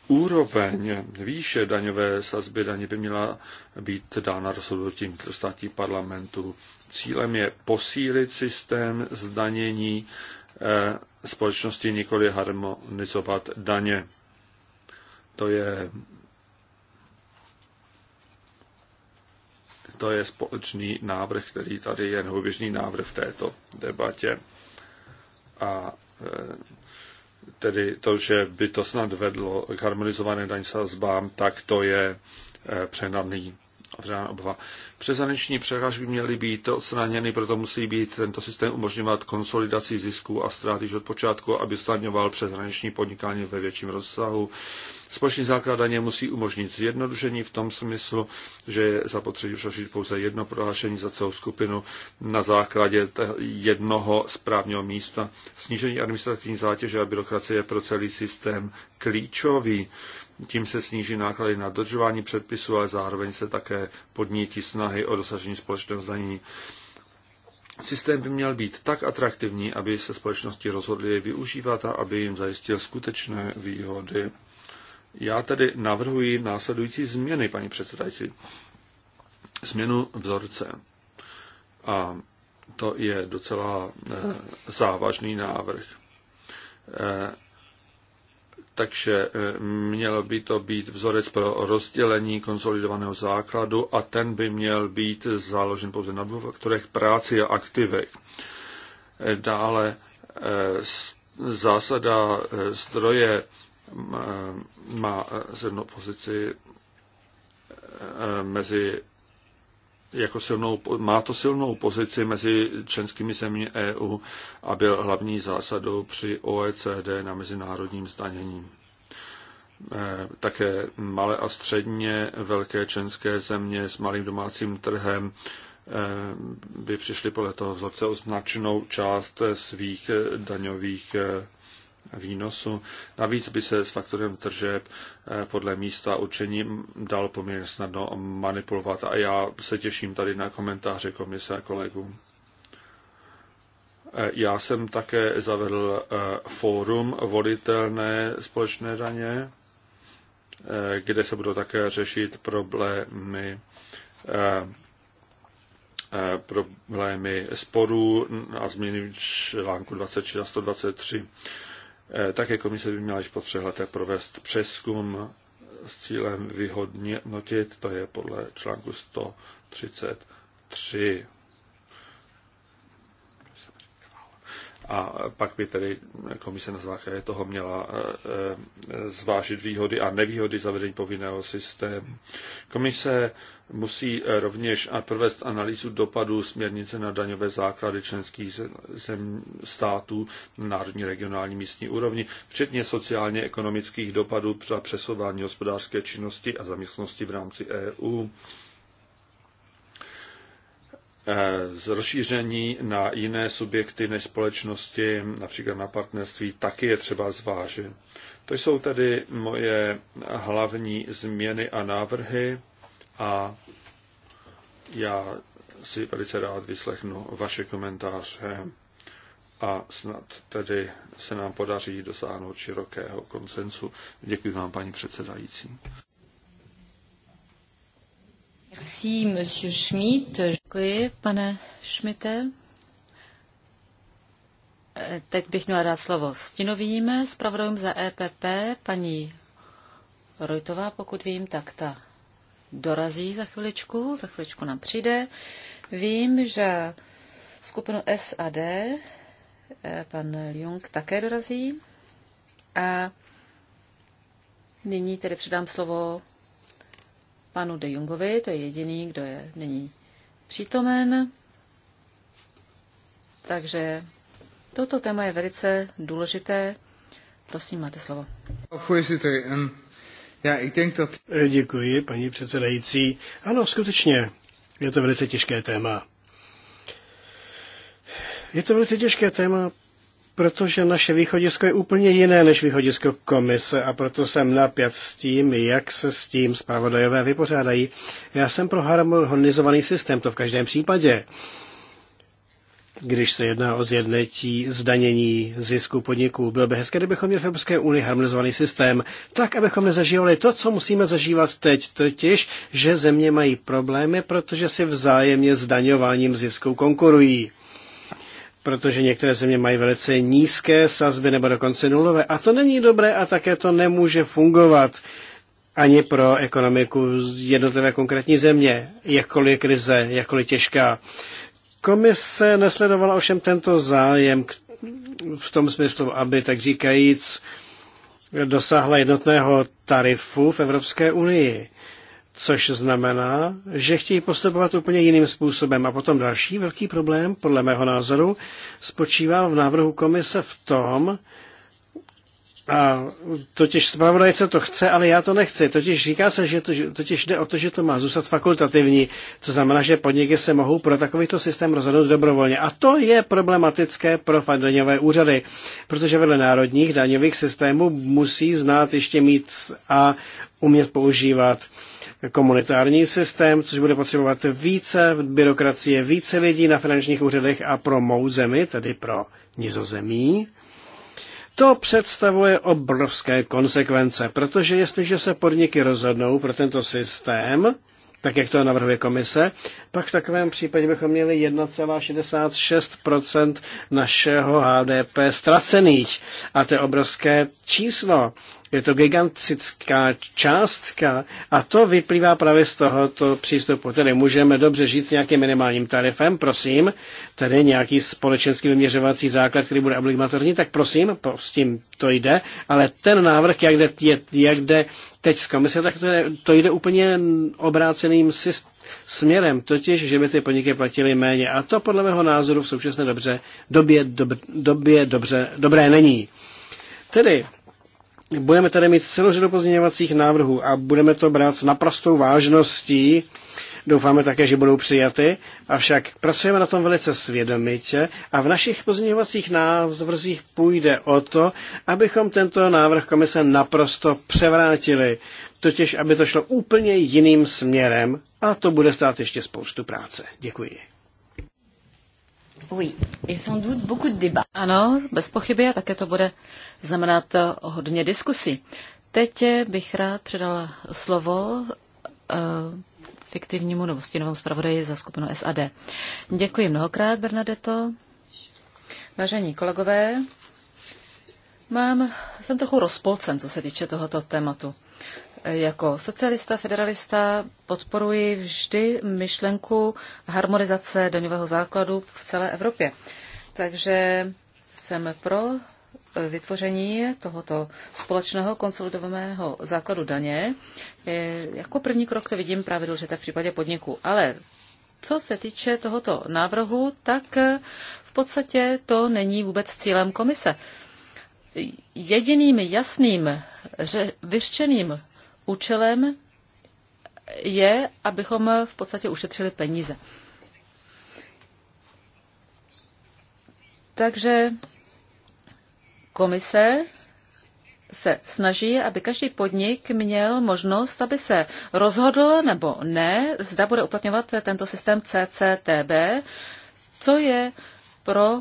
Úroveň výše daňové sazby daně by měla být dána rozhodnutím státních parlamentu. Cílem je posílit systém zdanění eh, společnosti, nikoli harmonizovat daně to je to je společný návrh, který tady je neuvěřný návrh v této debatě. A e, tedy to, že by to snad vedlo k harmonizované daň sazbám, tak to je e, přenadný obava. přehaž by měly být odstraněny, proto musí být tento systém umožňovat konsolidaci zisků a ztrát již od počátku, aby usnadňoval přeshraniční podnikání ve větším rozsahu. Společný základ daně musí umožnit zjednodušení v tom smyslu, že je zapotřebí přeložit pouze jedno prohlášení za celou skupinu na základě jednoho správního místa. Snížení administrativní zátěže a byrokracie pro celý systém klíčový. Tím se sníží náklady na dodržování předpisů, ale zároveň se také podnítí snahy o dosažení společného zdanění. Systém by měl být tak atraktivní, aby se společnosti rozhodly je využívat a aby jim zajistil skutečné výhody. Já tedy navrhuji následující změny, paní předsedající. Změnu vzorce. A to je docela eh, závažný návrh. Eh, takže eh, mělo by to být vzorec pro rozdělení konsolidovaného základu a ten by měl být založen pouze na dvou faktorech práci a aktivech. Dále zásada zdroje má silnou eh, pozici eh, mezi jako silnou, má to silnou pozici mezi členskými zeměmi EU a byl hlavní zásadou při OECD na mezinárodním zdanění. Eh, také malé a středně velké členské země s malým domácím trhem by přišly podle toho vzorce o značnou část svých daňových výnosu. Navíc by se s faktorem tržeb eh, podle místa učení dal poměrně snadno manipulovat a já se těším tady na komentáře komise a kolegů. Eh, já jsem také zavedl eh, fórum volitelné společné daně, kde se budou také řešit problémy problémy sporů a změny článku 26 a 123. Eh, také komise by měla již po třech letech provést přeskum s cílem vyhodnotit, to je podle článku 133. a pak by tedy komise na základě toho měla eh, eh, zvážit výhody a nevýhody zavedení povinného systému. Komise musí eh, rovněž provést analýzu dopadů směrnice na daňové základy členských zem, států na národní, regionální, místní úrovni, včetně sociálně-ekonomických dopadů při přesouvání hospodářské činnosti a zaměstnosti v rámci EU. Eh, z rozšíření na jiné subjekty než společnosti, například na partnerství, taky je třeba zvážit. To jsou tedy moje hlavní změny a návrhy a já si velice rád vyslechnu vaše komentáře a snad tedy se nám podaří dosáhnout širokého koncensu. Děkuji vám, paní předsedající. Merci, monsieur Schmidt. Děkuji, pane Schmidte. Eh, teď bych měla dát slovo stinovým zpravodajům za EPP, paní Rojtová, pokud vím, tak ta dorazí za chviličku, za chviličku nám přijde. Vím, že skupinu SAD eh, pan Jung také dorazí. A nyní tedy předám slovo panu De Jungovi, to je jediný, kdo je není přítomen. Takže toto téma je velice důležité. Prosím, máte slovo. Ehm, Děkuji, paní předsedající. Ano, skutečně, je to velice těžké téma. Je to velice těžké téma, protože naše východisko je úplně jiné než východisko komise a proto jsem napět s tím, jak se s tím zpravodajové vypořádají. Já jsem pro harmonizovaný systém, to v každém případě. Když se jedná o zjednetí zdanění zisku podniků, bylo by hezké, kdybychom měli v Evropské unii harmonizovaný systém, tak abychom nezažívali to, co musíme zažívat teď, totiž, že země mají problémy, protože si vzájemně zdaňováním zisku konkurují protože některé země mají velice nízké sazby nebo dokonce nulové. A to není dobré a také to nemůže fungovat ani pro ekonomiku jednotlivé konkrétní země, jakkoliv krize, jakkoliv těžká. Komise nesledovala ovšem tento zájem v tom smyslu, aby, tak říkajíc, dosáhla jednotného tarifu v Evropské unii což znamená, že chtějí postupovat úplně jiným způsobem. A potom další velký problém, podle mého názoru, spočívá v návrhu komise v tom, a totiž zpravodajce to chce, ale já to nechci. Totiž říká se, že to, totiž jde o to, že to má zůstat fakultativní. To znamená, že podniky se mohou pro takovýto systém rozhodnout dobrovolně. A to je problematické pro daňové úřady, protože vedle národních daňových systémů musí znát ještě mít a umět používat komunitární jako systém, což bude potřebovat více byrokracie, více lidí na finančních úřadech a pro mou zemi, tedy pro nizozemí, to představuje obrovské konsekvence, protože jestliže se podniky rozhodnou pro tento systém, tak jak to navrhuje komise, pak v takovém případě bychom měli 1,66 našeho HDP ztracených. A to je obrovské číslo. Je to gigantická částka a to vyplývá právě z tohoto přístupu. Tedy můžeme dobře žít s nějakým minimálním tarifem, prosím, tedy nějaký společenský vyměřovací základ, který bude obligatorní, tak prosím, po, s tím to jde, ale ten návrh, jak jde, jak jde teď z komise, tak to, to jde úplně obráceným systémem směrem, totiž, že by ty podniky platily méně. A to podle mého názoru v současné dobře, době, dob, době dobře, dobré není. Tedy Budeme tady mít celou řadu pozměňovacích návrhů a budeme to brát s naprostou vážností. Doufáme také, že budou přijaty, avšak pracujeme na tom velice svědomitě a v našich pozměňovacích návrzích půjde o to, abychom tento návrh komise naprosto převrátili, totiž aby to šlo úplně jiným směrem a to bude stát ještě spoustu práce. Děkuji. Ano, bez pochyby a také to bude znamenat eh, hodně diskusí. Teď bych rád předala slovo uh, fiktivnímu nebo stínovému zpravodaji za skupinu SAD. Děkuji mnohokrát, Bernadetto. Vážení kolegové, mám, jsem trochu rozpolcen, co se týče tohoto tématu. Jako socialista, federalista podporuji vždy myšlenku harmonizace daňového základu v celé Evropě. Takže jsem pro vytvoření tohoto společného konsolidovaného základu daně. E, jako první krok to vidím právě důležité v případě podniku. Ale co se týče tohoto návrhu, tak v podstatě to není vůbec cílem komise. Jediným jasným že vyřčeným účelem je, abychom v podstatě ušetřili peníze. Takže komise se snaží, aby každý podnik měl možnost, aby se rozhodl nebo ne, zda bude uplatňovat tento systém CCTB, co je pro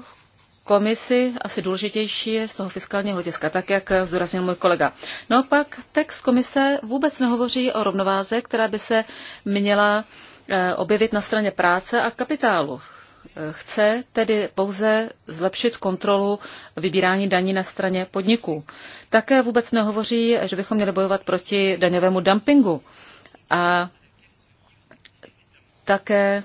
komisi asi důležitější je z toho fiskálního hlediska, tak jak zdůraznil můj kolega. No pak text komise vůbec nehovoří o rovnováze, která by se měla eh, objevit na straně práce a kapitálu. Eh, chce tedy pouze zlepšit kontrolu vybírání daní na straně podniků. Také vůbec nehovoří, že bychom měli bojovat proti daňovému dumpingu. A také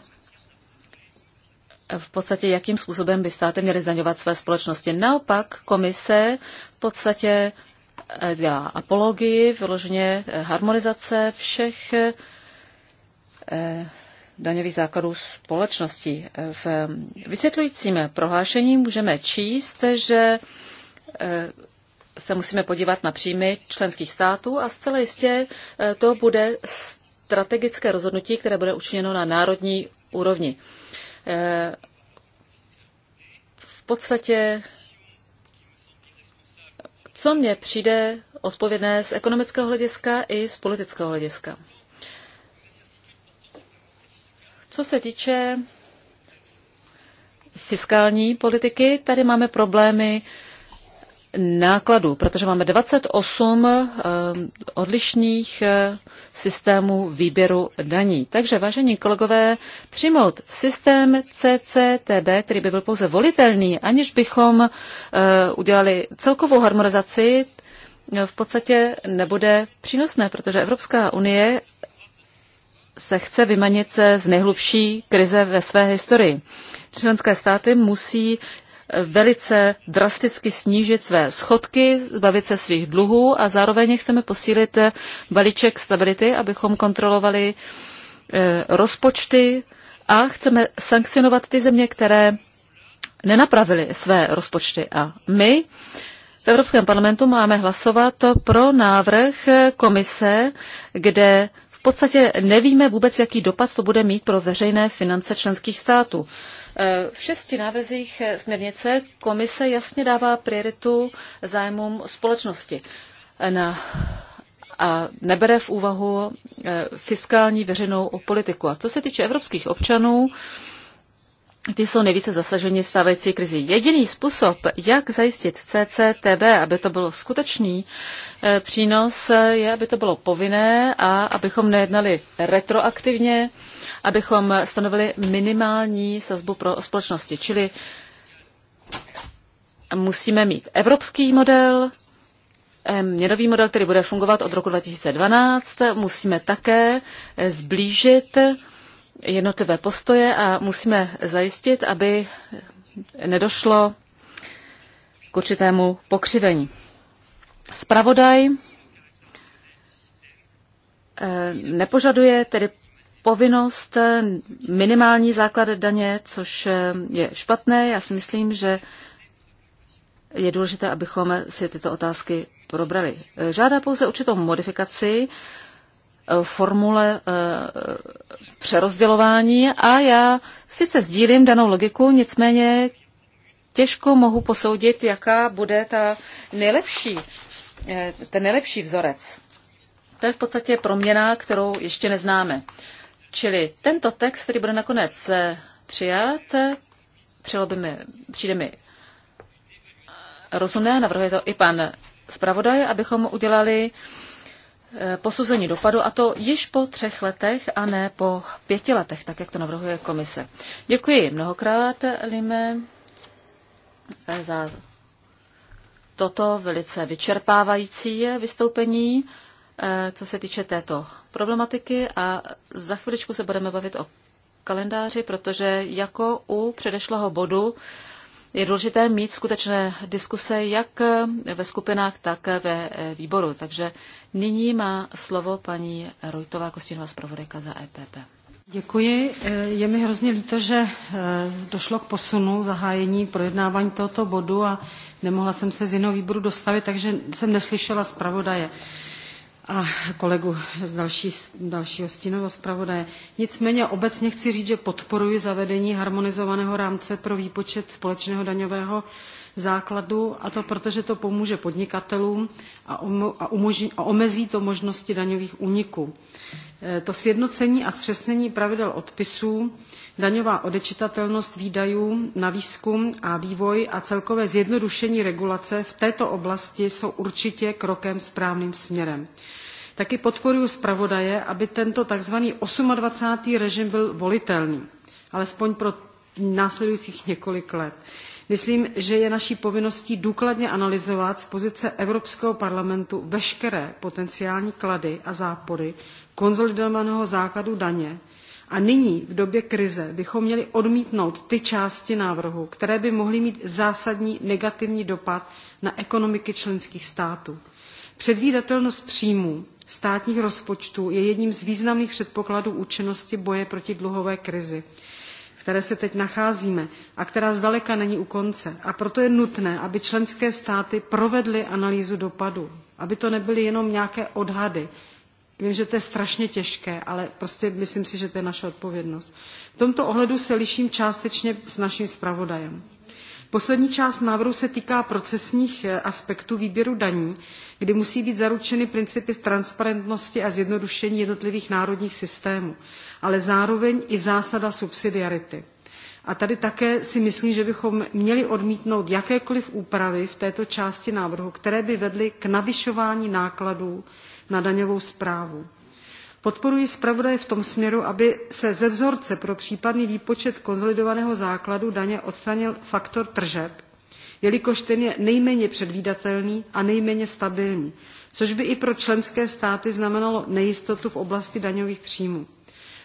v podstatě, jakým způsobem by státy měly zdaňovat své společnosti. Naopak komise v podstatě eh, dělá apologii, vyloženě eh, harmonizace všech eh, daňových základů společností. V vysvětlujícím prohlášení můžeme číst, že se musíme podívat na příjmy členských států a zcela jistě to bude strategické rozhodnutí, které bude učiněno na národní úrovni. Eh, v podstatě, co mně přijde odpovědné z ekonomického hlediska i z politického hlediska. Co se týče fiskální politiky, tady máme problémy nákladů, protože máme 28 eh, odlišných eh, systémů výběru daní. Takže, vážení kolegové, přijmout systém CCTB, který by byl pouze volitelný, aniž bychom eh, udělali celkovou harmonizaci, v podstatě nebude přínosné, protože Evropská unie se chce vymanit se z nejhlubší krize ve své historii. Členské státy musí velice drasticky snížit své schodky, zbavit se svých dluhů a zároveň chceme posílit eh, balíček stability, abychom kontrolovali eh, rozpočty a chceme sankcionovat ty země, které nenapravily své rozpočty. A my v Evropském parlamentu máme hlasovat pro návrh eh, komise, kde v podstatě nevíme vůbec, jaký dopad to bude mít pro veřejné finance členských států. V šesti návrzích směrnice komise jasně dává prioritu zájmům společnosti na, a nebere v úvahu eh, fiskální veřejnou politiku. A co se týče evropských občanů, ty jsou nejvíce zasaženi stávající krizi. Jediný způsob, jak zajistit CCTB, aby to bylo skutečný eh, přínos, je, aby to bylo povinné a abychom nejednali retroaktivně, abychom stanovili minimální sazbu pro společnosti. Čili musíme mít evropský model, eh, měnový model, který bude fungovat od roku 2012. Musíme také eh, zblížit jednotlivé postoje a musíme zajistit, aby nedošlo k určitému pokřivení. Spravodaj eh, nepožaduje tedy povinnost eh, minimální základ daně, což eh, je špatné. Já si myslím, že je důležité, abychom si tyto otázky probrali. Žádá pouze určitou modifikaci Eh, formule eh, přerozdělování a já sice sdílím danou logiku, nicméně těžko mohu posoudit, jaká bude ta nejlepší, eh, ten nejlepší vzorec. To je v podstatě proměna, kterou ještě neznáme. Čili tento text, který bude nakonec přijat, mi, přijde mi rozumné, navrhuje to i pan zpravodaj, abychom udělali uh, Eh, posouzení dopadu a to již po třech letech a ne po pěti letech, tak jak to navrhuje komise. Děkuji mnohokrát, Lime, eh, za toto velice vyčerpávající vystoupení, eh, co se týče této problematiky a za chviličku se budeme bavit o kalendáři, protože jako u předešlého bodu je důležité mít skutečné diskuse jak ve skupinách, tak ve výboru. Takže nyní má slovo paní Rojtová Kostinová zpravodajka za EPP. Děkuji. Je mi hrozně líto, že eh, došlo k posunu zahájení projednávání tohoto bodu a nemohla jsem se z jiného výboru dostavit, takže jsem neslyšela zpravodaje a kolegu z další, dalšího stínového zpravodaje. Nicméně obecně chci říct, že podporuji zavedení harmonizovaného rámce pro výpočet společného daňového základu, a to protože to pomůže podnikatelům a, umoží, a omezí to možnosti daňových úniků. E, to sjednocení a zpřesnění pravidel odpisů, daňová odečitatelnost výdajů na výzkum a vývoj a celkové zjednodušení regulace v této oblasti jsou určitě krokem správným směrem. Taky podporuji zpravodaje, aby tento tzv. 28. režim byl volitelný, alespoň pro následujících několik let. Myslím, že je naší povinností důkladně analyzovat z pozice Evropského parlamentu veškeré potenciální klady a zápory konzolidovaného základu daně a nyní v době krize bychom měli odmítnout ty části návrhu, které by mohly mít zásadní negativní dopad na ekonomiky členských států. Předvídatelnost příjmů státních rozpočtů je jedním z významných předpokladů účinnosti boje proti dluhové krizi které se teď nacházíme a která zdaleka není u konce. A proto je nutné, aby členské státy provedly analýzu dopadu, aby to nebyly jenom nějaké odhady. Vím, že to je strašně těžké, ale prostě myslím si, že to je naše odpovědnost. V tomto ohledu se liším částečně s naším zpravodajem. Poslední část návrhu se týká procesních eh, aspektů výběru daní, kdy musí být zaručeny principy transparentnosti a zjednodušení jednotlivých národních systémů, ale zároveň i zásada subsidiarity. A tady také si myslím, že bychom měli odmítnout jakékoliv úpravy v této části návrhu, které by vedly k navyšování nákladů na daňovou správu. Podporuji zpravodaje v tom směru, aby se ze vzorce pro případný výpočet konsolidovaného základu daně odstranil faktor tržeb, jelikož ten je nejméně předvídatelný a nejméně stabilní, což by i pro členské státy znamenalo nejistotu v oblasti daňových příjmů.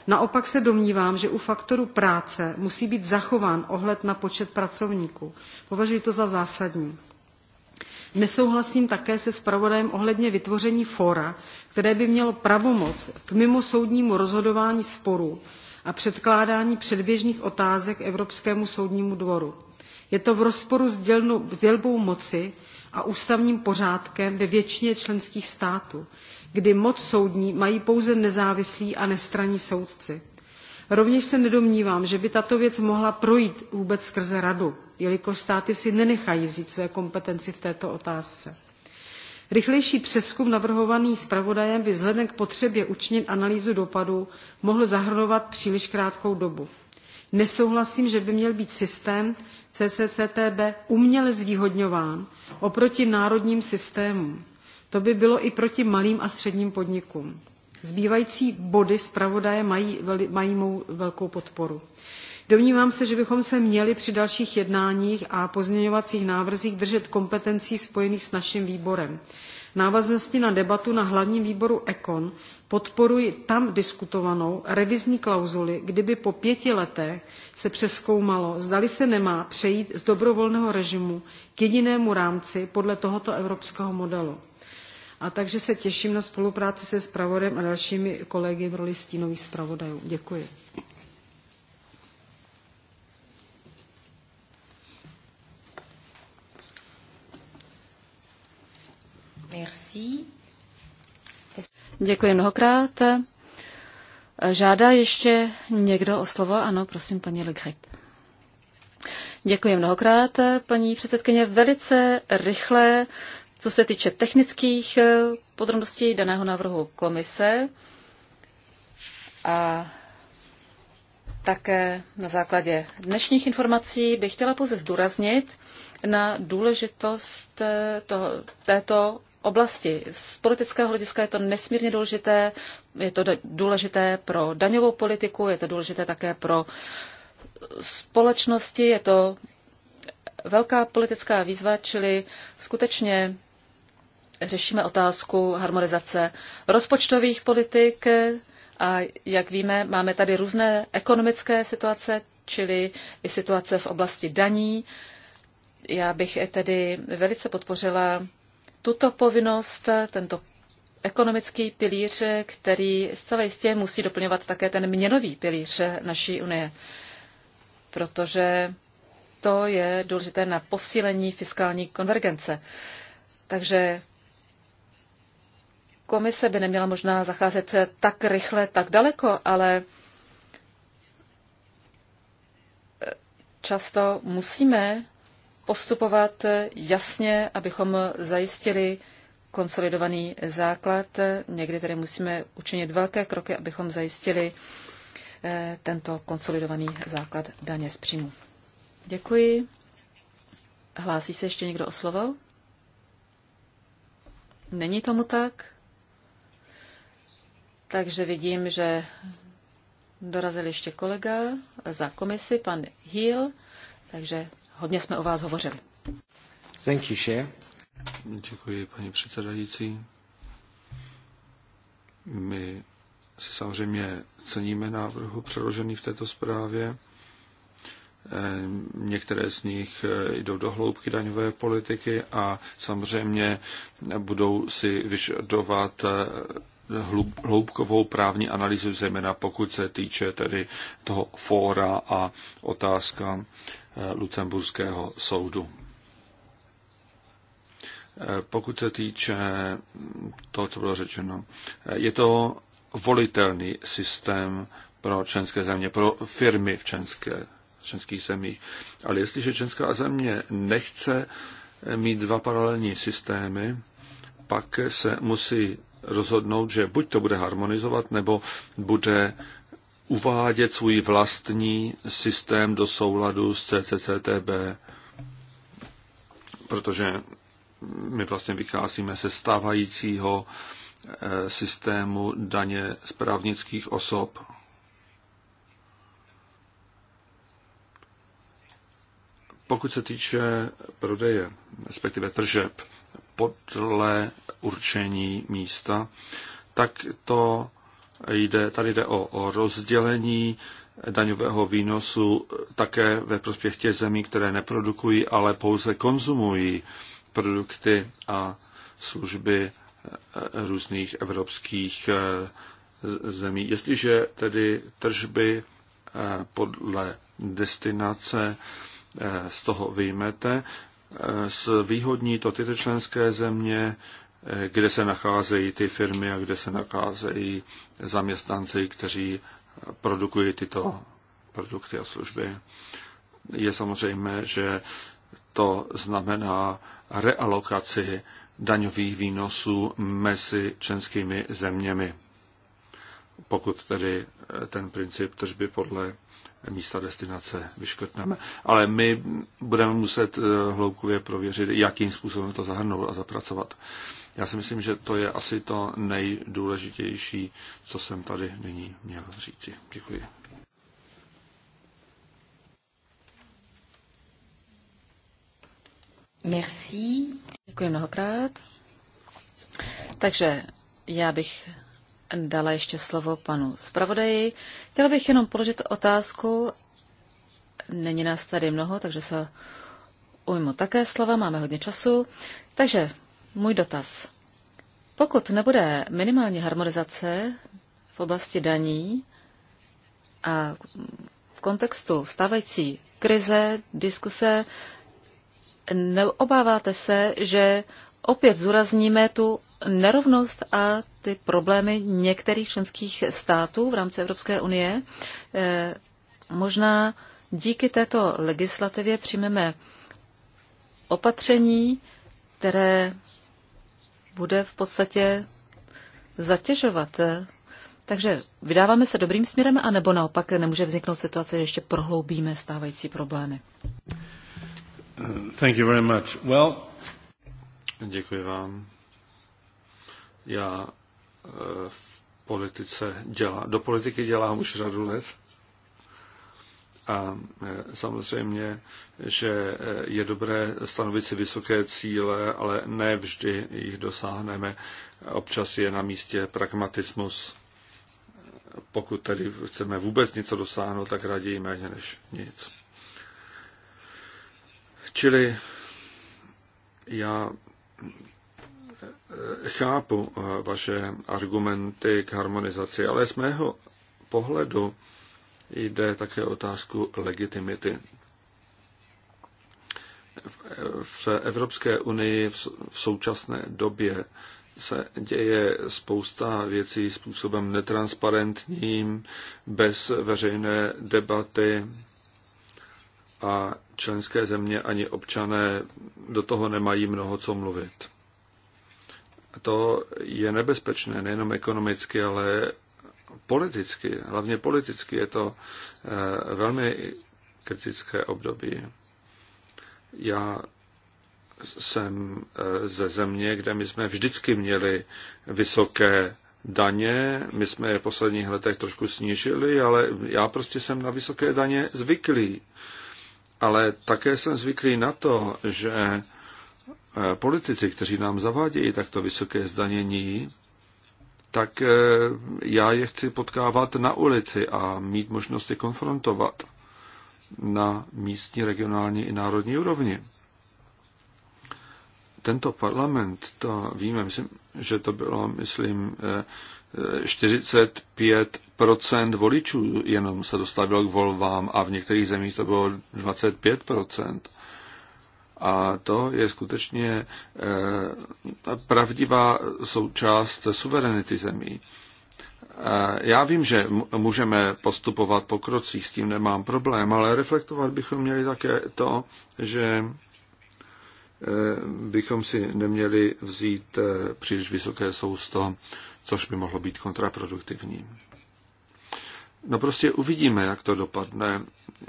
Naopak se domnívám, že u faktoru práce musí být zachován ohled na počet pracovníků. Považuji to za zásadní. Nesouhlasím také se zpravodajem ohledně vytvoření fóra, které by mělo pravomoc k mimosoudnímu rozhodování sporů a předkládání předběžných otázek Evropskému soudnímu dvoru. Je to v rozporu s dělbou moci a ústavním pořádkem ve většině členských států, kdy moc soudní mají pouze nezávislí a nestraní soudci. Rovněž se nedomnívám, že by tato věc mohla projít vůbec skrze radu jelikož státy si nenechají vzít své kompetenci v této otázce. Rychlejší přeskum navrhovaný zpravodajem by vzhledem k potřebě učinit analýzu dopadů mohl zahrnovat příliš krátkou dobu. Nesouhlasím, že by měl být systém CCCTB uměle zvýhodňován oproti národním systémům. To by bylo i proti malým a středním podnikům. Zbývající body zpravodaje mají, mají mou velkou podporu. Domnívám se, že bychom se měli při dalších jednáních a pozměňovacích návrzích držet kompetencí spojených s naším výborem. V návaznosti na debatu na hlavním výboru ECON podporuji tam diskutovanou revizní klauzuli, kdyby po pěti letech se přeskoumalo, zdali se nemá přejít z dobrovolného režimu k jedinému rámci podle tohoto evropského modelu. A takže se těším na spolupráci se zpravodem a dalšími kolegy v roli stínových zpravodajů. Děkuji. Děkuji mnohokrát. Žádá ještě někdo o slovo? Ano, prosím, paní Le Děkuji mnohokrát, paní předsedkyně. Velice rychle, co se týče technických eh, podrobností daného návrhu komise a také na základě dnešních informací bych chtěla pouze zdůraznit na důležitost eh, toho, této oblasti. Z politického hlediska je to nesmírně důležité, je to důležité pro daňovou politiku, je to důležité také pro společnosti, je to velká politická výzva, čili skutečně řešíme otázku harmonizace rozpočtových politik a jak víme, máme tady různé ekonomické situace, čili i situace v oblasti daní. Já bych tedy velice podpořila tuto povinnost, tento ekonomický pilíř, který zcela jistě musí doplňovat také ten měnový pilíř naší unie, protože to je důležité na posílení fiskální konvergence. Takže komise by neměla možná zacházet tak rychle, tak daleko, ale často musíme postupovat jasně, abychom zajistili konsolidovaný základ. Někdy tedy musíme učinit velké kroky, abychom zajistili eh, tento konsolidovaný základ daně z příjmu. Děkuji. Hlásí se ještě někdo o slovo? Není tomu tak? Takže vidím, že dorazil ještě kolega za komisi, pan Hill, takže Hodně jsme o vás hovořili. Thank you, Chair. Děkuji, paní předsedající. My si samozřejmě ceníme návrhu přeložený v této zprávě. Eh, některé z nich eh, jdou do hloubky daňové politiky a samozřejmě budou si vyžadovat eh, hloubkovou právní analýzu, zejména pokud se týče tedy toho fóra a otázka Lucemburského soudu. Pokud se týče toho, co bylo řečeno, je to volitelný systém pro členské země, pro firmy v členské, členských zemích. Ale jestliže členská země nechce mít dva paralelní systémy, pak se musí rozhodnout, že buď to bude harmonizovat, nebo bude uvádět svůj vlastní systém do souladu s CCCTB, protože my vlastně vycházíme se stávajícího eh, systému daně z právnických osob. Pokud se týče prodeje, respektive tržeb, podle určení místa, tak to Jde, tady jde o, o rozdělení daňového výnosu také ve prospěch těch zemí, které neprodukují, ale pouze konzumují produkty a služby eh, různých evropských eh, zemí. Jestliže tedy tržby eh, podle destinace z toho vyjmete, zvýhodní to tyto členské země, kde se nacházejí ty firmy a kde se nacházejí zaměstnanci, kteří produkují tyto produkty a služby. Je samozřejmé, že to znamená realokaci daňových výnosů mezi členskými zeměmi, pokud tedy eh, ten princip tržby podle místa destinace vyškrtneme. Ale my budeme muset eh, hloukově prověřit, jakým způsobem to zahrnout a zapracovat. Já si myslím, že to je asi to nejdůležitější, co jsem tady nyní měl říci. Děkuji. Merci. Děkuji mnohokrát. Takže já bych dala ještě slovo panu zpravodaji. Chtěla bych jenom položit otázku. Není nás tady mnoho, takže se ujmu také slova, máme hodně času. Takže můj dotaz. Pokud nebude minimální harmonizace v oblasti daní a v kontextu stávající krize, diskuse, neobáváte se, že opět zúrazníme tu nerovnost a ty problémy některých členských států v rámci Evropské unie. Eh, možná díky této legislativě přijmeme opatření, které bude v podstatě zatěžovat. Takže vydáváme se dobrým směrem, anebo naopak nemůže vzniknout situace, že ještě prohloubíme stávající problémy. Thank you very much. Well, Děkuji vám. Já eh, v politice dělám, do politiky dělám už řadu let a e, samozřejmě, že e, je dobré stanovit si vysoké cíle, ale ne vždy jich dosáhneme. Občas je na místě pragmatismus. Pokud tedy chceme vůbec něco dosáhnout, tak raději méně než nic. Čili já e, chápu vaše argumenty k harmonizaci, ale z mého pohledu jde také o otázku legitimity. V Evropské unii v současné době se děje spousta věcí způsobem netransparentním, bez veřejné debaty a členské země ani občané do toho nemají mnoho co mluvit. To je nebezpečné nejenom ekonomicky, ale politicky, hlavně politicky je to eh, velmi kritické období. Já jsem eh, ze země, kde my jsme vždycky měli vysoké daně, my jsme je v posledních letech trošku snížili, ale já prostě jsem na vysoké daně zvyklý. Ale také jsem zvyklý na to, že eh, politici, kteří nám zavádějí takto vysoké zdanění, tak eh, já je chci potkávat na ulici a mít možnost je konfrontovat na místní, regionální i národní úrovni. Tento parlament, to víme, myslím, že to bylo, myslím, 45 eh, voličů jenom se dostavilo k volbám a v některých zemích to bylo 25 a to je skutečně eh, pravdivá součást suverenity zemí. Eh, já vím, že můžeme postupovat po krocích, s tím nemám problém, ale reflektovat bychom měli také to, že eh, bychom si neměli vzít příliš vysoké sousto, což by mohlo být kontraproduktivní. No prostě uvidíme, jak to dopadne.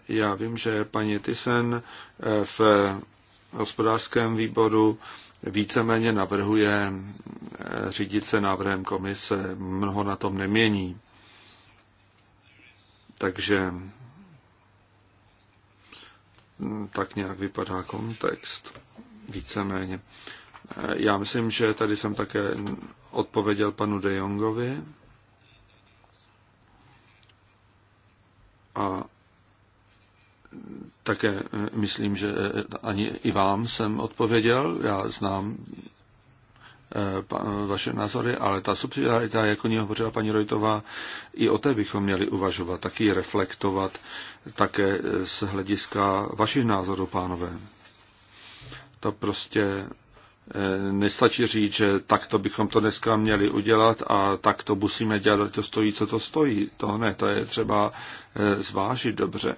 Já vím, že paní Tysen v hospodářském výboru víceméně navrhuje eh, řídit se návrhem komise. Mnoho na tom nemění. Takže hm, tak nějak vypadá kontext. Víceméně. Eh, já myslím, že tady jsem také odpověděl panu De Jongovi. A také eh, myslím, že eh, ani i vám jsem odpověděl. Já znám eh, vaše názory, ale ta subsidiarita, jak o ní hovořila paní Rojtová, i o té bychom měli uvažovat, taky reflektovat také z hlediska vašich názorů, pánové. To prostě nestačí říct, že takto bychom to dneska měli udělat a tak to musíme dělat, to stojí, co to stojí. To ne, to je třeba zvážit dobře.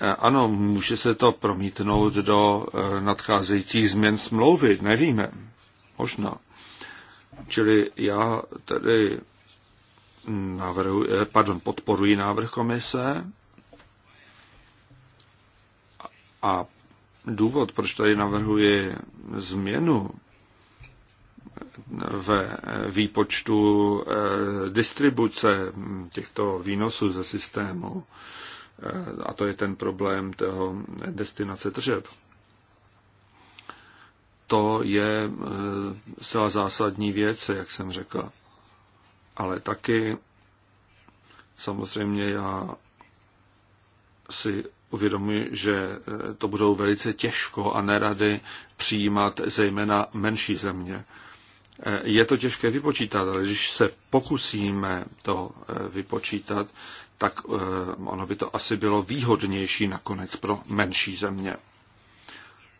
Eh, ano, může se to promítnout do eh, nadcházejících změn smlouvy, nevíme. Možná. Čili já tedy navrhu, eh, pardon, podporuji návrh komise a důvod, proč tady navrhuji změnu ve výpočtu distribuce těchto výnosů ze systému, a to je ten problém toho destinace tržeb. To je e, zcela zásadní věc, jak jsem řekl. Ale taky samozřejmě já si uvědomuji, že e, to budou velice těžko a nerady přijímat zejména menší země. E, je to těžké vypočítat, ale když se pokusíme to vypočítat, tak eh, ono by to asi bylo výhodnější nakonec pro menší země.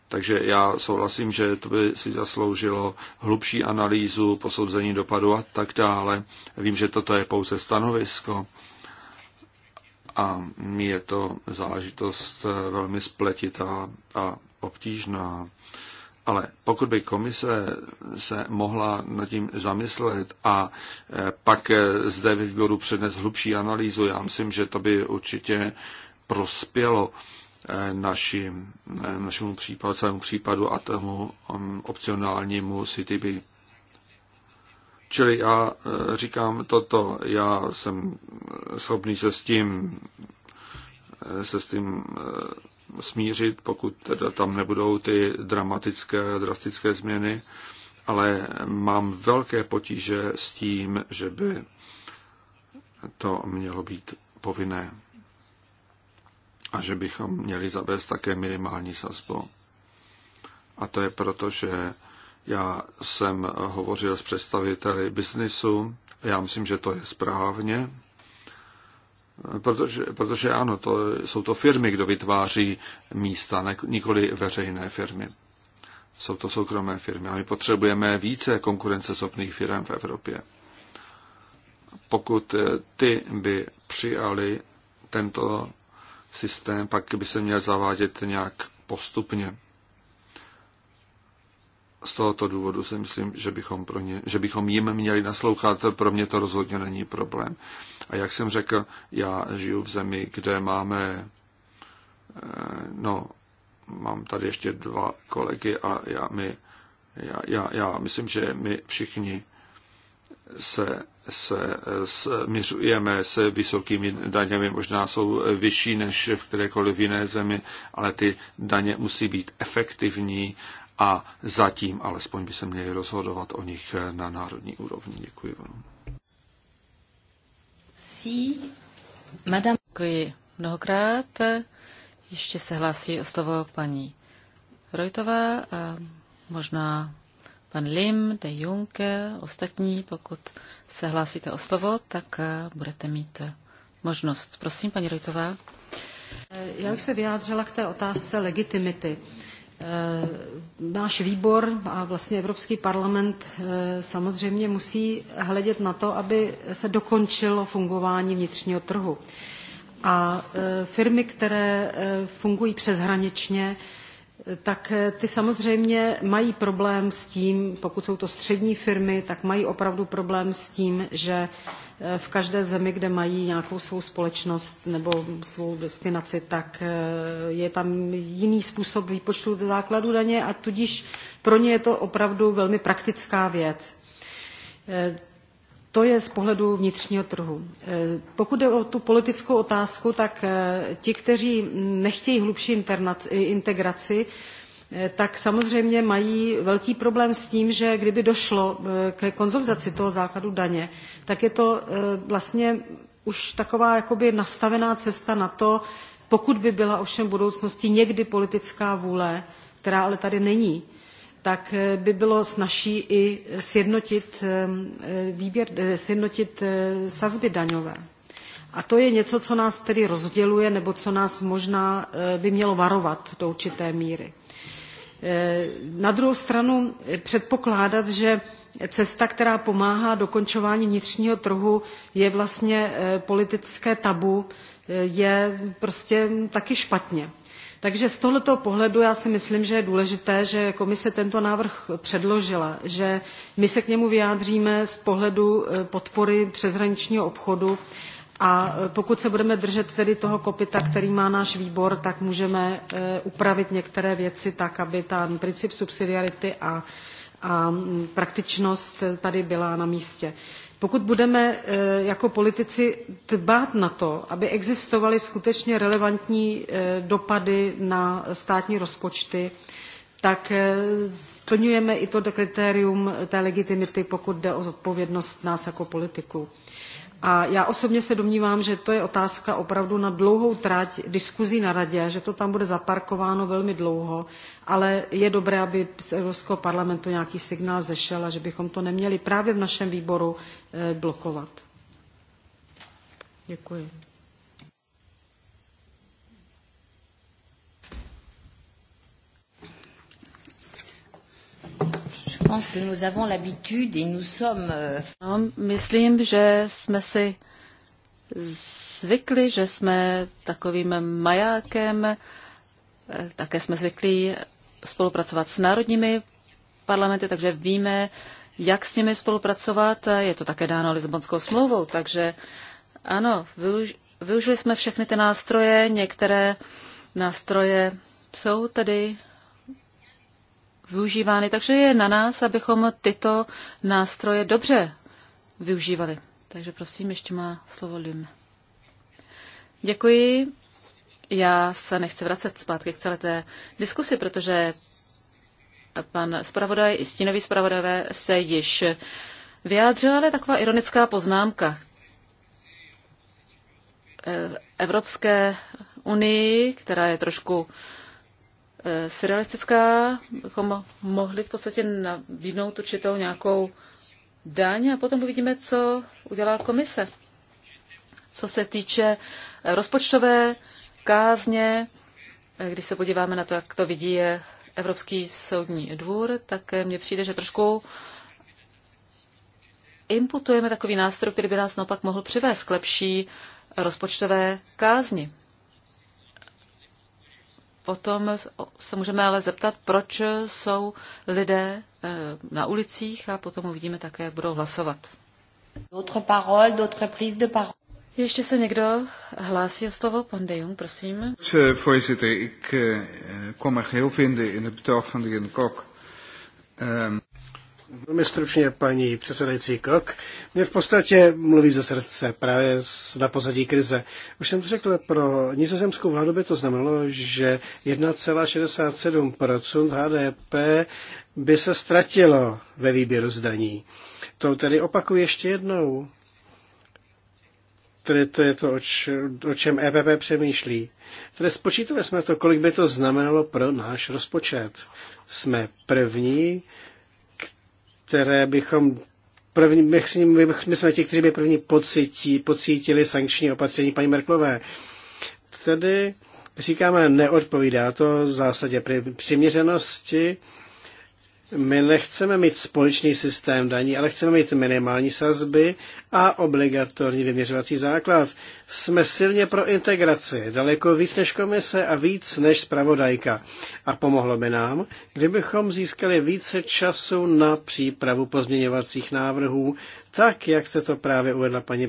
Takže já souhlasím, že to by si zasloužilo hlubší analýzu, posouzení dopadu a tak dále. Vím, že toto je pouze stanovisko a je to záležitost eh, velmi spletitá a obtížná. Ale pokud by komise se mohla nad tím zamyslet a e, pak e, zde ve výboru přednes hlubší analýzu, já myslím, že to by určitě prospělo e, naši, našemu případu, celému případu a tomu um, opcionálnímu CTB. Čili já říkám toto, já jsem schopný se s tím se s tím smířit, pokud teda tam nebudou ty dramatické, drastické změny, ale mám velké potíže s tím, že by to mělo být povinné a že bychom měli zavést také minimální sazbu. A to je proto, že já jsem hovořil s představiteli biznisu, já myslím, že to je správně, Protože, protože ano, to, jsou to firmy, kdo vytváří místa, ne, nikoli veřejné firmy. Jsou to soukromé firmy a my potřebujeme více konkurenceschopných firm v Evropě. Pokud eh, ty by přijali tento systém, pak by se měl zavádět nějak postupně z tohoto důvodu si myslím, že bychom, pro ně, že bychom jim měli naslouchat. Pro mě to rozhodně není problém. A jak jsem řekl, já žiju v zemi, kde máme, eh, no, mám tady ještě dva kolegy a já, my, já, já, já myslím, že my všichni se, se směřujeme s vysokými daněmi. Možná jsou vyšší než v kterékoliv jiné zemi, ale ty daně musí být efektivní a zatím alespoň by se měli rozhodovat o nich na národní úrovni. Děkuji vám. Sí, madame. Děkuji mnohokrát. Ještě se hlásí o slovo paní Rojtová a možná pan Lim, de Jung, ostatní, pokud se hlásíte o slovo, tak eh, budete mít možnost. Prosím, paní Rojtová. Já bych se vyjádřila k té otázce legitimity. Eh, náš výbor a vlastně Evropský parlament eh, samozřejmě musí hledět na to, aby se dokončilo fungování vnitřního trhu. A eh, firmy, které eh, fungují přeshraničně, tak eh, ty samozřejmě mají problém s tím, pokud jsou to střední firmy, tak mají opravdu problém s tím, že eh, v každé zemi, kde mají nějakou svou společnost nebo svou destinaci, tak eh, je tam jiný způsob výpočtu základu daně a tudíž pro ně je to opravdu velmi praktická věc. To je z pohledu vnitřního trhu. Eh, pokud jde o tu politickou otázku, tak eh, ti, kteří nechtějí hlubší integraci, eh, tak samozřejmě mají velký problém s tím, že kdyby došlo ke konzolidaci toho základu daně, tak je to vlastně už taková jakoby nastavená cesta na to, pokud by byla ovšem v budoucnosti někdy politická vůle, která ale tady není, tak eh, by bylo snažší i sjednotit, ehm, eh, výběr, eh, sjednotit sazby daňové. A to je něco, co nás tedy rozděluje, nebo co nás možná by mělo varovat do určité míry. Na druhou stranu předpokládat, že cesta, která pomáhá dokončování vnitřního trhu, je vlastně politické tabu, je prostě taky špatně. Takže z tohoto pohledu já si myslím, že je důležité, že komise tento návrh předložila, že my se k němu vyjádříme z pohledu eh, podpory přeshraničního obchodu a eh, pokud se budeme držet tedy toho kopyta, který má náš výbor, tak můžeme eh, upravit některé věci tak, aby ten princip subsidiarity a, a mm, praktičnost tady byla na místě. Pokud budeme eh, jako politici dbát na to, aby existovaly skutečně relevantní eh, dopady na státní rozpočty, tak eh, splňujeme i to kritérium té legitimity, pokud jde o zodpovědnost nás jako politiků. A já osobně se domnívám, že to je otázka opravdu na dlouhou trať diskuzí na radě, že to tam bude zaparkováno velmi dlouho, ale je dobré, aby z Evropského parlamentu nějaký signál zešel a že bychom to neměli právě v našem výboru eh, blokovat. Děkuji. Je pense que nous avons l'habitude et nous sommes... Euh, no, myslím, že jsme si zvykli, že jsme takovým majákem, eh, také jsme zvyklí spolupracovat s národními parlamenty, takže víme, jak s nimi spolupracovat. Je to také dáno Lisabonskou smlouvou, takže ano, využ- využili jsme všechny ty nástroje, některé nástroje jsou tedy využívány, takže je na nás, abychom tyto nástroje dobře využívali. Takže prosím, ještě má slovo Lim. Děkuji. Já se nechci vracet zpátky k celé té diskusi, protože pan zpravodaj i stínový zpravodajové se již vyjádřila, ale taková ironická poznámka. E, Evropské unii, která je trošku Eh, surrealistická, bychom mohli v podstatě nabídnout určitou nějakou daň a potom uvidíme, co udělá komise. Co se týče eh, rozpočtové kázně, eh, když se podíváme na to, jak to vidí Evropský soudní dvůr, tak mně přijde, že trošku imputujeme takový nástroj, který by nás naopak mohl přivést k lepší rozpočtové kázni potom se můžeme ale zeptat, proč jsou lidé eh, na ulicích a potom uvidíme také, jak budou hlasovat. Ještě se někdo hlásí o slovo? Pan De Jong, prosím. Eh, voorzitter, ik eh, kon me er geheel vinden in het betoog van de heer Kok. Ehm, Velmi stručně paní předsedající Kok. Mě v podstatě mluví ze srdce právě na pozadí krize. Už jsem to řekl, pro nizozemskou vládu by to znamenalo, že 1,67% HDP by se ztratilo ve výběru zdaní. To tedy opakuji ještě jednou. Tedy to je to, o čem EPP přemýšlí. Tedy spočítali jsme to, kolik by to znamenalo pro náš rozpočet. Jsme první, které bychom první, my, my jsme ti, kteří by první pocítí, pocítili sankční opatření paní Merklové. Tedy říkáme, neodpovídá to v zásadě přiměřenosti my nechceme mít společný systém daní, ale chceme mít minimální sazby a obligatorní vyměřovací základ. Jsme silně pro integraci, daleko víc než komise a víc než zpravodajka. A pomohlo by nám, kdybychom získali více času na přípravu pozměňovacích návrhů tak, jak jste to právě uvedla, paní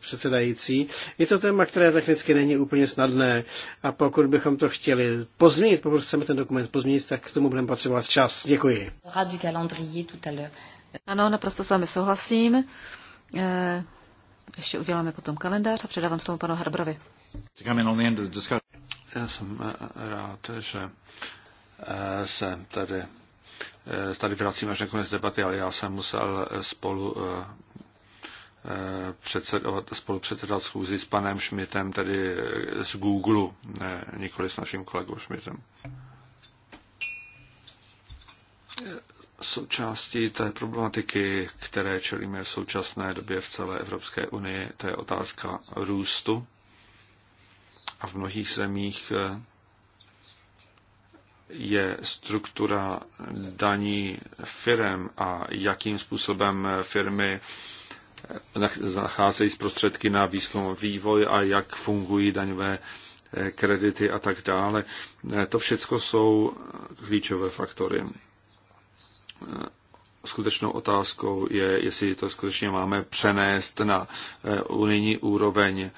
předsedající, je to téma, které technicky není úplně snadné a pokud bychom to chtěli pozměnit, pokud chceme ten dokument pozměnit, tak k tomu budeme potřebovat čas. Děkuji. Ano, naprosto s vámi souhlasím. Eh, ještě uděláme potom kalendář a předávám slovo panu Harbrovi. No, já jsem eh, rád, že eh, se tady tady vracíme až na konec debaty, ale já jsem musel spolu předsedovat, spolupředsedat schůzi s panem Šmitem, tedy z Google, ne, nikoli s naším kolegou Šmitem. Součástí té problematiky, které čelíme v současné době v celé Evropské unii, to je otázka růstu. A v mnohých zemích eh, je struktura daní firm a jakým způsobem firmy z prostředky na výzkum vývoj a jak fungují daňové eh, kredity a tak dále. Eh, to všechno jsou klíčové faktory. Eh, skutečnou otázkou je, jestli to skutečně máme přenést na unijní úroveň,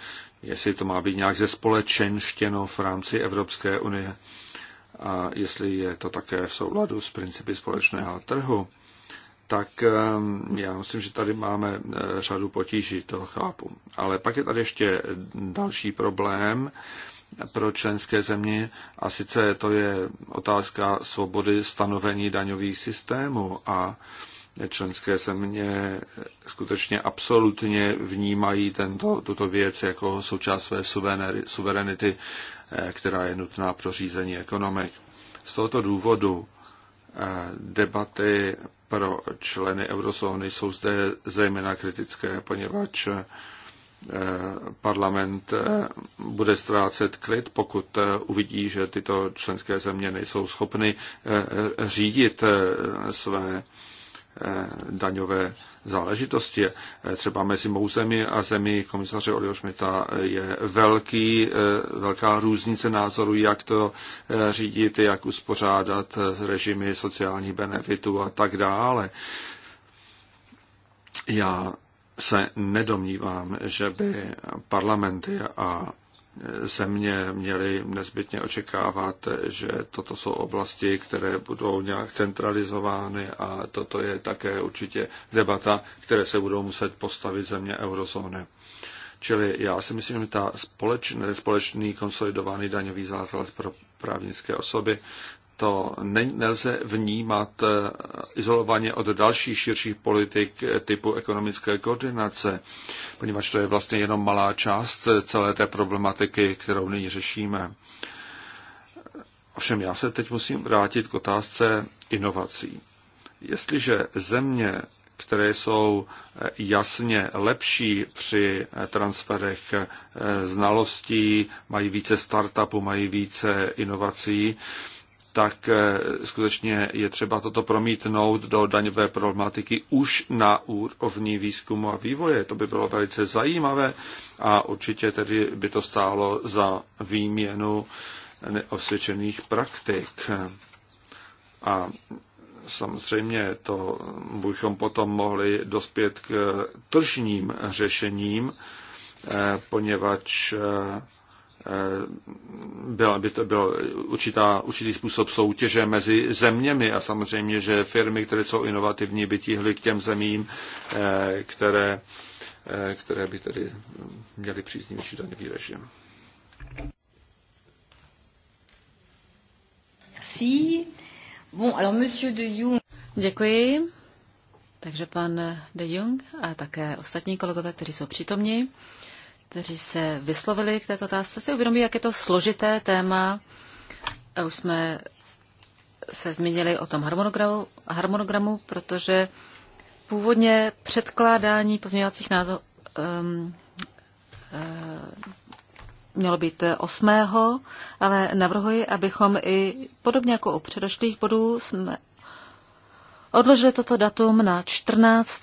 jestli to má být nějak ze společenštěno v rámci Evropské unie a jestli je to také v souladu s principy společného trhu tak ehm, já myslím, že tady máme eh, řadu potíží, to chápu. Ale pak je tady ještě další problém pro členské země a sice to je otázka svobody stanovení daňových systémů a členské země skutečně absolutně vnímají tento, tuto věc jako součást své suverenity, eh, která je nutná pro řízení ekonomik. Z tohoto důvodu eh, debaty pro členy eurozóny jsou zde zejména kritické, poněvadž eh, parlament eh, bude ztrácet klid, pokud eh, uvidí, že tyto členské země nejsou schopny řídit své Eh, daňové záležitosti. Eh, třeba mezi mou zemi a zemi komisaře Olio Šmita je velký, eh, velká různice názorů, jak to řídit, jak uspořádat režimy sociálních benefitů a tak dále. Já se nedomnívám, že by parlamenty a země měly nezbytně očekávat, že toto jsou oblasti, které budou nějak centralizovány a toto je také určitě debata, které se budou muset postavit země eurozóny. Čili já si myslím, že ta společný, společný konsolidovaný daňový základ pro právnické osoby to nelze vnímat eh, izolovaně od dalších širších politik eh, typu ekonomické koordinace, poněvadž to je vlastně jenom malá část eh, celé té problematiky, kterou nyní řešíme. Ovšem já se teď musím vrátit k otázce inovací. Jestliže země, které jsou jasně lepší při transferech znalostí, mají více startupů, mají více inovací, tak eh, skutečně je třeba toto promítnout do daňové problematiky už na úrovni výzkumu a vývoje. To by bylo velice zajímavé a určitě tedy by to stálo za výměnu neosvědčených praktik. A samozřejmě to bychom potom mohli dospět k tržním řešením, eh, poněvadž eh, Eh, byla by to byl určitá, určitý způsob soutěže mezi zeměmi a samozřejmě, že firmy, které jsou inovativní, by tíhly k těm zemím, eh, které, eh, které by tedy měly příznivější daňový režim. Merci. Bon, alors monsieur de Jung. Děkuji. Takže pan de Jung a také ostatní kolegové, kteří jsou přítomní kteří se vyslovili k této otázce, si uvědomí, jak je to složité téma. Už jsme se zmínili o tom harmonogramu, harmonogramu protože původně předkládání pozměňovacích názorů um, um, mělo být 8. ale navrhuji, abychom i podobně jako u předošlých bodů jsme odložili toto datum na 14.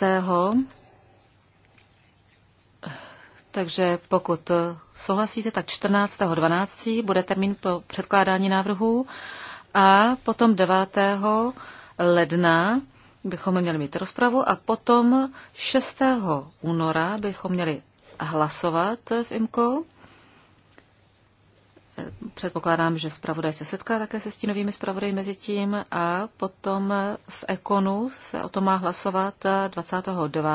Takže pokud eh, souhlasíte, tak 14.12. bude termín pro předkládání návrhů a potom 9. ledna bychom měli mít rozpravu a potom 6. února bychom měli hlasovat v IMCO. Předpokládám, že zpravodaj se setká také se stínovými zpravodaji mezi tím a potom v Ekonu se o tom má hlasovat 29.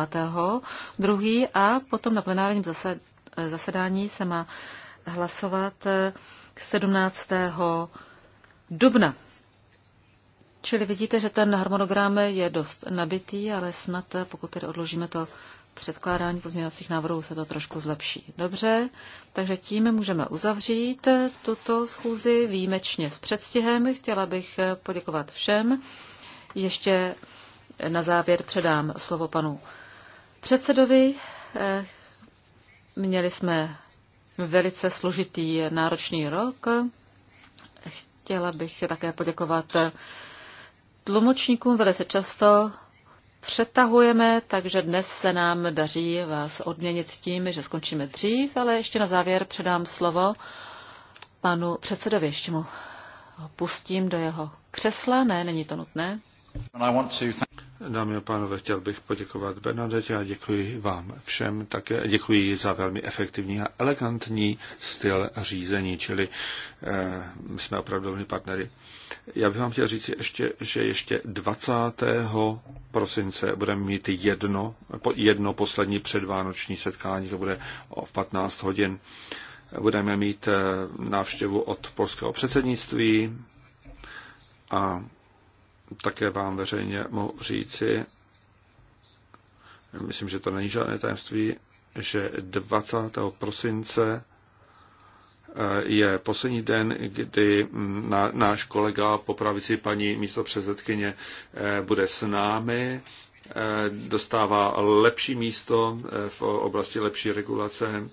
druhý a potom na plenárním zasedání se má hlasovat 17. dubna. Čili vidíte, že ten harmonogram je dost nabitý, ale snad pokud tedy odložíme to předkládání pozměňovacích návrhů se to trošku zlepší. Dobře, takže tím můžeme uzavřít tuto schůzi výjimečně s předstihem. Chtěla bych poděkovat všem. Ještě na závěr předám slovo panu předsedovi. Měli jsme velice složitý náročný rok. Chtěla bych také poděkovat tlumočníkům. Velice často přetahujeme, takže dnes se nám daří vás odměnit tím, že skončíme dřív, ale ještě na závěr předám slovo panu předsedovi, ještě mu pustím do jeho křesla. Ne, není to nutné. Dámy a pánové, chtěl bych poděkovat Bernadette a děkuji vám všem. Také děkuji za velmi efektivní a elegantní styl řízení, čili eh, my jsme opravdu partnery. Já bych vám chtěl říct ještě, že ještě 20. prosince budeme mít jedno, jedno poslední předvánoční setkání, to bude v 15 hodin. Budeme mít eh, návštěvu od polského předsednictví a také vám veřejně mohu říci, myslím, že to není žádné tajemství, že 20. prosince eh, je poslední den, kdy mm, náš kolega po pravici paní místo předsedkyně eh, bude s námi, eh, dostává lepší místo v oblasti lepší regulace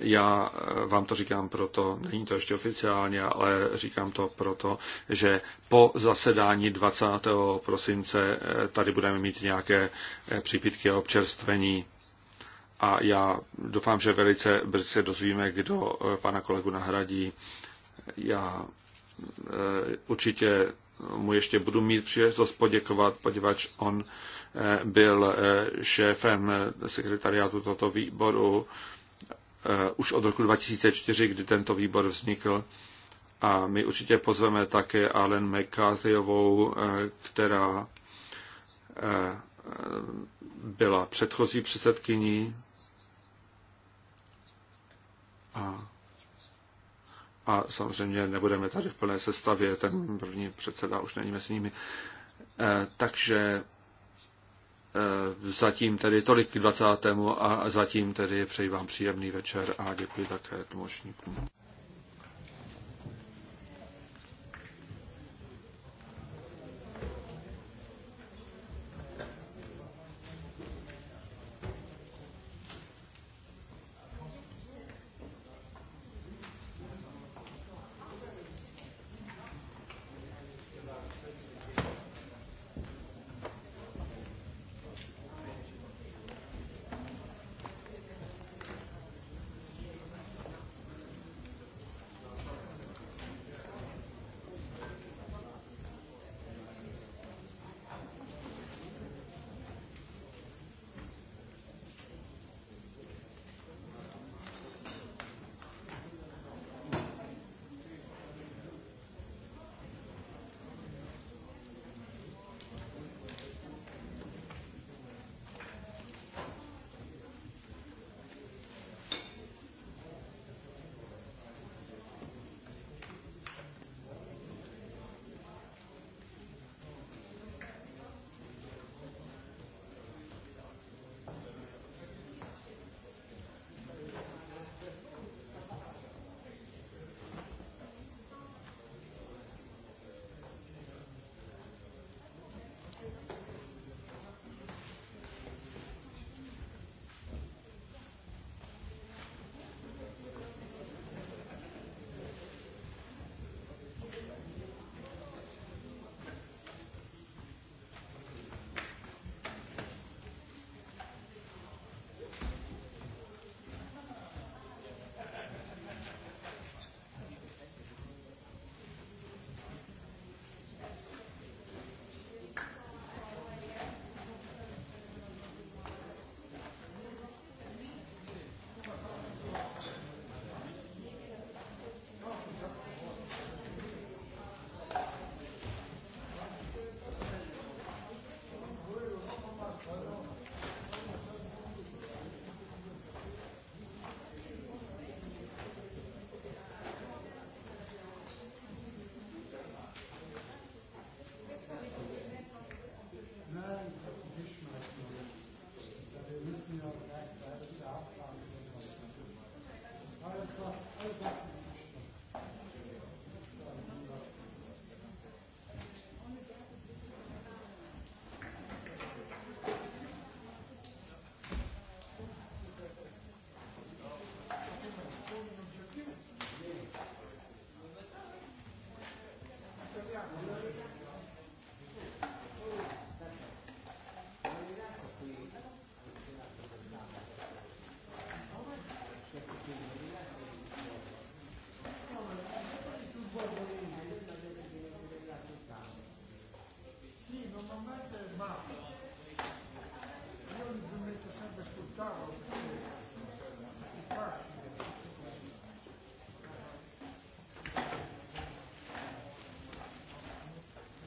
já eh, vám to říkám proto, není to ještě oficiálně, ale říkám to proto, že po zasedání 20. prosince eh, tady budeme mít nějaké eh, přípitky a občerstvení. A já doufám, že velice brzy se dozvíme, kdo pana kolegu nahradí. Já určitě mu ještě budu mít příležitost poděkovat, poněvadž on byl šéfem sekretariátu tohoto výboru Eh, už od roku 2004, kdy tento výbor vznikl. A my určitě pozveme také Alen McCarthyovou, eh, která eh, byla předchozí předsedkyní a, a samozřejmě nebudeme tady v plné sestavě, ten první předseda už není mezi nimi. Takže Eh, zatím tedy tolik k 20. a zatím tedy přeji vám příjemný večer a děkuji také tlumočníkům.